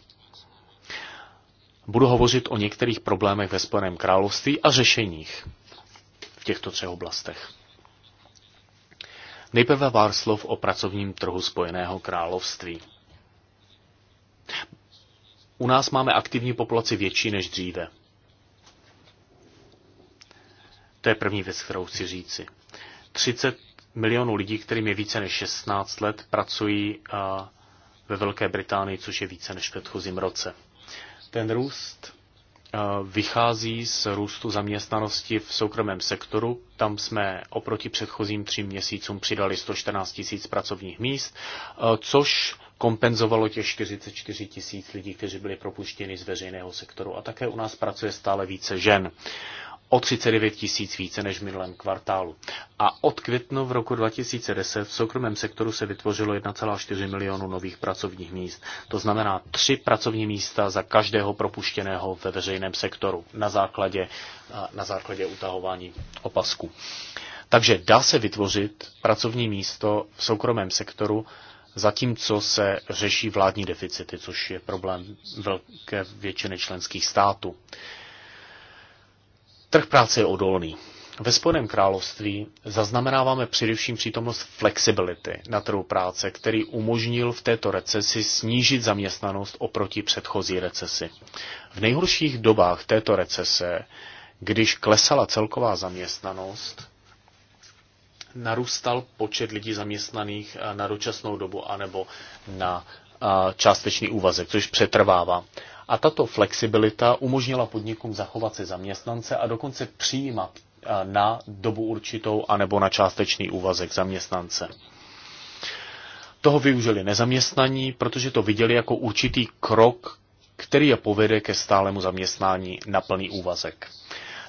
budu hovořit o některých problémech ve Spojeném království a řešeních v těchto třech oblastech. Nejprve pár slov o pracovním trhu Spojeného království. U nás máme aktivní populaci větší než dříve. To je první věc, kterou chci říci. 30 milionů lidí, kterým je více než 16 let, pracují ve Velké Británii, což je více než v předchozím roce. Ten růst eh, vychází z růstu zaměstnanosti v soukromém sektoru. Tam jsme oproti předchozím třím měsícům přidali 114 tisíc pracovních míst, eh, což kompenzovalo těch 44 tisíc lidí, kteří byli propuštěni z veřejného sektoru. A také u nás pracuje stále více žen o 39 tisíc více než v minulém kvartálu. A od květnu v roku 2010 v soukromém sektoru se vytvořilo 1,4 milionu nových pracovních míst. To znamená tři pracovní místa za každého propuštěného ve veřejném sektoru na základě, na základě utahování opasku. Takže dá se vytvořit pracovní místo v soukromém sektoru, zatímco se řeší vládní deficity, což je problém velké většiny členských států. Trh práce je odolný. Ve Spojeném království zaznamenáváme především přítomnost flexibility na trhu práce, který umožnil v této recesi snížit zaměstnanost oproti předchozí recesi. V nejhorších dobách této recese, když klesala celková zaměstnanost, narůstal počet lidí zaměstnaných eh, na dočasnou dobu anebo na eh, částečný úvazek, což přetrvává a tato flexibilita umožnila podnikům zachovat si zaměstnance a dokonce přijímat eh, na dobu určitou anebo na částečný úvazek zaměstnance. Toho využili nezaměstnaní, protože to viděli jako určitý krok, který je povede ke stálemu zaměstnání na plný úvazek.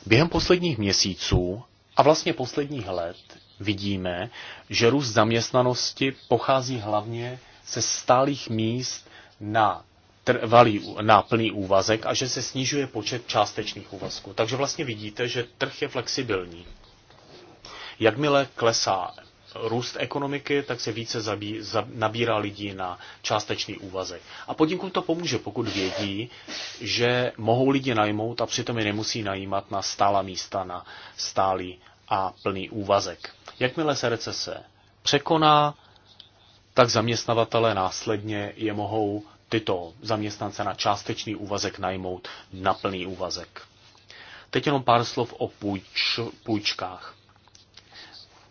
Během posledních měsíců a vlastně posledních let vidíme, že růst zaměstnanosti pochází hlavně ze stálých míst na trvalý, na plný úvazek a že se snižuje počet částečných úvazků. Takže vlastně vidíte, že trh je flexibilní. Jakmile klesá růst ekonomiky, tak se více zabí, zab, nabírá lidí na částečný úvazek. A podnikům to pomůže, pokud vědí, že mohou lidi najmout a přitom je nemusí najímat na stála místa, na stálý a plný úvazek. Jakmile se recese překoná, tak zaměstnavatele následně je mohou tyto zaměstnance na částečný úvazek najmout na plný úvazek. Teď jenom pár slov o půjč, půjčkách.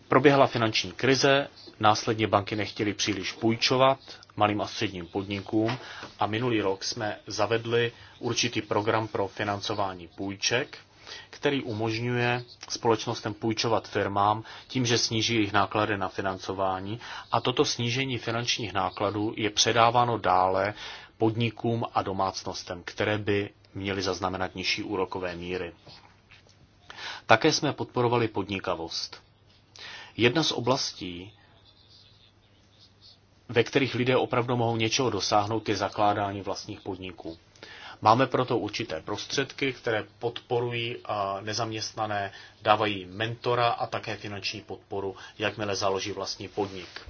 Proběhla finanční krize, následně banky nechtěly příliš půjčovat malým a středním podnikům a minulý rok jsme zavedli určitý program pro financování půjček, který umožňuje společnostem půjčovat firmám tím, že sníží jejich náklady na financování a toto snížení finančních nákladů je předáváno dále podnikům a domácnostem, které by měly zaznamenat nižší úrokové míry. Také jsme podporovali podnikavost. Jedna z oblastí, ve kterých lidé opravdu mohou něčeho dosáhnout, je zakládání vlastních podniků. Máme proto určité prostředky, které podporují nezaměstnané, dávají mentora a také finanční podporu, jakmile založí vlastní podnik.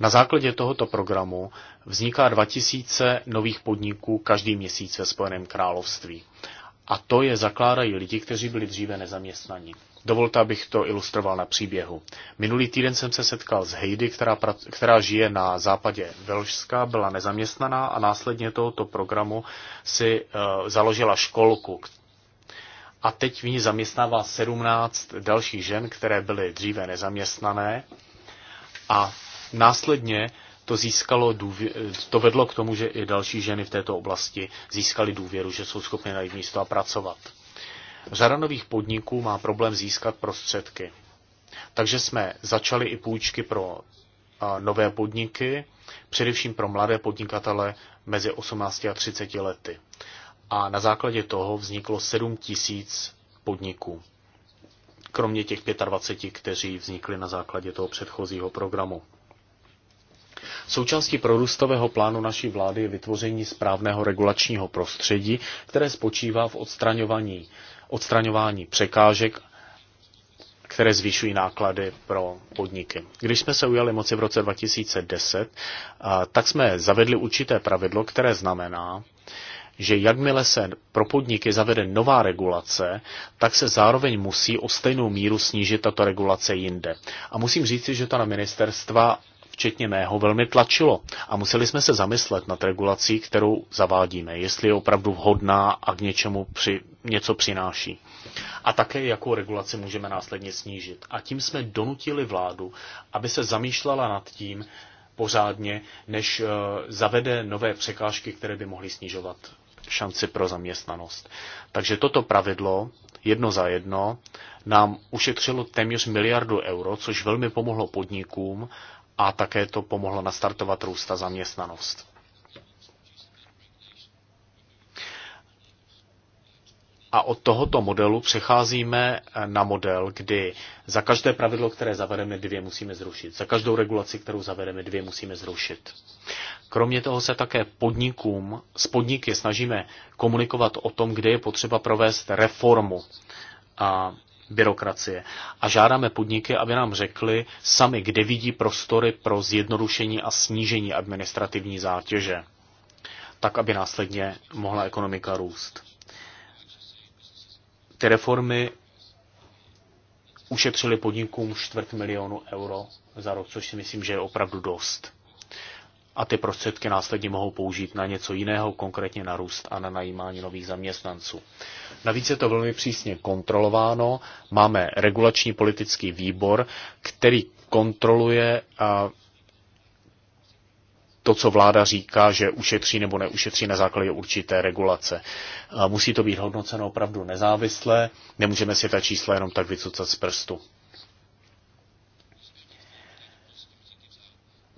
Na základě tohoto programu vzniká 2000 nových podniků každý měsíc ve Spojeném království. A to je zakládají lidi, kteří byli dříve nezaměstnaní. Dovolte, abych to ilustroval na příběhu. Minulý týden jsem se setkal s Heidi, která, která žije na západě Velšska, byla nezaměstnaná a následně tohoto programu si uh, založila školku. A teď v ní zaměstnává 17 dalších žen, které byly dříve nezaměstnané. A následně to získalo důvě- to vedlo k tomu, že i další ženy v této oblasti získaly důvěru, že jsou schopny najít místo a pracovat. Řada nových podniků má problém získat prostředky. Takže jsme začali i půjčky pro nové podniky, především pro mladé podnikatele mezi 18 a 30 lety. A na základě toho vzniklo 7 tisíc podniků. Kromě těch 25, kteří vznikli na základě toho předchozího programu. Součástí prorůstového plánu naší vlády je vytvoření správného regulačního prostředí, které spočívá v odstraňování odstraňování překážek, které zvýšují náklady pro podniky. Když jsme se ujali moci v roce 2010, tak jsme zavedli určité pravidlo, které znamená, že jakmile se pro podniky zavede nová regulace, tak se zároveň musí o stejnou míru snížit tato regulace jinde. A musím říci, že to na ministerstva včetně mého, velmi tlačilo a museli jsme se zamyslet nad regulací, kterou zavádíme, jestli je opravdu vhodná a k něčemu při, něco přináší. A také, jakou regulaci můžeme následně snížit. A tím jsme donutili vládu, aby se zamýšlela nad tím pořádně, než eh, zavede nové překážky, které by mohly snižovat šanci pro zaměstnanost. Takže toto pravidlo, jedno za jedno, nám ušetřilo téměř miliardu euro, což velmi pomohlo podnikům a také to pomohlo nastartovat růst a zaměstnanost. A od tohoto modelu přecházíme eh, na model, kdy za každé pravidlo, které zavedeme, dvě musíme zrušit. Za každou regulaci, kterou zavedeme, dvě musíme zrušit. Kromě toho se také podnikům, s podniky snažíme komunikovat o tom, kde je potřeba provést reformu a byrokracie. A žádáme podniky, aby nám řekli sami, kde vidí prostory pro zjednodušení a snížení administrativní zátěže, tak aby následně mohla ekonomika růst. Ty reformy ušetřily podnikům čtvrt milionu euro za rok, což si myslím, že je opravdu dost a ty prostředky následně mohou použít na něco jiného, konkrétně na růst a na najímání nových zaměstnanců. Navíc je to velmi přísně kontrolováno. Máme regulační politický výbor, který kontroluje a to, co vláda říká, že ušetří nebo neušetří na základě určité regulace. Musí to být hodnoceno opravdu nezávisle, nemůžeme si ta čísla jenom tak vycucat z prstu.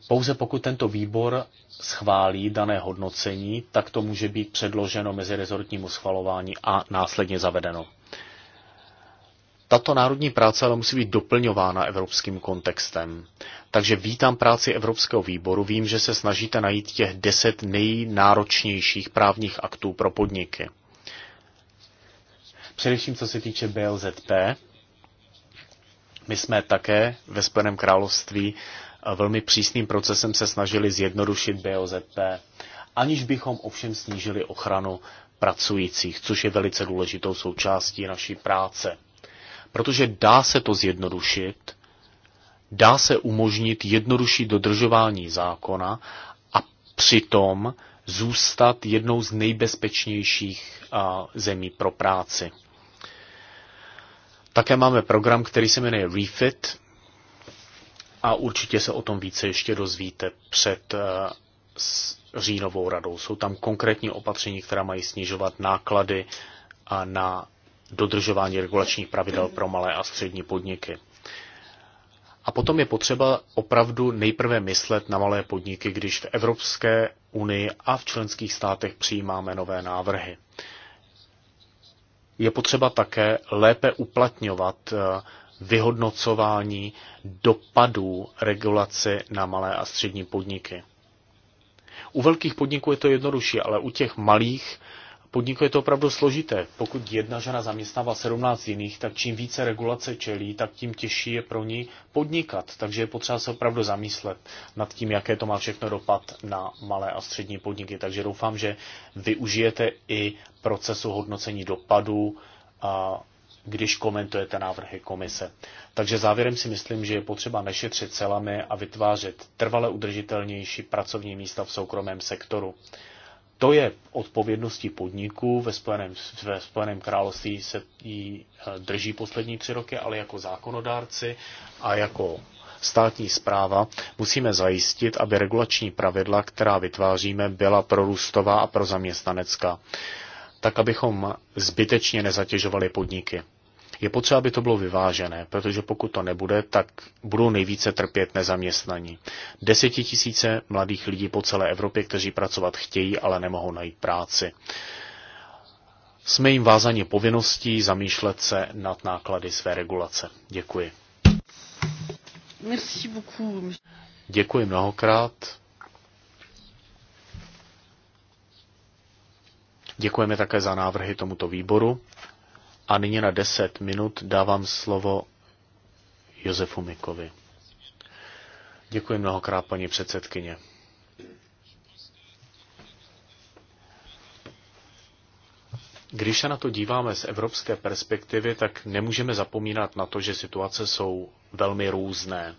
Pouze pokud tento výbor schválí dané hodnocení, tak to může být předloženo mezi rezortnímu schvalování a následně zavedeno. Tato národní práce ale musí být doplňována evropským kontextem. Takže vítám práci Evropského výboru, vím, že se snažíte najít těch deset nejnáročnějších právních aktů pro podniky. Především co se týče BLZP, my jsme také ve Spojeném království velmi přísným procesem se snažili zjednodušit BOZP, aniž bychom ovšem snížili ochranu pracujících, což je velice důležitou součástí naší práce. Protože dá se to zjednodušit, dá se umožnit jednodušší dodržování zákona a přitom zůstat jednou z nejbezpečnějších zemí pro práci. Také máme program, který se jmenuje Refit, a určitě se o tom více ještě dozvíte před eh, říjnovou radou. Jsou tam konkrétní opatření, která mají snižovat náklady na dodržování regulačních pravidel pro malé a střední podniky. A potom je potřeba opravdu nejprve myslet na malé podniky, když v Evropské unii a v členských státech přijímáme nové návrhy. Je potřeba také lépe uplatňovat eh, vyhodnocování dopadů regulace na malé a střední podniky. U velkých podniků je to jednodušší, ale u těch malých podniků je to opravdu složité. Pokud jedna žena zaměstnává 17 jiných, tak čím více regulace čelí, tak tím těžší je pro ní podnikat. Takže je potřeba se opravdu zamyslet nad tím, jaké to má všechno dopad na malé a střední podniky. Takže doufám, že využijete i procesu hodnocení dopadů a když komentujete návrhy komise. Takže závěrem si myslím, že je potřeba nešetřit celami a vytvářet trvale udržitelnější pracovní místa v soukromém sektoru. To je odpovědností podniků. Ve Spojeném, ve Spojeném království se jí e, drží poslední tři roky, ale jako zákonodárci a jako státní zpráva musíme zajistit, aby regulační pravidla, která vytváříme, byla prorůstová a pro zaměstnanecká, tak abychom zbytečně nezatěžovali podniky. Je potřeba, aby to bylo vyvážené, protože pokud to nebude, tak budou nejvíce trpět nezaměstnaní. Desetitisíce mladých lidí po celé Evropě, kteří pracovat chtějí, ale nemohou najít práci. Jsme jim vázaně povinností zamýšlet se nad náklady své regulace. Děkuji. Merci beaucoup. Děkuji mnohokrát. Děkujeme také za návrhy tomuto výboru a nyní na 10 minut dávám slovo Josefu Mikovi. Děkuji mnohokrát, paní předsedkyně. Když se na to díváme z evropské perspektivy, tak nemůžeme zapomínat na to, že situace jsou velmi různé.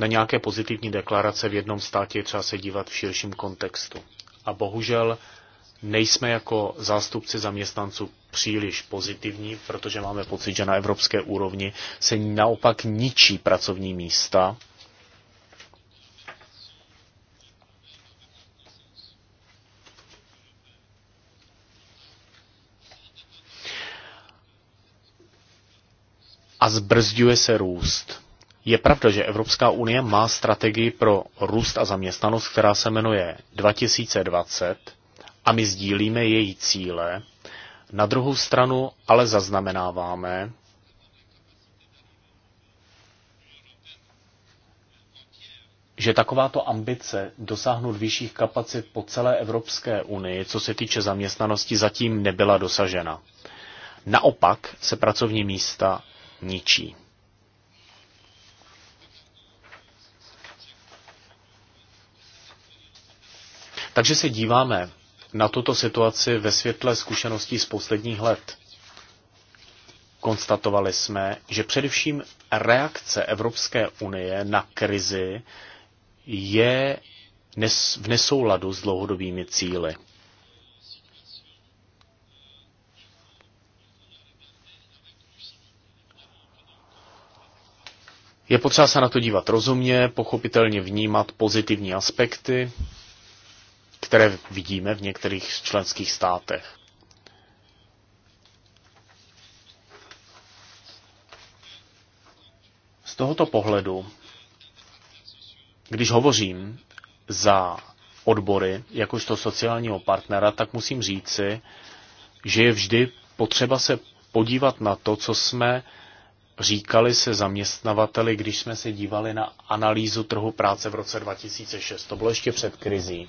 na nějaké pozitivní deklarace v jednom státě je třeba se dívat v širším kontextu. A bohužel nejsme jako zástupci zaměstnanců příliš pozitivní, protože máme pocit, že na evropské úrovni se naopak ničí pracovní místa. A zbrzďuje se růst. Je pravda, že Evropská unie má strategii pro růst a zaměstnanost, která se jmenuje 2020 a my sdílíme její cíle. Na druhou stranu ale zaznamenáváme, že takováto ambice dosáhnout vyšších kapacit po celé Evropské unii, co se týče zaměstnanosti, zatím nebyla dosažena. Naopak se pracovní místa ničí. Takže se díváme na tuto situaci ve světle zkušeností z posledních let. Konstatovali jsme, že především reakce Evropské unie na krizi je v nesouladu s dlouhodobými cíly. Je potřeba se na to dívat rozumně, pochopitelně vnímat pozitivní aspekty, které vidíme v některých členských státech. Z tohoto pohledu, když hovořím za odbory, jakožto sociálního partnera, tak musím říci, že je vždy potřeba se podívat na to, co jsme říkali se zaměstnavateli, když jsme se dívali na analýzu trhu práce v roce 2006. To bylo ještě před krizí.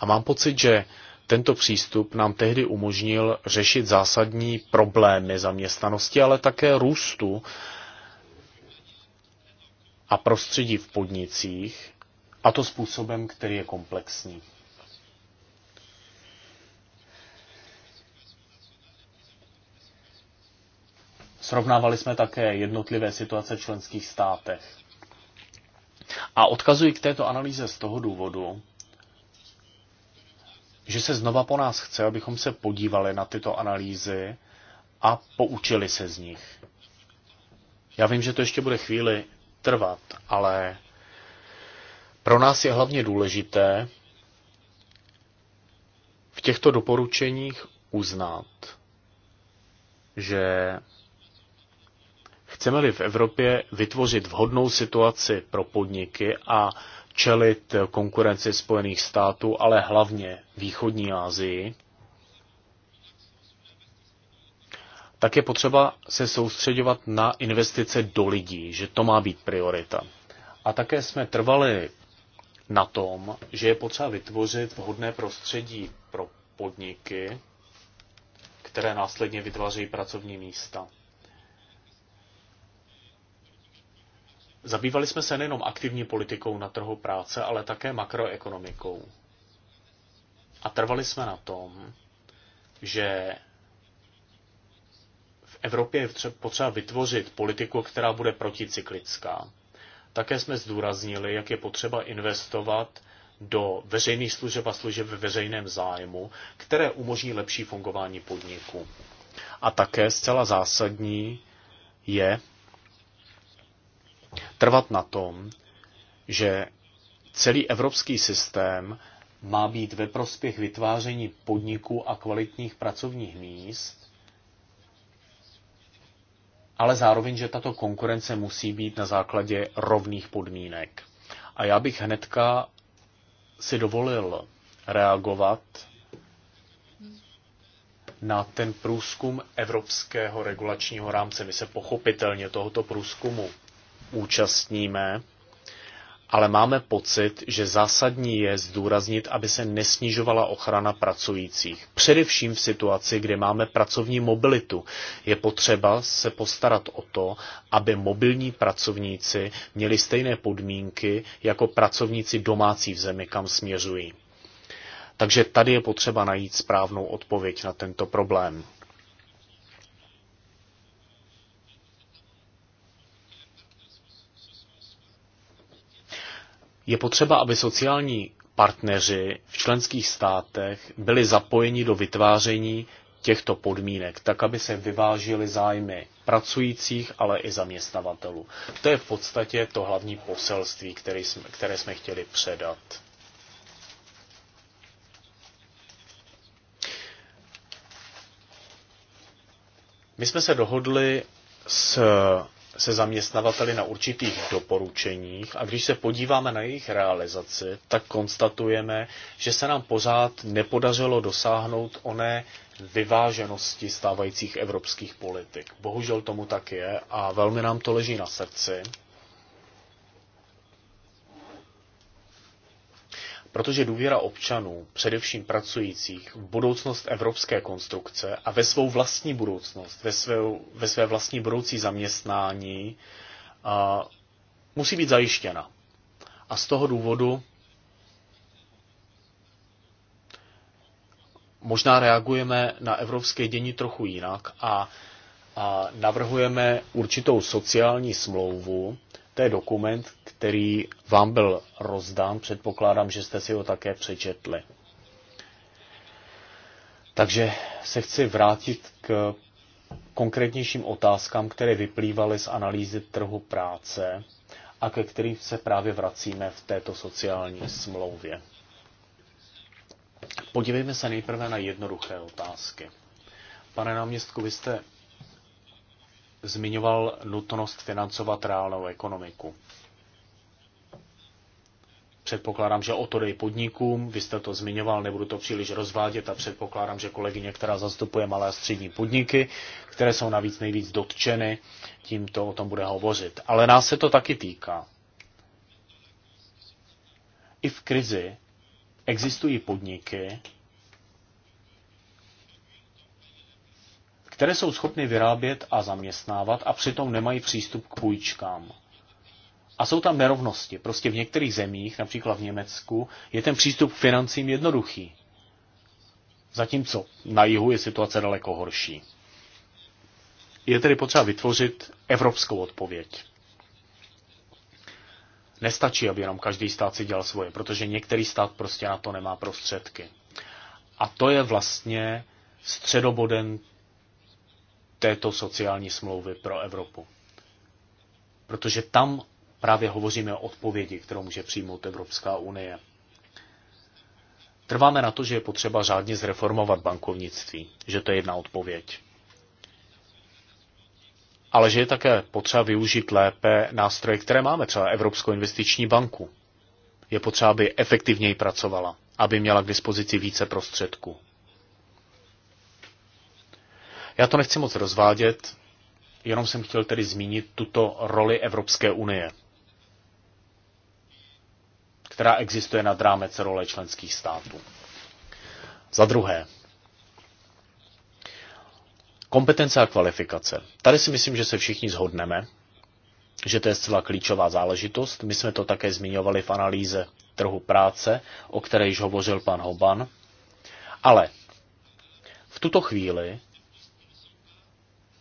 A mám pocit, že tento přístup nám tehdy umožnil řešit zásadní problémy zaměstnanosti, ale také růstu a prostředí v podnicích, a to způsobem, který je komplexní. Srovnávali jsme také jednotlivé situace v členských státech. A odkazuji k této analýze z toho důvodu, že se znova po nás chce, abychom se podívali na tyto analýzy a poučili se z nich. Já vím, že to ještě bude chvíli trvat, ale pro nás je hlavně důležité v těchto doporučeních uznat, že chceme-li v Evropě vytvořit vhodnou situaci pro podniky a čelit konkurenci Spojených států, ale hlavně východní Asii, tak je potřeba se soustředovat na investice do lidí, že to má být priorita. A také jsme trvali na tom, že je potřeba vytvořit vhodné prostředí pro podniky, které následně vytvářejí pracovní místa. Zabývali jsme se nejenom aktivní politikou na trhu práce, ale také makroekonomikou. A trvali jsme na tom, že v Evropě je potřeba vytvořit politiku, která bude proticyklická. Také jsme zdůraznili, jak je potřeba investovat do veřejných služeb a služeb ve veřejném zájmu, které umožní lepší fungování podniku. A také zcela zásadní je, trvat na tom, že celý evropský systém má být ve prospěch vytváření podniků a kvalitních pracovních míst, ale zároveň, že tato konkurence musí být na základě rovných podmínek. A já bych hnedka si dovolil reagovat na ten průzkum evropského regulačního rámce. My se pochopitelně tohoto průzkumu účastníme, ale máme pocit, že zásadní je zdůraznit, aby se nesnižovala ochrana pracujících. Především v situaci, kdy máme pracovní mobilitu, je potřeba se postarat o to, aby mobilní pracovníci měli stejné podmínky jako pracovníci domácí v zemi, kam směřují. Takže tady je potřeba najít správnou odpověď na tento problém. Je potřeba, aby sociální partneři v členských státech byli zapojeni do vytváření těchto podmínek, tak aby se vyvážily zájmy pracujících, ale i zaměstnavatelů. To je v podstatě to hlavní poselství, které jsme, které jsme chtěli předat. My jsme se dohodli s se zaměstnavateli na určitých doporučeních a když se podíváme na jejich realizaci, tak konstatujeme, že se nám pořád nepodařilo dosáhnout oné vyváženosti stávajících evropských politik. Bohužel tomu tak je a velmi nám to leží na srdci. protože důvěra občanů, především pracujících, v budoucnost evropské konstrukce a ve svou vlastní budoucnost, ve, svou, ve své vlastní budoucí zaměstnání, a, musí být zajištěna. A z toho důvodu možná reagujeme na evropské dění trochu jinak a, a navrhujeme určitou sociální smlouvu, to je dokument, který vám byl rozdán. Předpokládám, že jste si ho také přečetli. Takže se chci vrátit k konkrétnějším otázkám, které vyplývaly z analýzy trhu práce a ke kterým se právě vracíme v této sociální smlouvě. Podívejme se nejprve na jednoduché otázky. Pane náměstku, vy jste zmiňoval nutnost financovat reálnou ekonomiku. Předpokládám, že o to dej podnikům, vy jste to zmiňoval, nebudu to příliš rozvádět a předpokládám, že kolegyně, která zastupuje malé a střední podniky, které jsou navíc nejvíc dotčeny, tímto o tom bude hovořit. Ale nás se to taky týká. I v krizi existují podniky, které jsou schopny vyrábět a zaměstnávat a přitom nemají přístup k půjčkám. A jsou tam nerovnosti. Prostě v některých zemích, například v Německu, je ten přístup k financím jednoduchý. Zatímco na jihu je situace daleko horší. Je tedy potřeba vytvořit evropskou odpověď. Nestačí, aby jenom každý stát si dělal svoje, protože některý stát prostě na to nemá prostředky. A to je vlastně středoboden této sociální smlouvy pro Evropu. Protože tam právě hovoříme o odpovědi, kterou může přijmout Evropská unie. Trváme na to, že je potřeba řádně zreformovat bankovnictví, že to je jedna odpověď. Ale že je také potřeba využít lépe nástroje, které máme, třeba Evropskou investiční banku. Je potřeba, aby efektivněji pracovala, aby měla k dispozici více prostředků. Já to nechci moc rozvádět, jenom jsem chtěl tedy zmínit tuto roli Evropské unie která existuje nad rámec role členských států. Za druhé, kompetence a kvalifikace. Tady si myslím, že se všichni zhodneme, že to je zcela klíčová záležitost. My jsme to také zmiňovali v analýze trhu práce, o které již hovořil pan Hoban. Ale v tuto chvíli,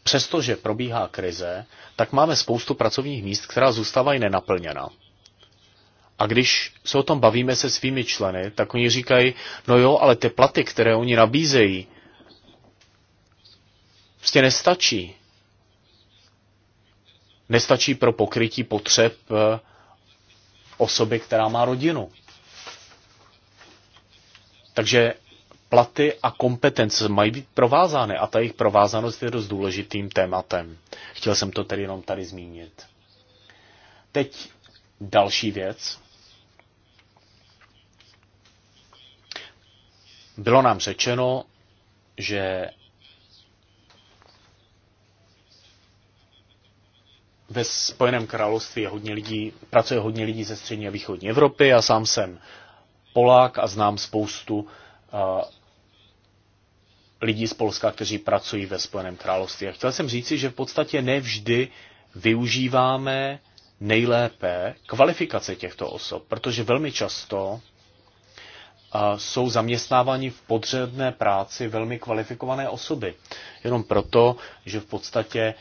přestože probíhá krize, tak máme spoustu pracovních míst, která zůstávají nenaplněna. A když se o tom bavíme se svými členy, tak oni říkají, no jo, ale ty platy, které oni nabízejí, prostě nestačí. Nestačí pro pokrytí potřeb eh, osoby, která má rodinu. Takže platy a kompetence mají být provázány a ta jejich provázanost je dost důležitým tématem. Chtěl jsem to tedy jenom tady zmínit. Teď další věc. Bylo nám řečeno, že ve Spojeném království je hodně lidí, pracuje hodně lidí ze střední a východní Evropy. Já sám jsem Polák a znám spoustu uh, lidí z Polska, kteří pracují ve Spojeném království. A chtěl jsem říci, že v podstatě nevždy využíváme nejlépe kvalifikace těchto osob, protože velmi často jsou zaměstnávání v podřadné práci velmi kvalifikované osoby. Jenom proto, že v podstatě e,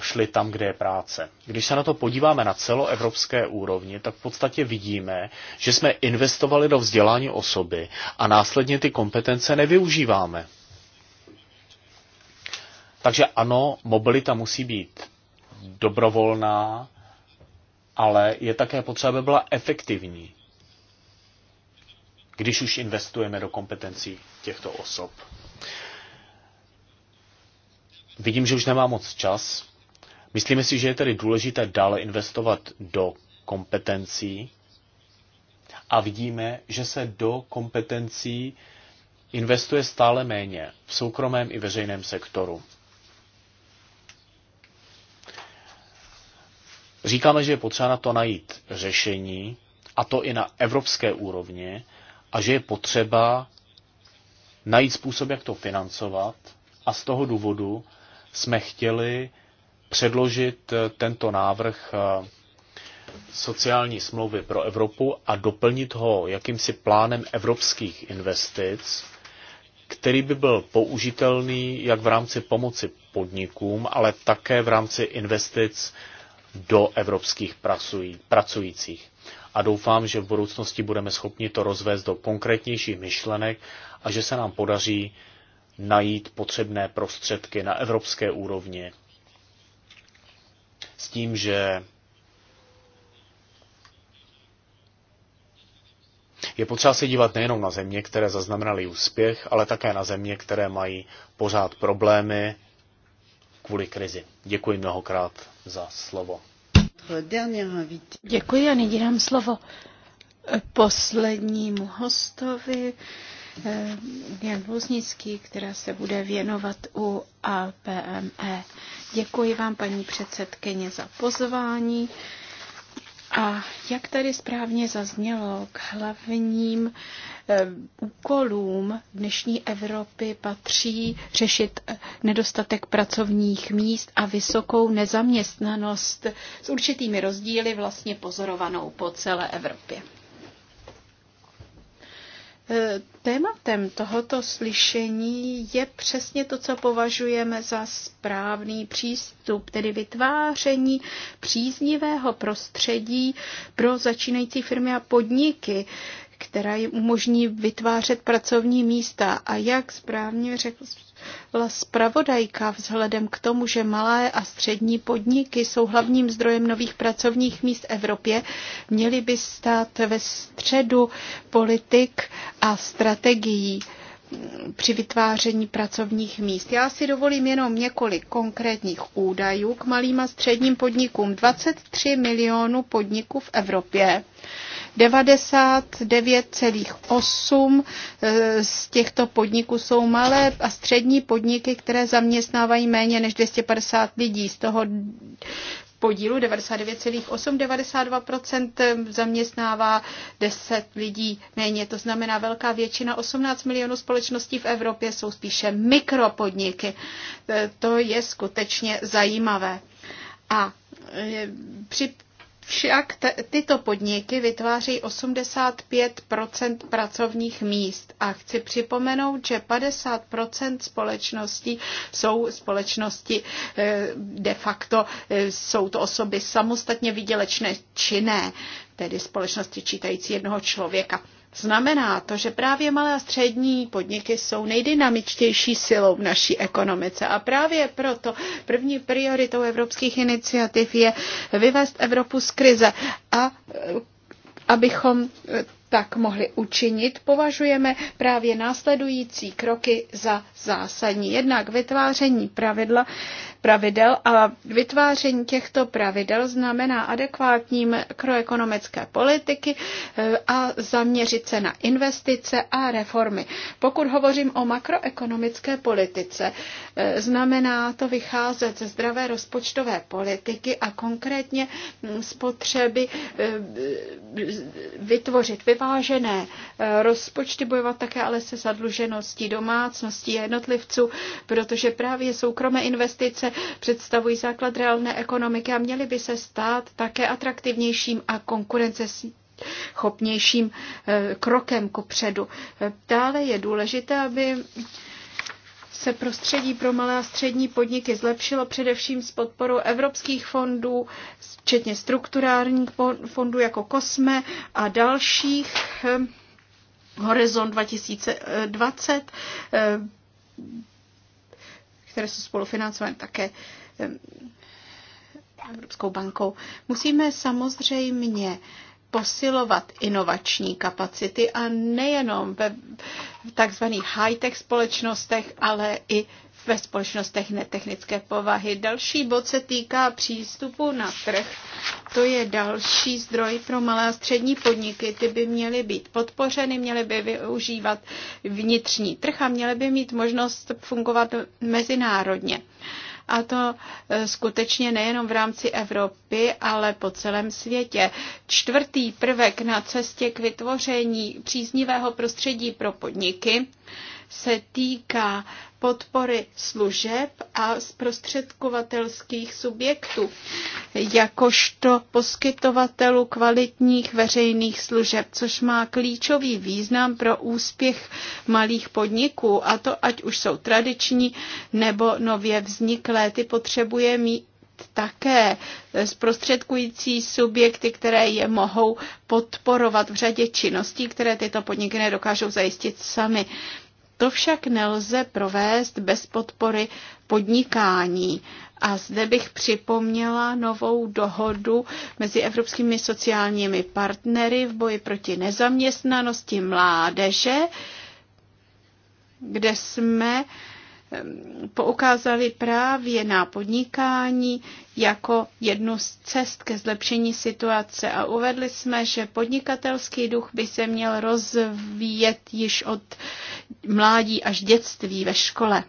šli tam, kde je práce. Když se na to podíváme na celoevropské úrovni, tak v podstatě vidíme, že jsme investovali do vzdělání osoby a následně ty kompetence nevyužíváme. Takže ano, mobilita musí být dobrovolná, ale je také potřeba, aby byla efektivní když už investujeme do kompetencí těchto osob. Vidím, že už nemá moc čas. Myslíme si, že je tedy důležité dále investovat do kompetencí a vidíme, že se do kompetencí investuje stále méně v soukromém i veřejném sektoru. Říkáme, že je potřeba na to najít řešení, a to i na evropské úrovni, a že je potřeba najít způsob, jak to financovat a z toho důvodu jsme chtěli předložit eh, tento návrh eh, sociální smlouvy pro Evropu a doplnit ho jakýmsi plánem evropských investic, který by byl použitelný jak v rámci pomoci podnikům, ale také v rámci investic do evropských pracujících a doufám, že v budoucnosti budeme schopni to rozvést do konkrétnějších myšlenek a že se nám podaří najít potřebné prostředky na evropské úrovni s tím, že Je potřeba se dívat nejenom na země, které zaznamenaly úspěch, ale také na země, které mají pořád problémy kvůli krizi. Děkuji mnohokrát za slovo. Děkuji a nyní dám slovo poslednímu hostovi, eh, Jan Vůznický, která se bude věnovat u APME. Děkuji vám, paní předsedkyně, za pozvání a jak tady správně zaznělo, k hlavním eh, úkolům dnešní Evropy patří řešit eh, nedostatek pracovních míst a vysokou nezaměstnanost s určitými rozdíly vlastně pozorovanou po celé Evropě. E, tématem tohoto slyšení je přesně to, co považujeme za správný přístup, tedy vytváření příznivého prostředí pro začínající firmy a podniky, která jim umožní vytvářet pracovní místa. A jak správně řekl zpravodajka vzhledem k tomu, že malé a střední podniky jsou hlavním zdrojem nových pracovních míst v Evropě, měly by stát ve středu politik a strategií při vytváření pracovních míst. Já si dovolím jenom několik konkrétních údajů k malým a středním podnikům. 23 milionů podniků v Evropě. 99,8 eh, z těchto podniků jsou malé a střední podniky, které zaměstnávají méně než 250 lidí. Z toho podílu 99,892% eh, zaměstnává 10 lidí méně. To znamená, velká většina, 18 milionů společností v Evropě jsou spíše mikropodniky. Eh, to je skutečně zajímavé. A eh, při však tyto podniky vytváří 85 pracovních míst a chci připomenout, že 50 společností jsou společnosti eh, de facto, eh, jsou to osoby samostatně výdělečné činné, tedy společnosti čítající jednoho člověka. Znamená to, že právě malé a střední podniky jsou nejdynamičtější silou v naší ekonomice a právě proto první prioritou evropských iniciativ je vyvést Evropu z krize a eh, abychom eh, tak mohli učinit, považujeme právě následující kroky za zásadní. Jednak vytváření pravidla, pravidel a vytváření těchto pravidel znamená adekvátní makroekonomické politiky eh, a zaměřit se na investice a reformy. Pokud hovořím o makroekonomické politice, eh, znamená to vycházet ze zdravé rozpočtové politiky a konkrétně hm, z potřeby eh, vytvořit vyvážené rozpočty, bojovat také ale se zadlužeností domácností a jednotlivců, protože právě soukromé investice představují základ reálné ekonomiky a měly by se stát také atraktivnějším a konkurenceschopnějším chopnějším eh, krokem ku předu. Dále je důležité, aby se prostředí pro malé a střední podniky zlepšilo především s podporou evropských fondů, včetně strukturálních fondů jako COSME a dalších. Eh, Horizont 2020 eh, které jsou spolufinancovány také Evropskou bankou. Musíme samozřejmě posilovat inovační kapacity a nejenom ve takzvaných high-tech společnostech, ale i ve společnostech netechnické povahy. Další bod se týká přístupu na trh. To je další zdroj pro malé a střední podniky. Ty by měly být podpořeny, měly by využívat vnitřní trh a měly by mít možnost fungovat mezinárodně. A to e, skutečně nejenom v rámci Evropy, ale po celém světě. Čtvrtý prvek na cestě k vytvoření příznivého prostředí pro podniky se týká podpory služeb a zprostředkovatelských subjektů, jakožto poskytovatelů kvalitních veřejných služeb, což má klíčový význam pro úspěch malých podniků, a to ať už jsou tradiční nebo nově vzniklé. Ty potřebuje mít také zprostředkující subjekty, které je mohou podporovat v řadě činností, které tyto podniky nedokážou zajistit sami. To však nelze provést bez podpory podnikání. A zde bych připomněla novou dohodu mezi evropskými sociálními partnery v boji proti nezaměstnanosti mládeže, kde jsme Ehm, poukázali právě na podnikání jako jednu z cest ke zlepšení situace a uvedli jsme, že podnikatelský duch by se měl rozvíjet již od mládí až dětství ve škole.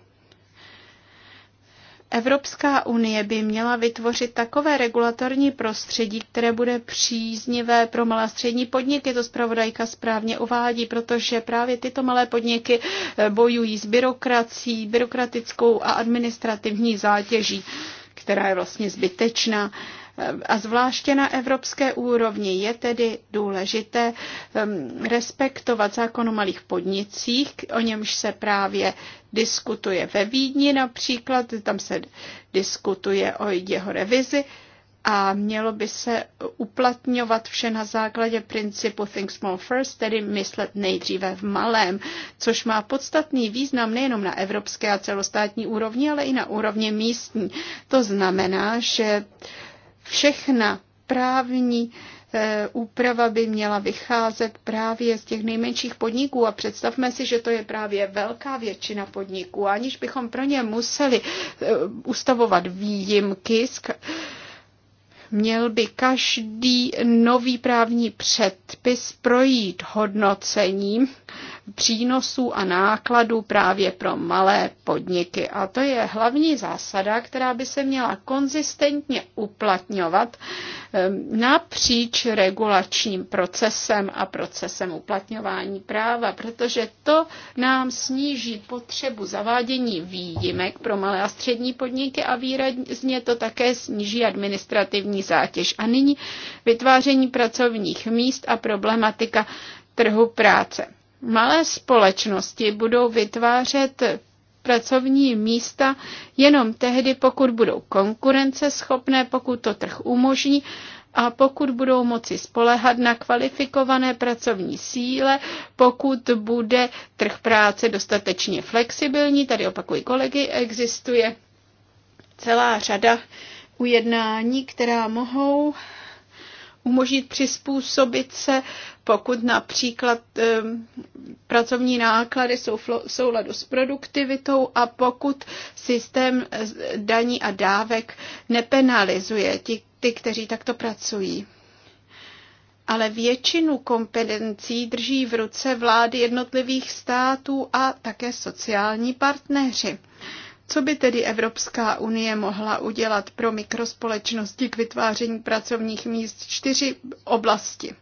Evropská unie by měla vytvořit takové regulatorní prostředí, které bude příznivé pro malé střední podniky, to zpravodajka správně uvádí, protože právě tyto malé podniky eh, bojují s byrokrací, byrokratickou a administrativní zátěží, která je vlastně zbytečná a zvláště na evropské úrovni. Je tedy důležité um, respektovat zákon o malých podnicích, o němž se právě diskutuje ve Vídni například, tam se diskutuje o jeho revizi a mělo by se uplatňovat vše na základě principu Think Small First, tedy myslet nejdříve v malém, což má podstatný význam nejenom na evropské a celostátní úrovni, ale i na úrovni místní. To znamená, že všechna právní eh, úprava by měla vycházet právě z těch nejmenších podniků a představme si, že to je právě velká většina podniků, aniž bychom pro ně museli eh, ustavovat výjimky, měl by každý nový právní předpis projít hodnocením přínosů a nákladů právě pro malé podniky. A to je hlavní zásada, která by se měla konzistentně uplatňovat ehm, napříč regulačním procesem a procesem uplatňování práva, protože to nám sníží potřebu zavádění výjimek pro malé a střední podniky a výrazně to také sníží administrativní zátěž. A nyní vytváření pracovních míst a problematika trhu práce malé společnosti budou vytvářet pracovní místa jenom tehdy, pokud budou konkurenceschopné, pokud to trh umožní a pokud budou moci spolehat na kvalifikované pracovní síle, pokud bude trh práce dostatečně flexibilní, tady opakují kolegy, existuje celá řada ujednání, která mohou umožnit přizpůsobit se, pokud například eh, pracovní náklady jsou v souladu s produktivitou a pokud systém eh, daní a dávek nepenalizuje ti, ty, kteří takto pracují ale většinu kompetencí drží v ruce vlády jednotlivých států a také sociální partneři. Co by tedy Evropská unie mohla udělat pro mikrospolečnosti k vytváření pracovních míst? Čtyři oblasti.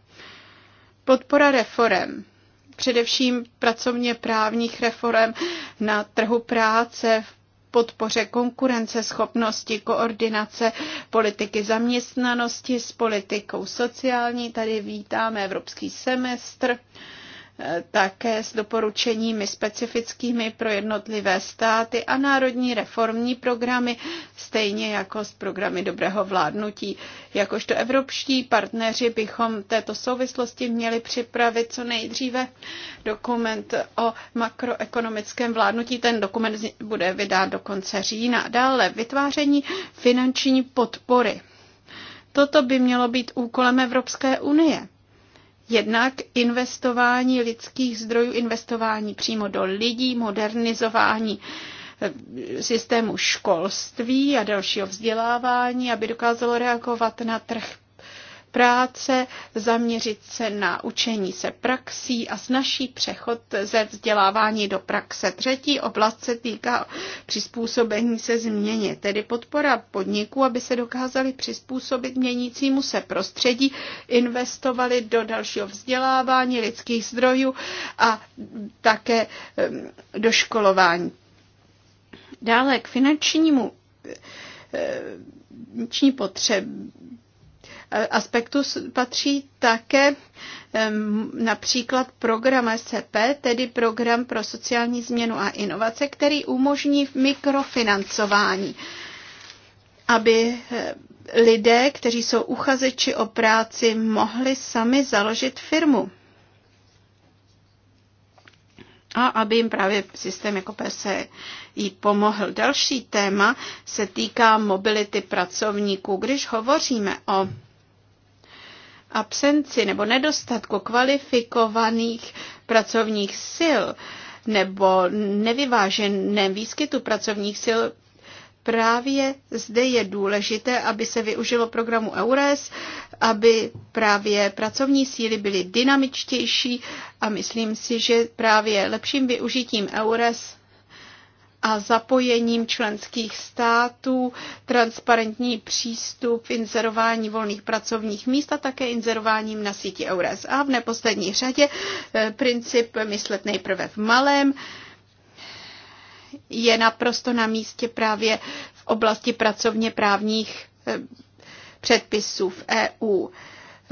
Podpora reform, především pracovně právních reform na trhu práce, v podpoře konkurenceschopnosti, koordinace politiky zaměstnanosti s politikou sociální. Tady vítáme evropský semestr také s doporučeními specifickými pro jednotlivé státy a národní reformní programy, stejně jako s programy dobrého vládnutí. Jakožto evropští partneři bychom této souvislosti měli připravit co nejdříve dokument o makroekonomickém vládnutí. Ten dokument bude vydán do konce října. Dále vytváření finanční podpory. Toto by mělo být úkolem Evropské unie Jednak investování lidských zdrojů, investování přímo do lidí, modernizování eh, systému školství a dalšího vzdělávání, aby dokázalo reagovat na trh práce, zaměřit se na učení se praxí a snaží přechod ze vzdělávání do praxe. Třetí oblast se týká přizpůsobení se změně, tedy podpora podniků, aby se dokázali přizpůsobit měnícímu se prostředí, investovali do dalšího vzdělávání lidských zdrojů a také do školování. Dále k finančnímu finanční potřebě aspektu patří také například program SCP, tedy program pro sociální změnu a inovace, který umožní mikrofinancování, aby eh, lidé, kteří jsou uchazeči o práci, mohli sami založit firmu. A aby jim právě systém jako jí pomohl. Další téma se týká mobility pracovníků. Když hovoříme o absenci nebo nedostatku kvalifikovaných pracovních sil nebo nevyváženém výskytu pracovních sil právě zde je důležité, aby se využilo programu EURES, aby právě pracovní síly byly dynamičtější a myslím si, že právě lepším využitím EURES a zapojením členských států, transparentní přístup v inzerování volných pracovních míst a také inzerováním na síti EURES. A v neposlední řadě eh, princip myslet nejprve v malém je naprosto na místě právě v oblasti pracovně právních eh, předpisů v EU.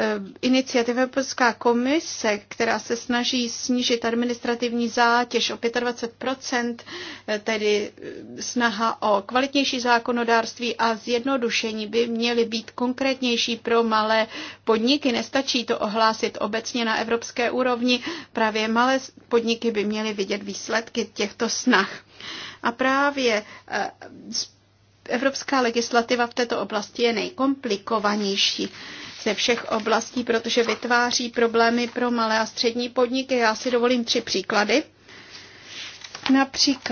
Eh, iniciativa Evropská komise, která se snaží snížit administrativní zátěž o 25 eh, tedy eh, snaha o kvalitnější zákonodárství a zjednodušení by měly být konkrétnější pro malé podniky. Nestačí to ohlásit obecně na evropské úrovni. Právě malé podniky by měly vidět výsledky těchto snah. A právě Evropská legislativa v této oblasti je nejkomplikovanější ze všech oblastí, protože vytváří problémy pro malé a střední podniky. Já si dovolím tři příklady. Například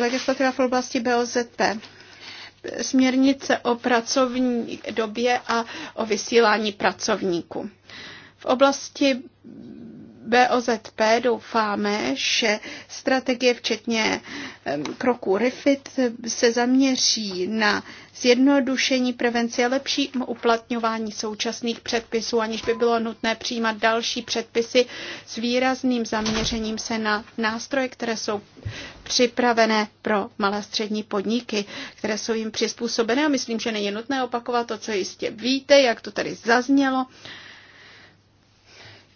legislativa v oblasti BOZP směrnice o pracovní době a o vysílání pracovníků. V oblasti BOZP doufáme, že strategie včetně kroku RIFIT se zaměří na zjednodušení prevenci a lepší uplatňování současných předpisů, aniž by bylo nutné přijímat další předpisy s výrazným zaměřením se na nástroje, které jsou připravené pro malé střední podniky, které jsou jim přizpůsobené. A myslím, že není nutné opakovat to, co jistě víte, jak to tady zaznělo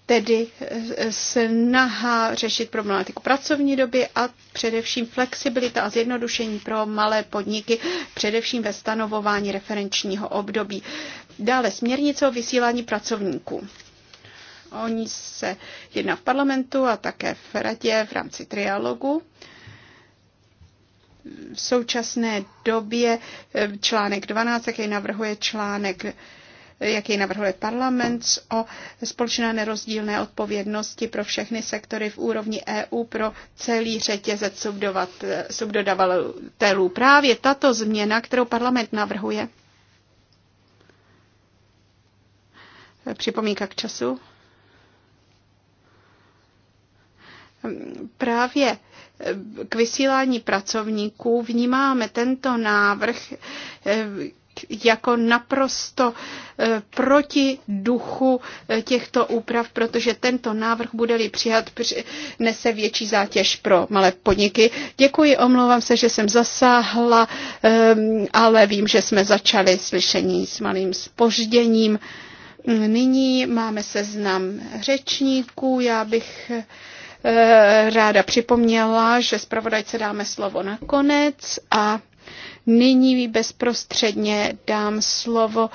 tedy eh, eh, snaha řešit problematiku pracovní doby a především flexibilita a zjednodušení pro malé podniky, především ve stanovování referenčního období. Dále směrnice o vysílání pracovníků. Oni se jedná v parlamentu a také v radě v rámci trialogu. V současné době eh, článek 12, jaký navrhuje článek jak jej navrhuje parlament, o společné nerozdílné odpovědnosti pro všechny sektory v úrovni EU pro celý řetězec subdodavatelů. Právě tato změna, kterou parlament navrhuje, připomínka k času, právě k vysílání pracovníků vnímáme tento návrh jako naprosto eh, proti duchu eh, těchto úprav, protože tento návrh bude-li přijat, nese větší zátěž pro malé podniky. Děkuji, omlouvám se, že jsem zasáhla, ehm, ale vím, že jsme začali slyšení s malým spožděním. Nyní máme seznam řečníků. Já bych eh, ráda připomněla, že zpravodajce dáme slovo nakonec a Nyní bezprostředně dám slovo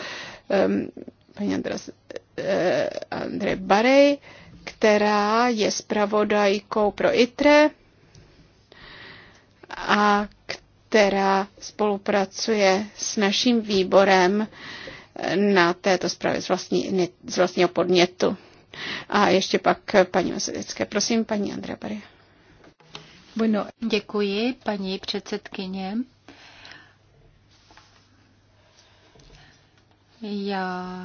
um, paní Andres, uh, eh, Andre Barej, která je zpravodajkou pro ITRE a která spolupracuje s naším výborem eh, na této zprávě z, vlastní, z vlastního podnětu. A ještě pak eh, paní Masedecké. Prosím, paní Andrea Barej. Bueno, děkuji, paní předsedkyně. Já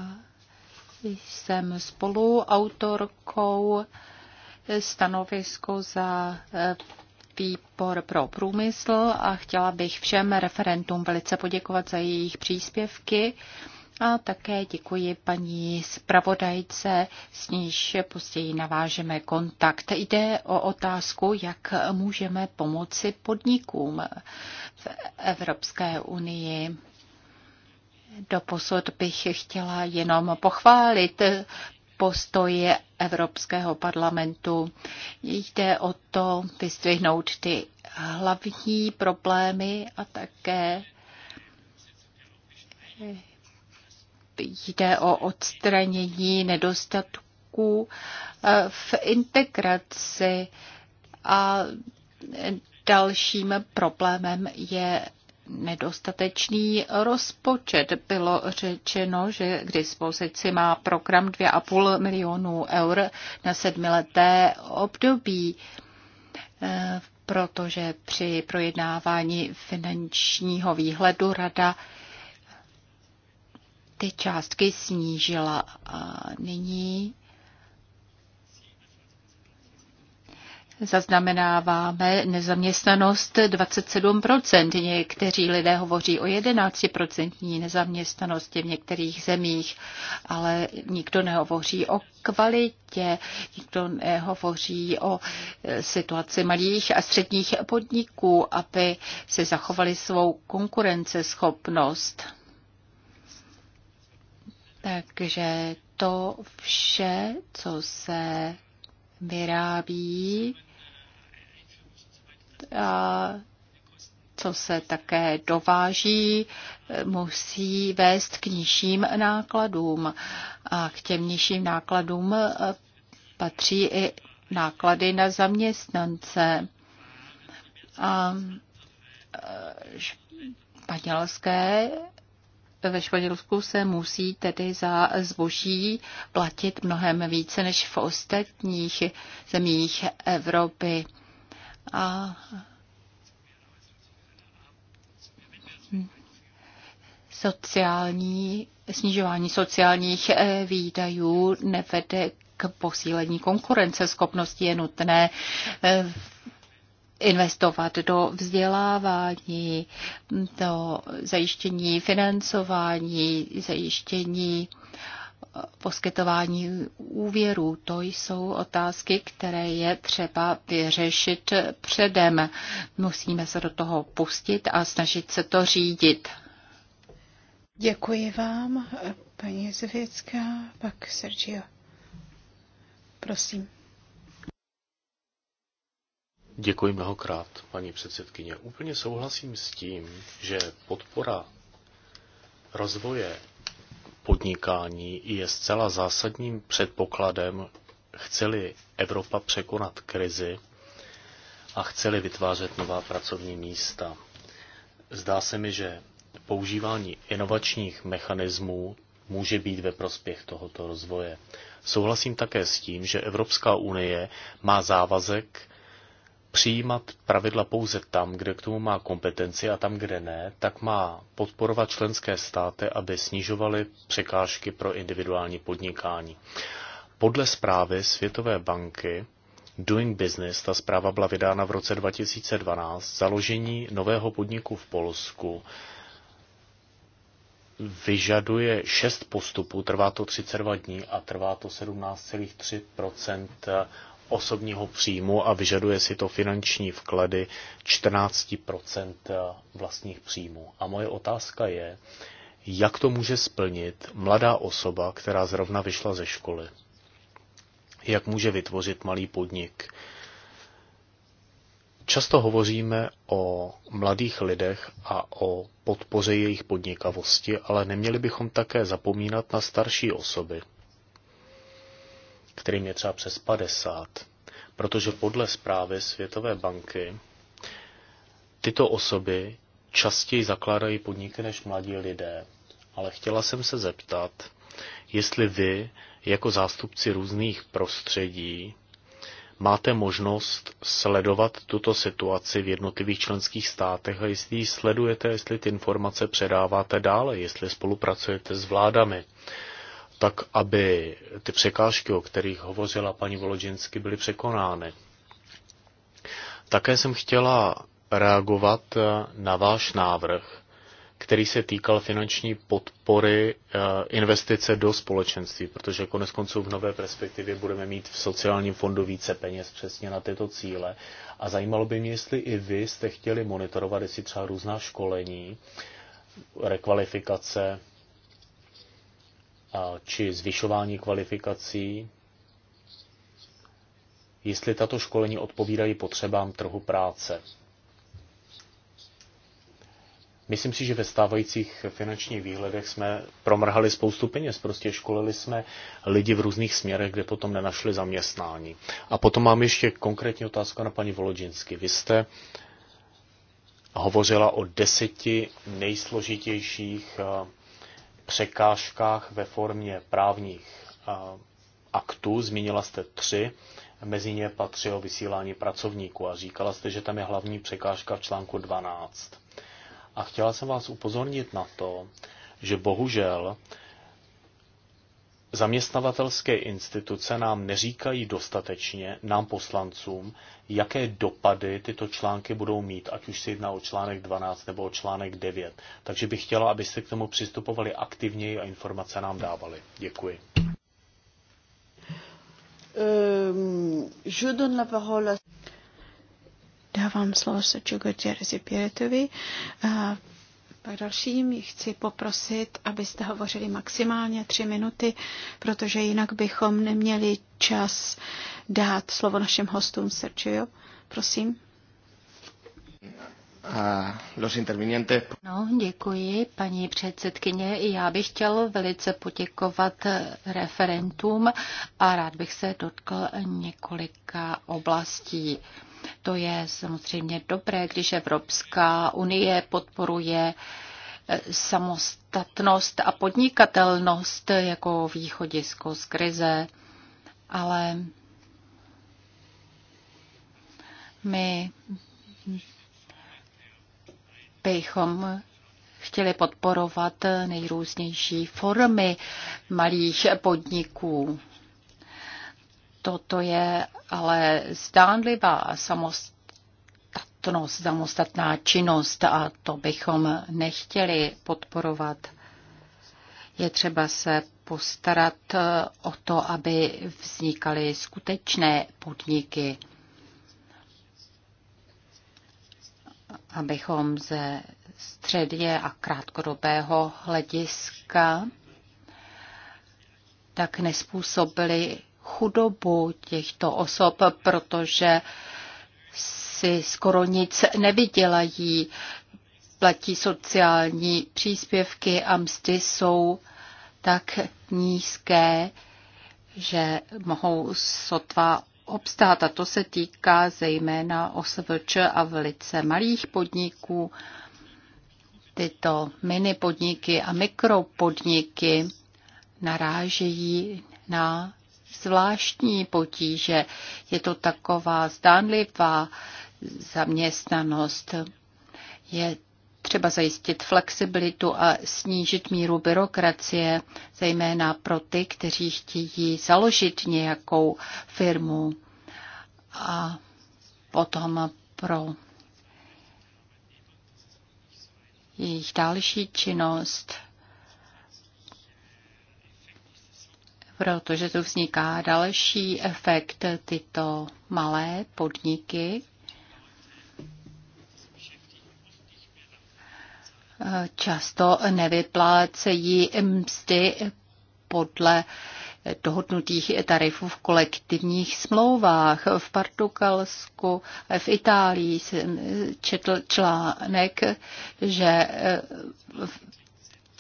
jsem spoluautorkou stanovisku za eh, výbor pro průmysl a chtěla bych všem referentům velice poděkovat za jejich příspěvky. A také děkuji paní zpravodajce, s níž později navážeme kontakt. Jde o otázku, jak můžeme pomoci podnikům v Evropské unii. Doposud bych chtěla jenom pochválit postoje Evropského parlamentu. Jde o to vystvihnout ty hlavní problémy a také jde o odstranění nedostatků v integraci a dalším problémem je nedostatečný rozpočet. Bylo řečeno, že k dispozici má program 2,5 milionů eur na sedmileté období, eh, protože při projednávání finančního výhledu rada ty částky snížila. A nyní Zaznamenáváme nezaměstnanost 27%. Někteří lidé hovoří o 11% nezaměstnanosti v některých zemích, ale nikdo nehovoří o kvalitě, nikdo nehovoří o e, situaci malých a středních podniků, aby si zachovali svou konkurenceschopnost. Takže to vše, co se vyrábí a co se také dováží, musí vést k nižším nákladům. A k těm nižším nákladům e, patří i náklady na zaměstnance. A e, španělské ve Španělsku se musí tedy za zboží platit mnohem více než v ostatních zemích Evropy. A sociální, snižování sociálních eh, výdajů nevede k posílení konkurenceschopnosti. Je nutné eh, investovat do vzdělávání, do zajištění financování, zajištění eh, poskytování úvěrů. To jsou otázky, které je třeba vyřešit předem. Musíme se do toho pustit a snažit se to řídit. Děkuji vám, paní Zvěcka, pak Sergio. Prosím. Děkuji mnohokrát, paní předsedkyně. Úplně souhlasím s tím, že podpora rozvoje podnikání je zcela zásadním předpokladem, chceli Evropa překonat krizi a chceli vytvářet nová pracovní místa. Zdá se mi, že používání inovačních mechanismů může být ve prospěch tohoto rozvoje. Souhlasím také s tím, že Evropská unie má závazek přijímat pravidla pouze tam, kde k tomu má kompetenci a tam, kde ne, tak má podporovat členské státy, aby snižovaly překážky pro individuální podnikání. Podle zprávy Světové banky Doing Business, ta zpráva byla vydána v roce 2012, založení nového podniku v Polsku vyžaduje šest postupů, trvá to 32 dní a trvá to 17,3 osobního příjmu a vyžaduje si to finanční vklady 14 vlastních příjmů. A moje otázka je, jak to může splnit mladá osoba, která zrovna vyšla ze školy? Jak může vytvořit malý podnik? Často hovoříme o mladých lidech a o podpoře jejich podnikavosti, ale neměli bychom také zapomínat na starší osoby – kterým je třeba přes 50. Protože podle zprávy Světové banky tyto osoby častěji zakládají podniky než mladí lidé. Ale chtěla jsem se zeptat, jestli vy, jako zástupci různých prostředí, máte možnost sledovat tuto situaci v jednotlivých členských státech a jestli ji sledujete, jestli ty informace předáváte dále, jestli spolupracujete s vládami, tak aby ty překážky, o kterých hovořila paní Volodžinsky, byly překonány. Také jsem chtěla reagovat eh, na váš návrh, který se týkal finanční podpory eh, investice do společenství, protože konec konců v nové perspektivě budeme mít v sociálním fondu více peněz přesně na tyto cíle. A zajímalo by mě, jestli i vy jste chtěli monitorovat, jestli třeba různá školení, rekvalifikace či zvyšování kvalifikací, jestli tato školení odpovídají potřebám trhu práce. Myslím si, že ve stávajících finančních výhledech jsme promrhali spoustu peněz. Prostě školili jsme lidi v různých směrech, kde potom nenašli zaměstnání. A potom mám ještě konkrétní otázku na paní Volodžinsky. Vy jste hovořila o deseti nejsložitějších eh, překážkách ve formě právních aktů. Zmínila jste tři, mezi ně patřilo vysílání pracovníků a říkala jste, že tam je hlavní překážka v článku 12. A chtěla jsem vás upozornit na to, že bohužel zaměstnavatelské instituce nám neříkají dostatečně, nám poslancům, jaké dopady tyto články budou mít, ať už se jedná o článek 12 nebo o článek 9. Takže bych chtěla, abyste k tomu přistupovali aktivněji a informace nám dávali. Děkuji. Ehm, Dávám slovo Sergio Gutierrez Pěretovi, pak dalším chci poprosit, abyste hovořili maximálně tři minuty, protože jinak bychom neměli čas dát slovo našim hostům. Sergio, prosím. A los intervinientes. No, děkuji, paní předsedkyně. Já bych chtěl velice poděkovat referentům a rád bych se dotkl několika oblastí. To je samozřejmě dobré, když Evropská unie podporuje eh, samostatnost a podnikatelnost jako východisko z krize, ale my bychom chtěli podporovat nejrůznější formy malých podniků. Toto je ale zdánlivá samostatnost, samostatná činnost a to bychom nechtěli podporovat. Je třeba se postarat eh, o to, aby vznikaly skutečné podniky, abychom ze středě a krátkodobého hlediska tak nespůsobili chudobu těchto osob, protože si skoro nic nevydělají, platí sociální příspěvky a mzdy jsou tak nízké, že mohou sotva obstát. A to se týká zejména OSVČ a velice malých podniků. Tyto mini podniky a mikropodniky narážejí na zvláštní potíže. Je to taková zdánlivá zaměstnanost. Je třeba zajistit flexibilitu a snížit míru byrokracie, zejména pro ty, kteří chtějí založit nějakou firmu a potom pro jejich další činnost. protože tu vzniká další efekt. Tyto malé podniky často nevyplácejí mzdy podle dohodnutých tarifů v kolektivních smlouvách. V Portugalsku, v Itálii jsem četl článek, že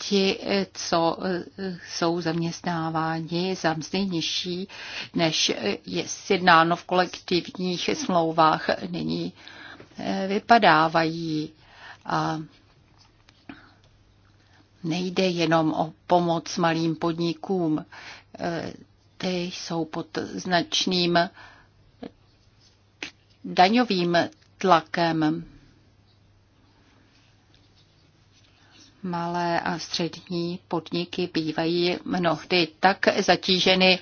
ti, co eh, jsou zaměstnáváni za mzdy nižší, než je sjednáno v kolektivních smlouvách, nyní eh, vypadávají. A nejde jenom o pomoc malým podnikům, eh, ty jsou pod značným daňovým tlakem malé a střední podniky bývají mnohdy tak zatíženy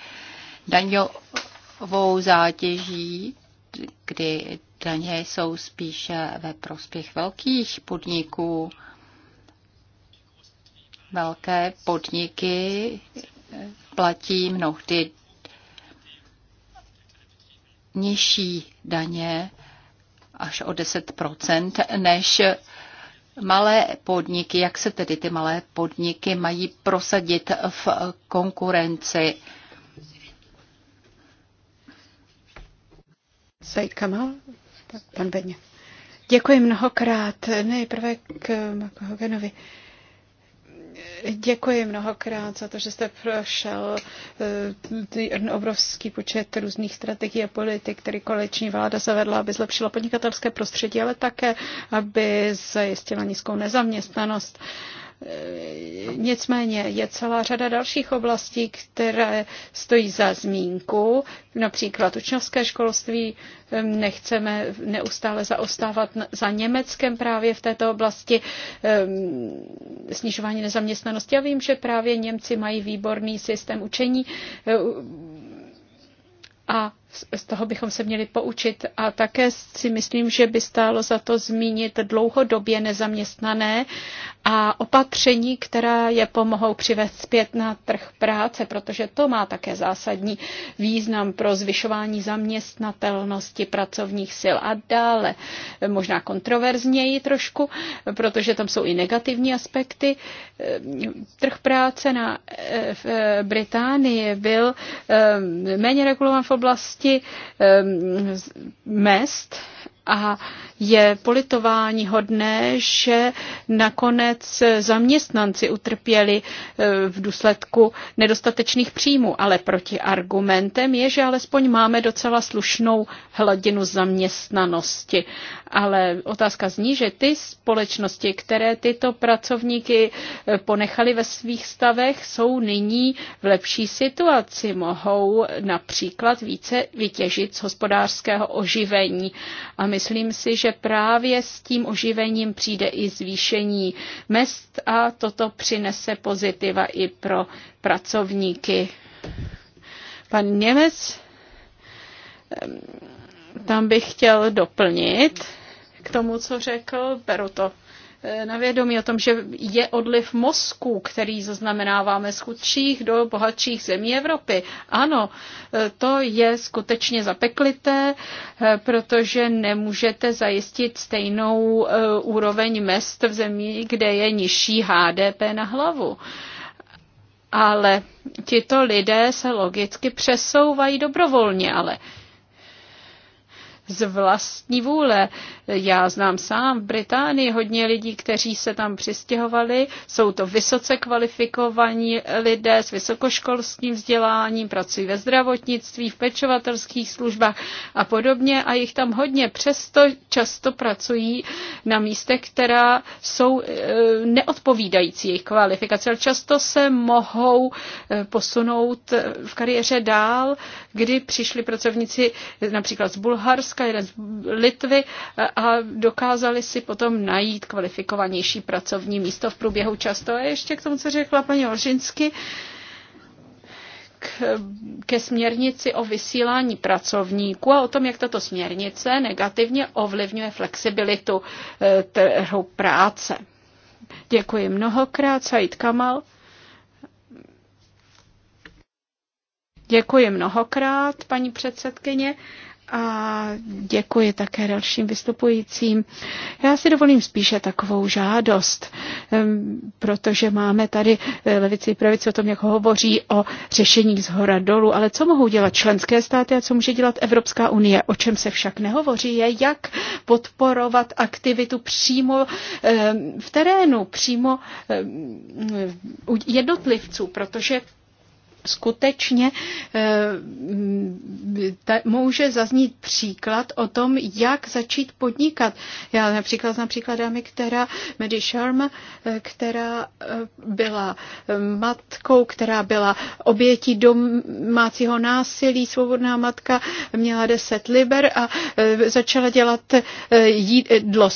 daňovou zátěží, kdy daně jsou spíše ve prospěch velkých podniků. Velké podniky platí mnohdy nižší daně až o 10 než malé podniky, jak se tedy ty malé podniky mají prosadit v konkurenci? Said Kamal, pan Bedně. Děkuji mnohokrát. Nejprve k Makohoganovi. Děkuji mnohokrát za to, že jste prošel eh, obrovský počet různých strategií a politik, které koleční vláda zavedla, aby zlepšila podnikatelské prostředí, ale také, aby zajistila nízkou nezaměstnanost. Eh, nicméně je celá řada dalších oblastí, které stojí za zmínku, například učňovské školství. Ehm, nechceme neustále zaostávat za Německem právě v této oblasti ehm, snižování nezaměstnanosti. Já vím, že právě Němci mají výborný systém učení eh, a z toho bychom se měli poučit. A také si myslím, že by stálo za to zmínit dlouhodobě nezaměstnané a opatření, která je pomohou přivést zpět na trh práce, protože to má také zásadní význam pro zvyšování zaměstnatelnosti pracovních sil a dále. Možná kontroverzněji trošku, protože tam jsou i negativní aspekty. Trh práce na, v Británii byl eh, méně regulovan v oblasti části ehm, mest a je politování hodné, že nakonec zaměstnanci utrpěli e, v důsledku nedostatečných příjmů, ale proti argumentem je, že alespoň máme docela slušnou hladinu zaměstnanosti. Ale otázka zní, že ty společnosti, které tyto pracovníky e, ponechali ve svých stavech, jsou nyní v lepší situaci. Mohou například více vytěžit z hospodářského oživení. A myslím si, že právě s tím oživením přijde i zvýšení mest a toto přinese pozitiva i pro pracovníky. Pan Němec, ehm, tam bych chtěl doplnit k tomu, co řekl, beru to Eh, na vědomí o tom, že je odliv mozku, který zaznamenáváme z chudších do bohatších zemí Evropy. Ano, eh, to je skutečně zapeklité, eh, protože nemůžete zajistit stejnou úroveň mest v zemí, kde je nižší HDP na hlavu. Ale tito lidé se logicky přesouvají dobrovolně, ale z vlastní vůle. Já znám sám v Británii hodně lidí, kteří se tam přistěhovali. Jsou to vysoce kvalifikovaní lidé s vysokoškolským vzděláním, pracují ve zdravotnictví, v pečovatelských službách a podobně a jich tam hodně. Přesto často pracují na místech, která jsou e, neodpovídající jejich kvalifikaci, ale často se mohou e, posunout e, v kariéře dál, kdy přišli pracovníci například z Bulharska, Polska, jeden z Litvy eh, a dokázali si potom najít kvalifikovanější pracovní místo v průběhu často. A ještě k tomu, co řekla paní Olžinsky, k, ke směrnici o vysílání pracovníků a o tom, jak tato směrnice negativně ovlivňuje flexibilitu eh, trhu práce. Děkuji mnohokrát, Said Kamal. Děkuji mnohokrát, paní předsedkyně a děkuji také dalším vystupujícím. Já si dovolím spíše takovou žádost, protože máme tady eh, levici i pravici o tom, jak hovoří o řešení z hora dolů, ale co mohou dělat členské státy a co může dělat Evropská unie? O čem se však nehovoří je, jak podporovat aktivitu přímo v terénu, přímo jednotlivců, protože skutečně eh, může zaznít příklad o tom, jak začít podnikat. Já například znám příklad dámy, která, Medi Sharma, eh, která eh, byla matkou, která byla obětí domácího násilí, svobodná matka, měla deset liber a začala dělat jídlo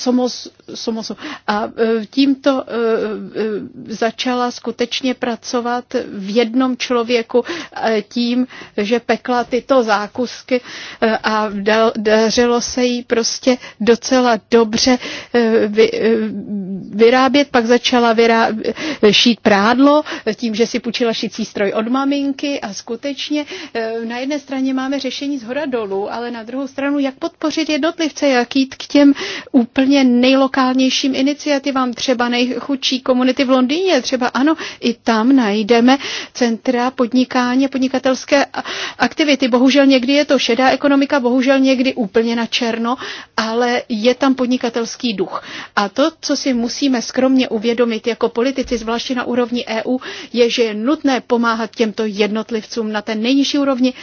Somosu. A e, tímto e, e, začala skutečně pracovat v jednom člověku tím, že pekla tyto zákusky a dařilo se jí prostě docela dobře vyrábět. Pak začala vyrábět, šít prádlo tím, že si půjčila šicí stroj od maminky a skutečně na jedné straně máme řešení z hora dolů, ale na druhou stranu, jak podpořit jednotlivce, jak jít k těm úplně nejlokálnějším lokálnějším iniciativám, třeba nejchudší komunity v Londýně, třeba ano, i tam najdeme centra podnikání, podnikatelské aktivity. Bohužel někdy je to šedá ekonomika, bohužel někdy úplně na černo, ale je tam podnikatelský duch. A to, co si musíme skromně uvědomit jako politici, zvláště na úrovni EU, je, že je nutné pomáhat těmto jednotlivcům na té nejnižší úrovni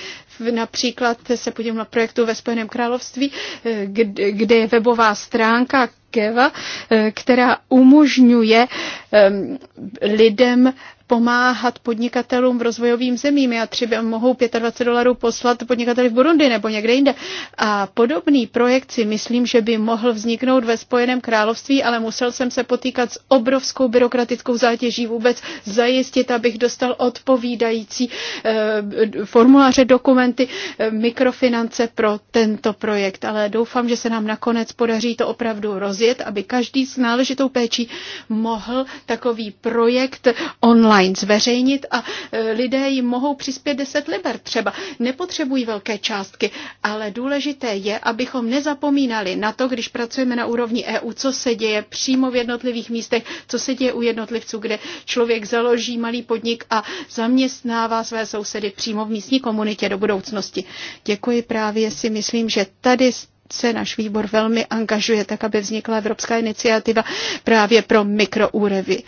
Například se podívám na projektu ve Spojeném království, eh, kde je webová stránka Keva, eh, která umožňuje ehm, lidem pomáhat podnikatelům v rozvojovým zemím. Já třeba mohou 25 dolarů poslat podnikateli v Burundi nebo někde jinde. A podobný projekt si myslím, že by mohl vzniknout ve Spojeném království, ale musel jsem se potýkat s obrovskou byrokratickou zátěží vůbec zajistit, abych dostal odpovídající eh, formuláře, dokumenty, eh, mikrofinance pro tento projekt. Ale doufám, že se nám nakonec podaří to opravdu rozjet, aby každý s náležitou péčí mohl takový projekt online online zveřejnit a e, lidé jim mohou přispět 10 liber třeba. Nepotřebují velké částky, ale důležité je, abychom nezapomínali na to, když pracujeme na úrovni EU, co se děje přímo v jednotlivých místech, co se děje u jednotlivců, kde člověk založí malý podnik a zaměstnává své sousedy přímo v místní komunitě do budoucnosti. Děkuji právě si myslím, že tady se náš výbor velmi angažuje, tak aby vznikla evropská iniciativa právě pro mikroúrevy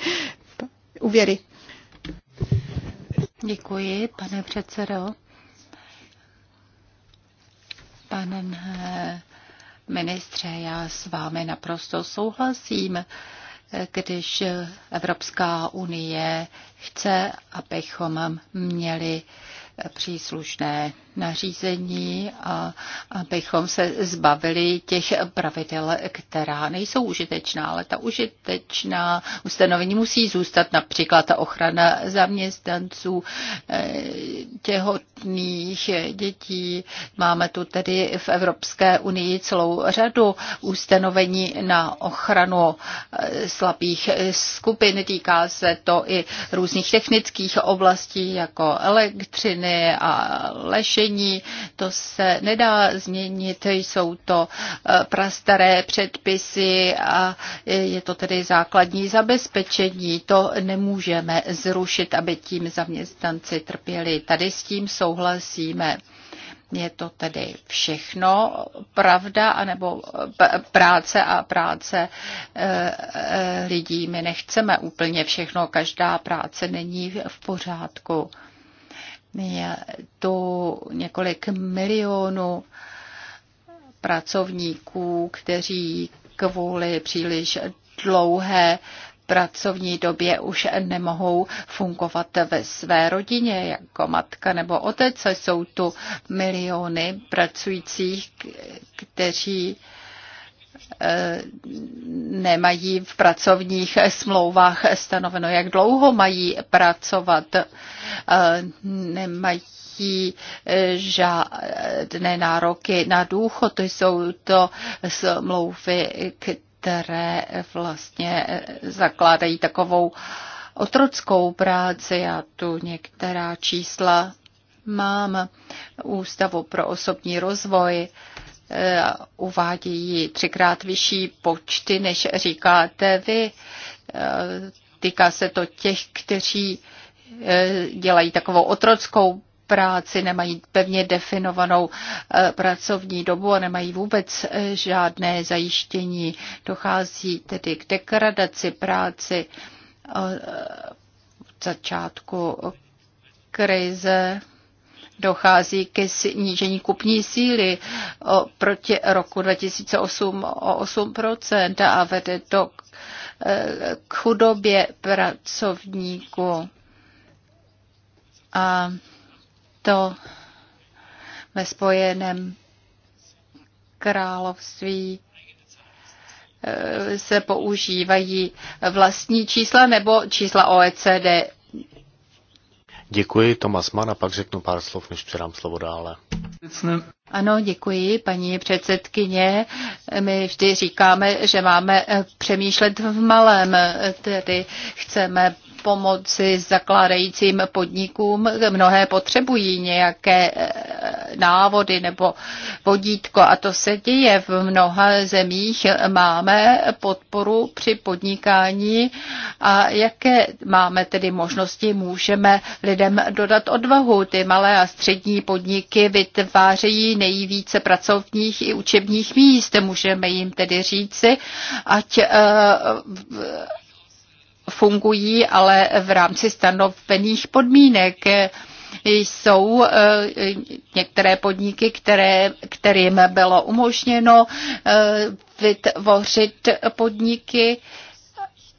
Uvěry. Děkuji, pane předsedo. Pane eh, ministře, já s vámi naprosto souhlasím když Evropská unie chce, abychom měli příslušné nařízení a abychom se zbavili těch pravidel, která nejsou užitečná, ale ta užitečná ustanovení musí zůstat například ta ochrana zaměstnanců, eh, těhotných dětí. Máme tu tedy v Evropské unii celou řadu ustanovení na ochranu eh, slabých skupin. Týká se to i různých technických oblastí, jako elektřiny a lešení řešení. To se nedá změnit, jsou to eh, prastaré předpisy a je to tedy základní zabezpečení. To nemůžeme zrušit, aby tím zaměstnanci trpěli. Tady s tím souhlasíme. Je to tedy všechno pravda, anebo eh, práce a práce eh, lidí. My nechceme úplně všechno, každá práce není v pořádku je tu několik milionů pracovníků, kteří kvůli příliš dlouhé pracovní době už nemohou fungovat ve své rodině jako matka nebo otec. Jsou tu miliony pracujících, kteří Eh, nemají v pracovních smlouvách stanoveno, jak dlouho mají pracovat, eh, nemají eh, žádné nároky na důchod. To jsou to smlouvy, které vlastně zakládají takovou otrockou práci. Já tu některá čísla mám. Ústavu pro osobní rozvoj Eh, uvádějí třikrát vyšší počty, než říkáte vy. Eh, týká se to těch, kteří eh, dělají takovou otrockou práci, nemají pevně definovanou pracovní dobu a nemají vůbec žádné zajištění. Dochází tedy k degradaci práci v začátku krize dochází ke snížení kupní síly proti roku 2008 o 8% a vede to k chudobě pracovníků. A to ve spojeném království eh, se používají vlastní čísla nebo čísla OECD. Děkuji, Tomas Mann, a pak řeknu pár slov, než předám slovo dále. Ano, děkuji, paní předsedkyně. My vždy říkáme, že máme přemýšlet v malém, tedy chceme pomoci zakládajícím podnikům. Mnohé potřebují nějaké eh, návody nebo vodítko a to se děje v mnoha zemích. Máme podporu při podnikání a jaké máme tedy možnosti, můžeme lidem dodat odvahu. Ty malé a střední podniky vytvářejí nejvíce pracovních i učebních míst. Můžeme jim tedy říci, ať eh, fungují, ale v rámci stanovených podmínek. Jsou eh, některé podniky, které, kterým bylo umožněno eh, vytvořit podniky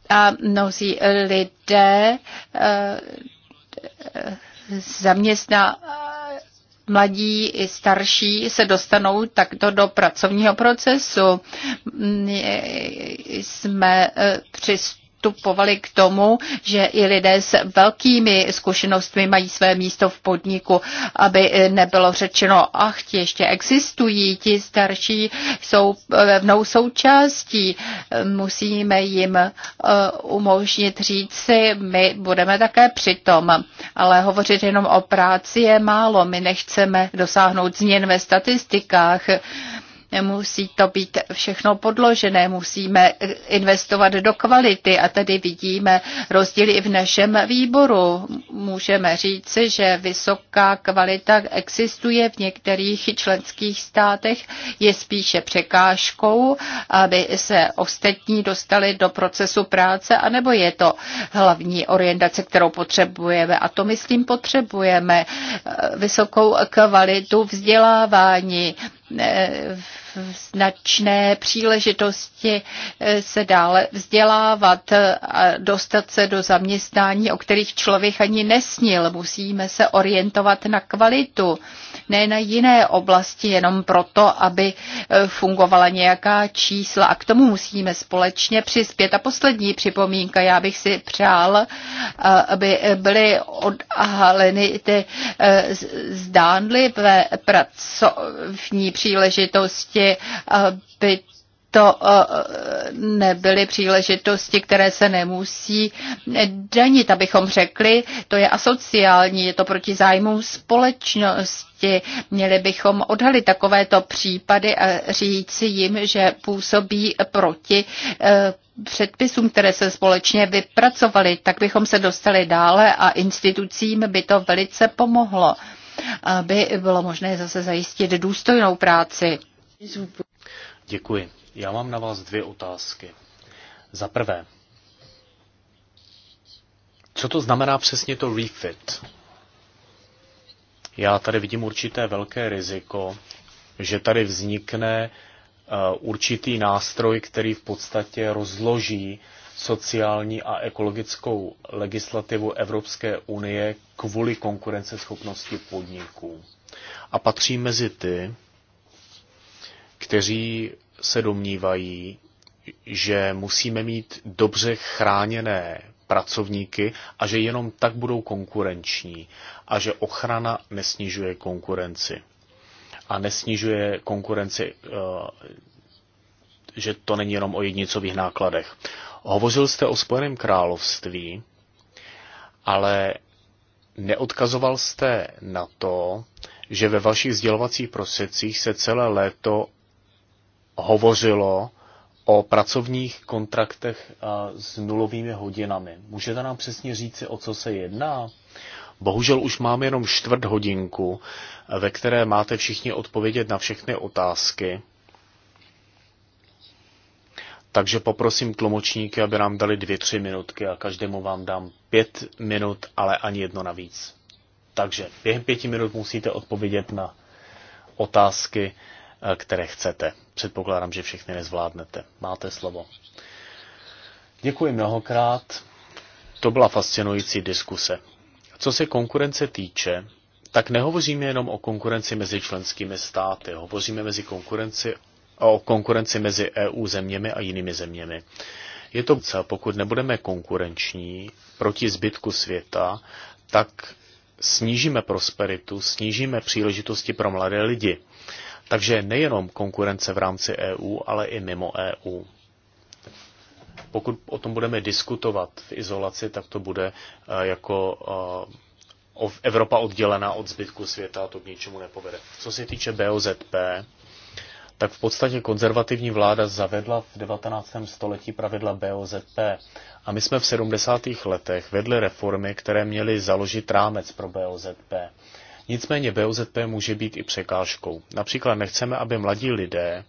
a mnozí lidé eh, zaměstná mladí i starší se dostanou takto do pracovního procesu. Jsme přistupovali přistupovali k tomu, že i lidé s velkými zkušenostmi mají své místo v podniku, aby nebylo řečeno, ach, ti ještě existují, ti starší jsou pevnou eh, součástí, musíme jim eh, umožnit říct si, my budeme také přitom, ale hovořit jenom o práci je málo, my nechceme dosáhnout změn ve statistikách, Musí to být všechno podložené, musíme investovat do kvality a tady vidíme rozdíly i v našem výboru. Můžeme říci, že vysoká kvalita existuje v některých členských státech, je spíše překážkou, aby se ostatní dostali do procesu práce, anebo je to hlavní orientace, kterou potřebujeme. A to, myslím, potřebujeme vysokou kvalitu vzdělávání eh, značné příležitosti eh, se dále vzdělávat a dostat se do zaměstnání, o kterých člověk ani nesnil. Musíme se orientovat na kvalitu ne na jiné oblasti jenom proto, aby e, fungovala nějaká čísla. A k tomu musíme společně přispět. A poslední připomínka, já bych si přál, e, aby byly odhaleny ty e, zdánlivé pracovní příležitosti, aby to eh, nebyly příležitosti, které se nemusí danit, abychom řekli, to je asociální, je to proti zájmu společnosti. Měli bychom odhalit takovéto případy a říci jim, že působí proti eh, předpisům, které se společně vypracovaly, tak bychom se dostali dále a institucím by to velice pomohlo, aby bylo možné zase zajistit důstojnou práci. Děkuji. Já mám na vás dvě otázky. Za prvé, co to znamená přesně to refit? Já tady vidím určité velké riziko, že tady vznikne eh, určitý nástroj, který v podstatě rozloží sociální a ekologickou legislativu Evropské unie kvůli konkurenceschopnosti podniků. A patří mezi ty, kteří se domnívají, že musíme mít dobře chráněné pracovníky a že jenom tak budou konkurenční a že ochrana nesnižuje konkurenci. A nesnižuje konkurenci, eh, že to není jenom o jednicových nákladech. Hovořil jste o Spojeném království, ale neodkazoval jste na to, že ve vašich sdělovacích prostředcích se celé léto hovořilo o pracovních kontraktech s nulovými hodinami. Můžete nám přesně říci, o co se jedná? Bohužel už máme jenom čtvrt hodinku, ve které máte všichni odpovědět na všechny otázky. Takže poprosím tlumočníky, aby nám dali dvě, tři minutky a každému vám dám pět minut, ale ani jedno navíc. Takže během pěti minut musíte odpovědět na otázky Eh, které chcete. Předpokládám, že všechny nezvládnete. Máte slovo. Děkuji mnohokrát. To byla fascinující diskuse. Co se konkurence týče, tak nehovoříme jenom o konkurenci mezi členskými státy, hovoříme mezi konkurenci, o konkurenci mezi EU zeměmi a jinými zeměmi. Je to, pokud nebudeme konkurenční proti zbytku světa, tak snížíme prosperitu, snížíme příležitosti pro mladé lidi. Takže nejenom konkurence v rámci EU, ale i mimo EU. Pokud o tom budeme diskutovat v izolaci, tak to bude eh, jako eh, Evropa oddělená od zbytku světa a to k ničemu nepovede. Co se týče BOZP, tak v podstatě konzervativní vláda zavedla v 19. století pravidla BOZP. A my jsme v 70. letech vedli reformy, které měly založit rámec pro BOZP. Nicméně BOZP může být i překážkou. Například nechceme, aby mladí lidé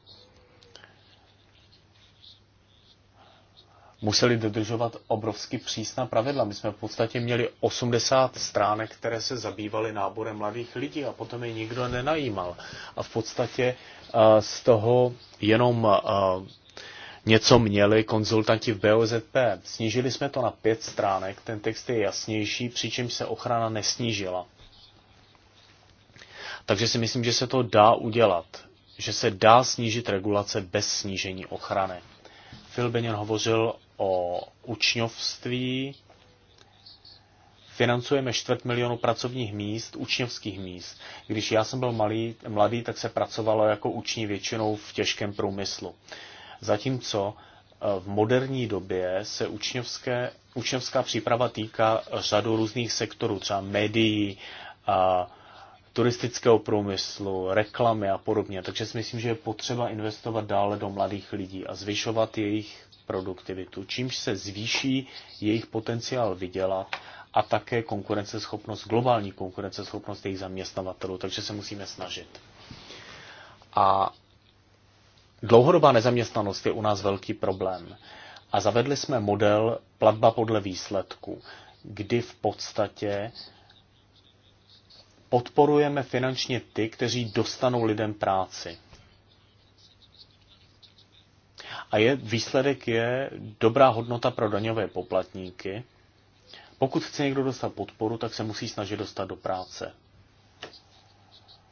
museli dodržovat obrovsky přísná pravidla. My jsme v podstatě měli 80 stránek, které se zabývaly náborem mladých lidí a potom je nikdo nenajímal. A v podstatě eh, z toho jenom eh, něco měli konzultanti v BOZP. Snížili jsme to na pět stránek, ten text je jasnější, přičemž se ochrana nesnížila. Takže si myslím, že se to dá udělat, že se dá snížit regulace bez snížení ochrany. Phil Benin hovořil o učňovství. Financujeme čtvrt milionu pracovních míst, učňovských míst. Když já jsem byl malý, mladý, tak se pracovalo jako uční většinou v těžkém průmyslu. Zatímco eh, v moderní době se učňovské, učňovská příprava týká řadu různých sektorů, třeba médií, a turistického průmyslu, reklamy a podobně. Takže si myslím, že je potřeba investovat dále do mladých lidí a zvyšovat jejich produktivitu, čímž se zvýší jejich potenciál vydělat a také konkurenceschopnost, globální konkurenceschopnost jejich zaměstnavatelů, takže se musíme snažit. A dlouhodobá nezaměstnanost je u nás velký problém. A zavedli jsme model platba podle výsledku, kdy v podstatě podporujeme finančně ty, kteří dostanou lidem práci. A je, výsledek je dobrá hodnota pro daňové poplatníky. Pokud chce někdo dostat podporu, tak se musí snažit dostat do práce.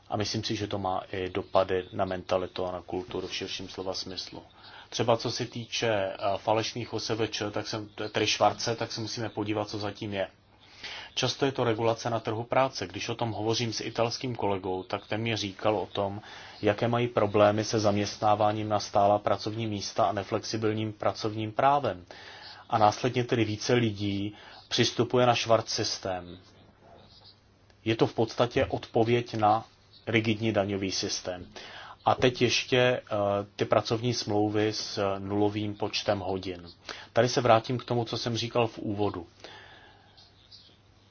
A myslím si, že to má i dopady na mentalitu a na kulturu v širším slova smyslu. Třeba co se týče eh, falešných OSVČ, tak se, tedy švarce, tak se musíme podívat, co zatím je. Často je to regulace na trhu práce. Když o tom hovořím s italským kolegou, tak ten mě říkal o tom, jaké mají problémy se zaměstnáváním na stála pracovní místa a neflexibilním pracovním právem. A následně tedy více lidí přistupuje na švart systém. Je to v podstatě odpověď na rigidní daňový systém. A teď ještě eh, ty pracovní smlouvy s nulovým počtem hodin. Tady se vrátím k tomu, co jsem říkal v úvodu.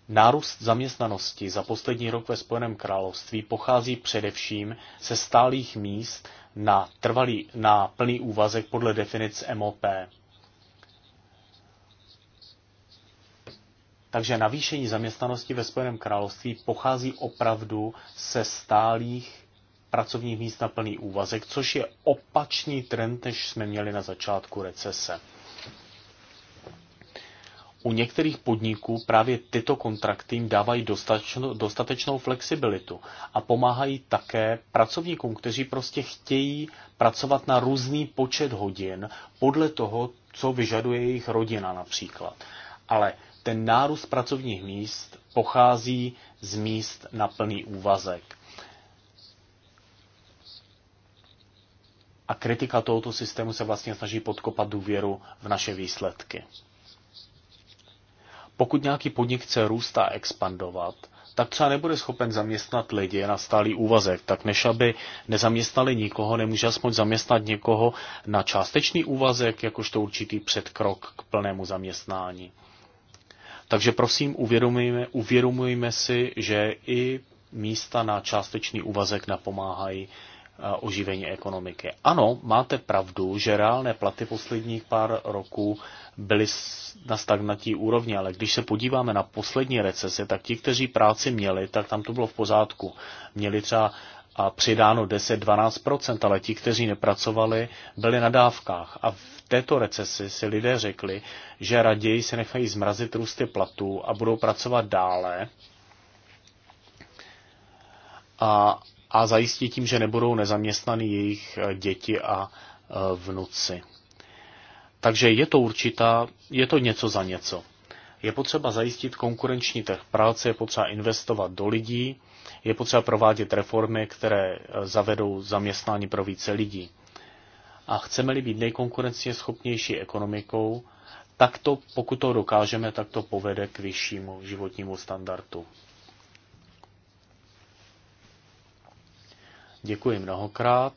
Nárůst zaměstnanosti za poslední rok ve Spojeném království pochází především ze stálých míst na, trvalý, na plný úvazek podle definic MOP. Takže navýšení zaměstnanosti ve Spojeném království pochází opravdu se stálých pracovních míst na plný úvazek, což je opačný trend, než jsme měli na začátku recese u některých podniků právě tyto kontrakty jim dávají dostatečnou, dostatečnou flexibilitu a pomáhají také pracovníkům, kteří prostě chtějí pracovat na různý počet hodin podle toho, co vyžaduje jejich rodina například. Ale ten nárůst pracovních míst pochází z míst na plný úvazek. A kritika tohoto systému se vlastně snaží podkopat důvěru v naše výsledky. Pokud nějaký podnik chce růst a expandovat, tak třeba nebude schopen zaměstnat lidi na stálý úvazek, tak než aby nezaměstnali nikoho, nemůže aspoň zaměstnat někoho na částečný úvazek, jakožto určitý předkrok k plnému zaměstnání. Takže prosím, uvědomujeme, uvědomujeme si, že i místa na částečný úvazek napomáhají eh, oživení ekonomiky. Ano, máte pravdu, že reálné platy posledních pár roků byli na stagnatí úrovni, ale když se podíváme na poslední recese, tak ti, kteří práci měli, tak tam to bylo v pořádku. Měli třeba a přidáno 10-12%, ale ti, kteří nepracovali, byli na dávkách. A v této recesi si lidé řekli, že raději se nechají zmrazit růsty platů a budou pracovat dále a, a zajistit tím, že nebudou nezaměstnaní jejich eh, děti a eh, vnuci. Takže je to určitá, je to něco za něco. Je potřeba zajistit konkurenční trh práce, je potřeba investovat do lidí, je potřeba provádět reformy, které eh, zavedou zaměstnání pro více lidí. A chceme-li být schopnější ekonomikou, tak to, pokud to dokážeme, tak to povede k vyššímu životnímu standardu. Děkuji mnohokrát.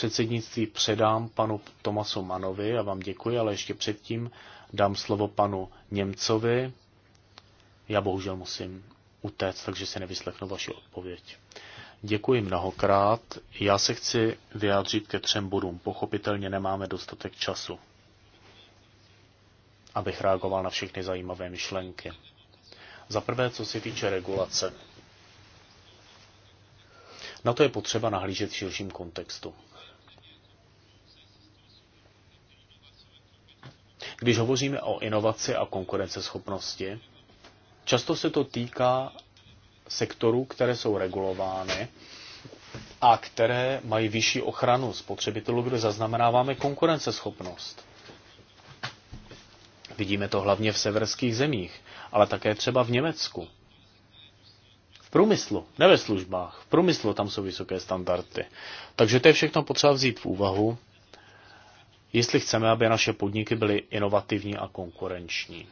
předsednictví předám panu Tomasu Manovi, a vám děkuji, ale ještě předtím dám slovo panu Němcovi. Já bohužel musím utéct, takže si nevyslechnu vaši odpověď. Děkuji mnohokrát. Já se chci vyjádřit ke třem bodům. Pochopitelně nemáme dostatek času, abych reagoval na všechny zajímavé myšlenky. Za prvé, co se týče regulace. Na to je potřeba nahlížet v širším kontextu. Když hovoříme o inovaci a konkurenceschopnosti, často se to týká sektorů, které jsou regulovány a které mají vyšší ochranu spotřebitelů, kde zaznamenáváme konkurenceschopnost. Vidíme to hlavně v severských zemích, ale také třeba v Německu. V průmyslu, ne ve službách, v průmyslu tam jsou vysoké standardy. Takže to je všechno potřeba vzít v úvahu jestli chceme, aby naše podniky byly inovativní a konkurenční.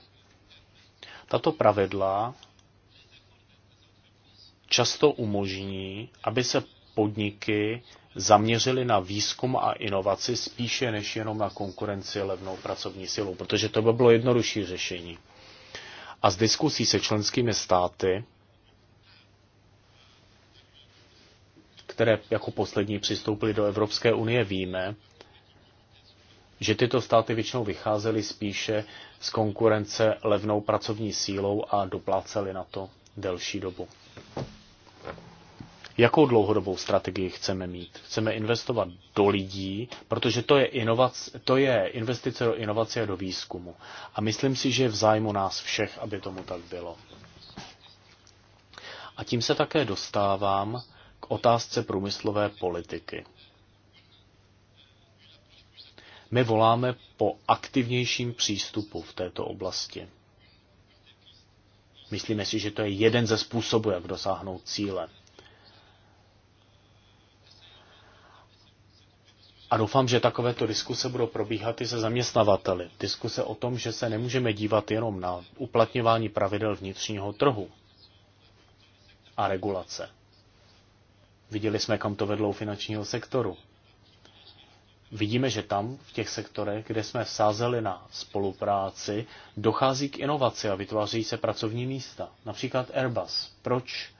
Tato pravidla často umožní, aby se podniky zaměřili na výzkum a inovaci spíše než jenom na konkurenci levnou pracovní silou, protože to by bylo jednodušší řešení. A z diskusí se členskými státy, které jako poslední přistoupili do Evropské unie, víme, že tyto státy většinou vycházely spíše z konkurence levnou pracovní sílou a doplácely na to delší dobu. Jakou dlouhodobou strategii chceme mít? Chceme investovat do lidí, protože to je, inovac, to je investice do inovace a do výzkumu. A myslím si, že je v zájmu nás všech, aby tomu tak bylo. A tím se také dostávám k otázce průmyslové politiky. My voláme po aktivnějším přístupu v této oblasti. Myslíme si, že to je jeden ze způsobů, jak dosáhnout cíle. A doufám, že takovéto diskuse budou probíhat i se zaměstnavateli. Diskuse o tom, že se nemůžeme dívat jenom na uplatňování pravidel vnitřního trhu a regulace. Viděli jsme, kam to vedlo u finančního sektoru vidíme, že tam, v těch sektorech, kde jsme sázeli na spolupráci, dochází k inovaci a vytváří se pracovní místa. Například Airbus. Proč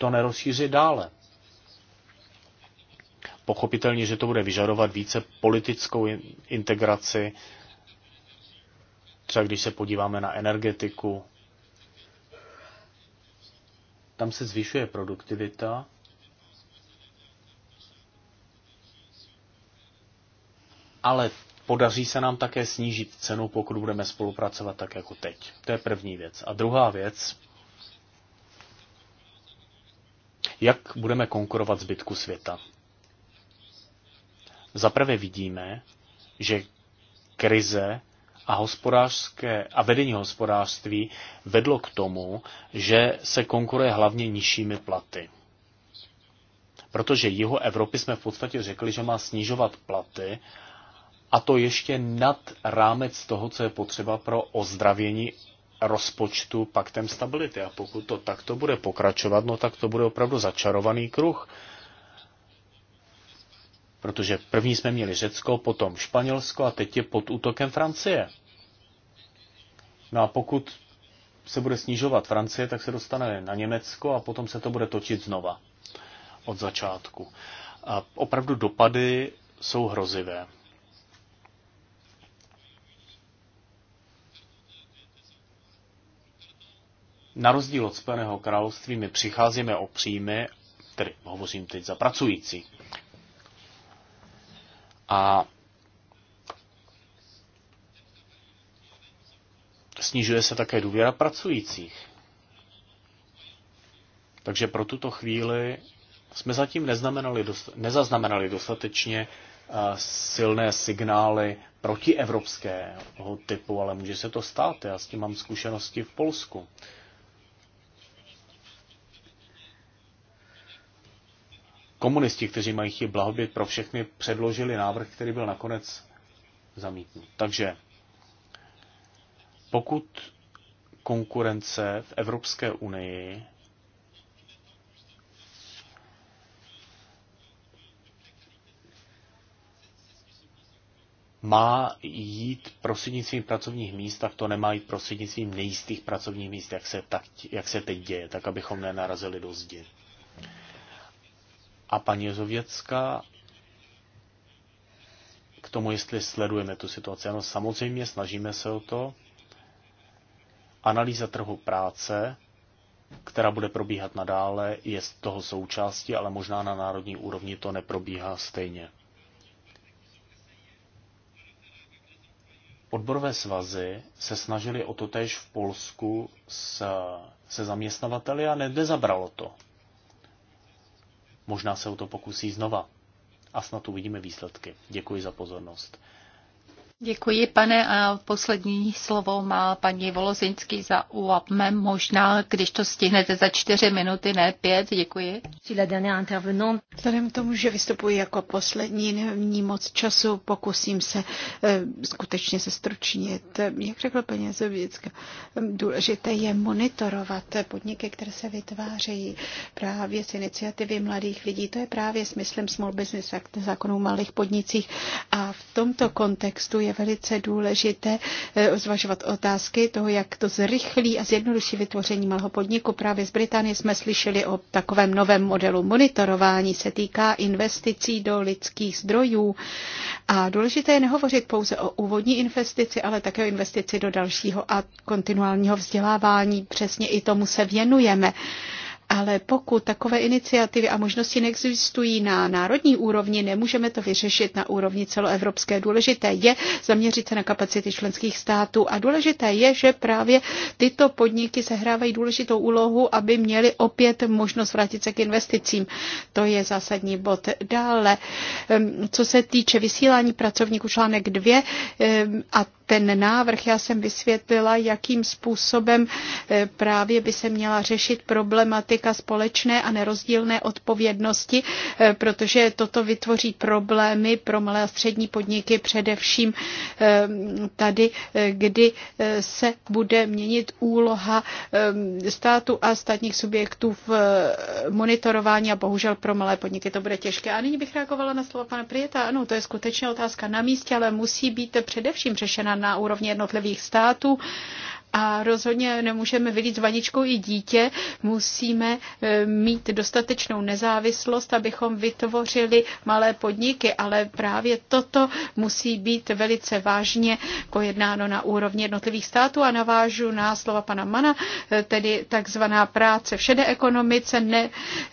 to nerozšířit dále? Pochopitelně, že to bude vyžadovat více politickou integraci, třeba když se podíváme na energetiku, tam se zvyšuje produktivita, ale podaří se nám také snížit cenu, pokud budeme spolupracovat tak jako teď. To je první věc. A druhá věc, jak budeme konkurovat zbytku světa. Zaprvé vidíme, že krize a, hospodářské, a vedení hospodářství vedlo k tomu, že se konkuruje hlavně nižšími platy. Protože jeho Evropy jsme v podstatě řekli, že má snižovat platy a to ještě nad rámec toho, co je potřeba pro ozdravění rozpočtu paktem stability. A pokud to takto bude pokračovat, no tak to bude opravdu začarovaný kruh. Protože první jsme měli Řecko, potom Španělsko a teď je pod útokem Francie. No a pokud se bude snižovat Francie, tak se dostane na Německo a potom se to bude točit znova od začátku. A opravdu dopady jsou hrozivé. Na rozdíl od Spojeného království my přicházíme o příjmy, tedy hovořím teď za pracující. A snižuje se také důvěra pracujících. Takže pro tuto chvíli jsme zatím neznamenali, nezaznamenali dostatečně eh, silné signály protievropského typu, ale může se to stát. Já s tím mám zkušenosti v Polsku. komunisti, kteří mají chtít blahobyt pro všechny, předložili návrh, který byl nakonec zamítnut. Takže pokud konkurence v Evropské unii má jít prostřednictvím pracovních míst, tak to nemá jít prostřednictvím nejistých pracovních míst, jak se, tak, jak se teď děje, tak abychom nenarazili do zdi. A paní Jozověcka k tomu, jestli sledujeme tu situaci. Ano, samozřejmě snažíme se o to. Analýza trhu práce, která bude probíhat nadále, je z toho součástí, ale možná na národní úrovni to neprobíhá stejně. Odborové svazy se snažili o to též v Polsku se, se zaměstnavateli a nezabralo to. Možná se o to pokusí znova. A snad uvidíme výsledky. Děkuji za pozornost. Děkuji, pane. A poslední slovo má paní Volozinský za UAPM. E. Možná, když to stihnete za čtyři minuty, ne pět. Děkuji. Vzhledem k tomu, že vystupuji jako poslední, není moc času, pokusím se eh, skutečně se stručnit. Jak řekl paní Zovětská, důležité je monitorovat podniky, které se vytvářejí právě z iniciativy mladých lidí. To je právě smyslem Small Business Act, zákonů malých podnicích. A v tomto kontextu je velice důležité eh, zvažovat otázky toho, jak to zrychlí a zjednoduší vytvoření malého podniku. Právě z Británie jsme slyšeli o takovém novém modelu monitorování. Se týká investicí do lidských zdrojů. A důležité je nehovořit pouze o úvodní investici, ale také o investici do dalšího a kontinuálního vzdělávání. Přesně i tomu se věnujeme. Ale pokud takové iniciativy a možnosti neexistují na národní úrovni, nemůžeme to vyřešit na úrovni celoevropské. Důležité je zaměřit se na kapacity členských států a důležité je, že právě tyto podniky sehrávají důležitou úlohu, aby měli opět možnost vrátit se k investicím. To je zásadní bod. Dále, co se týče vysílání pracovníků článek 2 a ten návrh. Já jsem vysvětlila, jakým způsobem e, právě by se měla řešit problematika společné a nerozdílné odpovědnosti, e, protože toto vytvoří problémy pro malé a střední podniky, především e, tady, kdy se bude měnit úloha státu a státních subjektů v monitorování a bohužel pro malé podniky to bude těžké. A nyní bych reagovala na slova pana Prieta. Ano, to je skutečně otázka na místě, ale musí být především řešena na úrovni jednotlivých států a rozhodně nemůžeme vylít s vaničkou i dítě. Musíme eh, mít dostatečnou nezávislost, abychom vytvořili malé podniky, ale právě toto musí být velice vážně pojednáno na úrovni jednotlivých států a navážu na slova pana Mana, eh, tedy takzvaná práce v šedé ekonomice,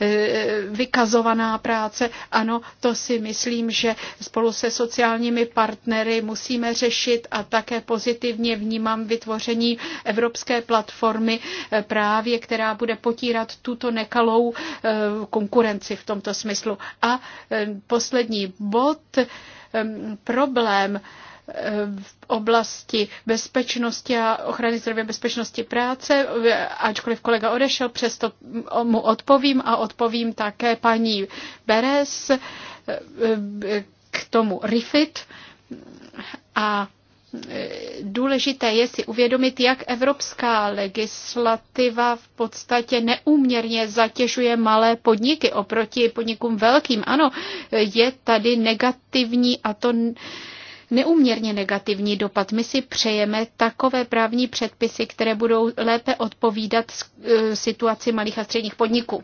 nevykazovaná eh, práce. Ano, to si myslím, že spolu se sociálními partnery musíme řešit a také pozitivně vnímám vytvoření evropské platformy eh, právě, která bude potírat tuto nekalou eh, konkurenci v tomto smyslu. A eh, poslední bod, problém v oblasti bezpečnosti a ochrany zdraví bezpečnosti práce, ačkoliv kolega odešel, přesto mm, mu odpovím a odpovím také paní Beres k tomu RIFIT a důležité je si uvědomit, jak evropská legislativa v podstatě neúměrně zatěžuje malé podniky oproti podnikům velkým. Ano, je tady negativní a to neuměrně negativní dopad. My si přejeme takové právní předpisy, které budou lépe odpovídat e, situaci malých a středních podniků.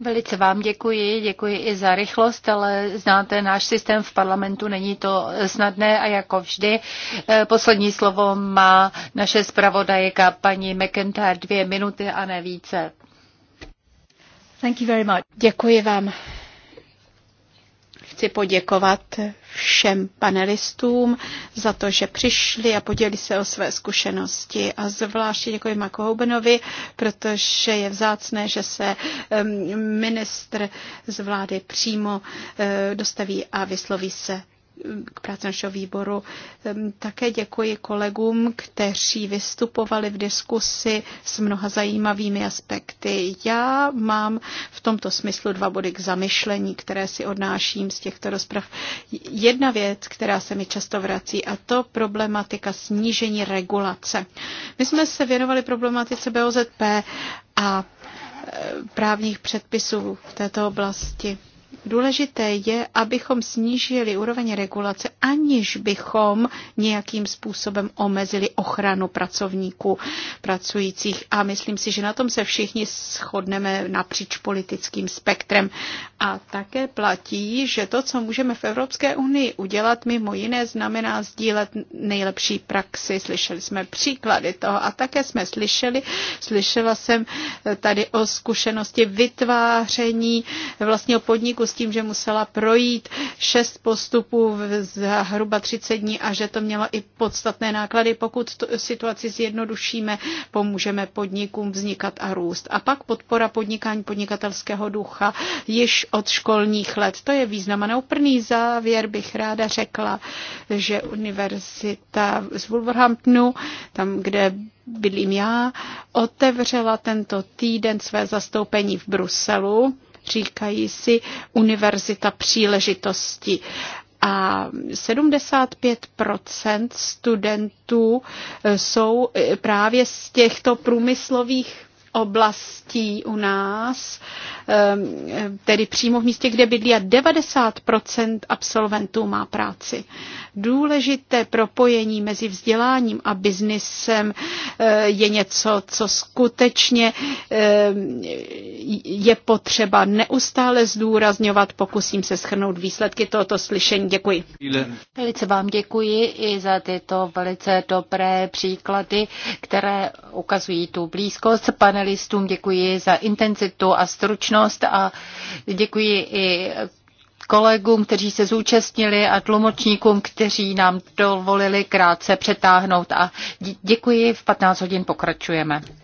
Velice vám děkuji, děkuji i za rychlost, ale znáte náš systém v parlamentu, není to snadné a jako vždy. E, poslední slovo má naše zpravodajka paní McIntyre dvě minuty a ne více. Thank you very much. Děkuji vám. Chci poděkovat všem panelistům za to, že přišli a podělili se o své zkušenosti. A zvláště děkuji Makoubenovi, protože je vzácné, že se ministr z vlády přímo eh, dostaví a vysloví se k práci výboru. Také děkuji kolegům, kteří vystupovali v diskusi s mnoha zajímavými aspekty. Já mám v tomto smyslu dva body k zamyšlení, které si odnáším z těchto rozprav. Jedna věc, která se mi často vrací, a to problematika snížení regulace. My jsme se věnovali problematice BOZP a e, právních předpisů v této oblasti. Důležité je, abychom snížili úroveň regulace, aniž bychom nějakým způsobem omezili ochranu pracovníků pracujících. A myslím si, že na tom se všichni shodneme napříč politickým spektrem. A také platí, že to, co můžeme v Evropské unii udělat, mimo jiné znamená sdílet nejlepší praxi. Slyšeli jsme příklady toho a také jsme slyšeli, slyšela jsem tady o zkušenosti vytváření vlastního podniku s tím, že musela projít šest postupů za hruba 30 dní a že to mělo i podstatné náklady. Pokud tu situaci zjednodušíme, pomůžeme podnikům vznikat a růst. A pak podpora podnikání podnikatelského ducha již od školních let. To je význam. A na úplný závěr bych ráda řekla, že univerzita z Wolverhamptonu, tam, kde bydlím já, otevřela tento týden své zastoupení v Bruselu Říkají si univerzita příležitosti a 75 studentů jsou eh, právě z těchto průmyslových oblastí u nás, ehm, tedy přímo v místě, kde bydlí a 90% absolventů má práci. Důležité propojení mezi vzděláním a biznisem eh, je něco, co skutečně ehm, je potřeba neustále zdůrazňovat. Pokusím se schrnout výsledky tohoto slyšení. Děkuji. Velice vám děkuji i za tyto velice dobré příklady, které ukazují tu blízkost. Pane panelistům, děkuji za intenzitu a stručnost a děkuji i kolegům, kteří se zúčastnili a tlumočníkům, kteří nám dovolili krátce přetáhnout. A děkuji, v 15 hodin pokračujeme.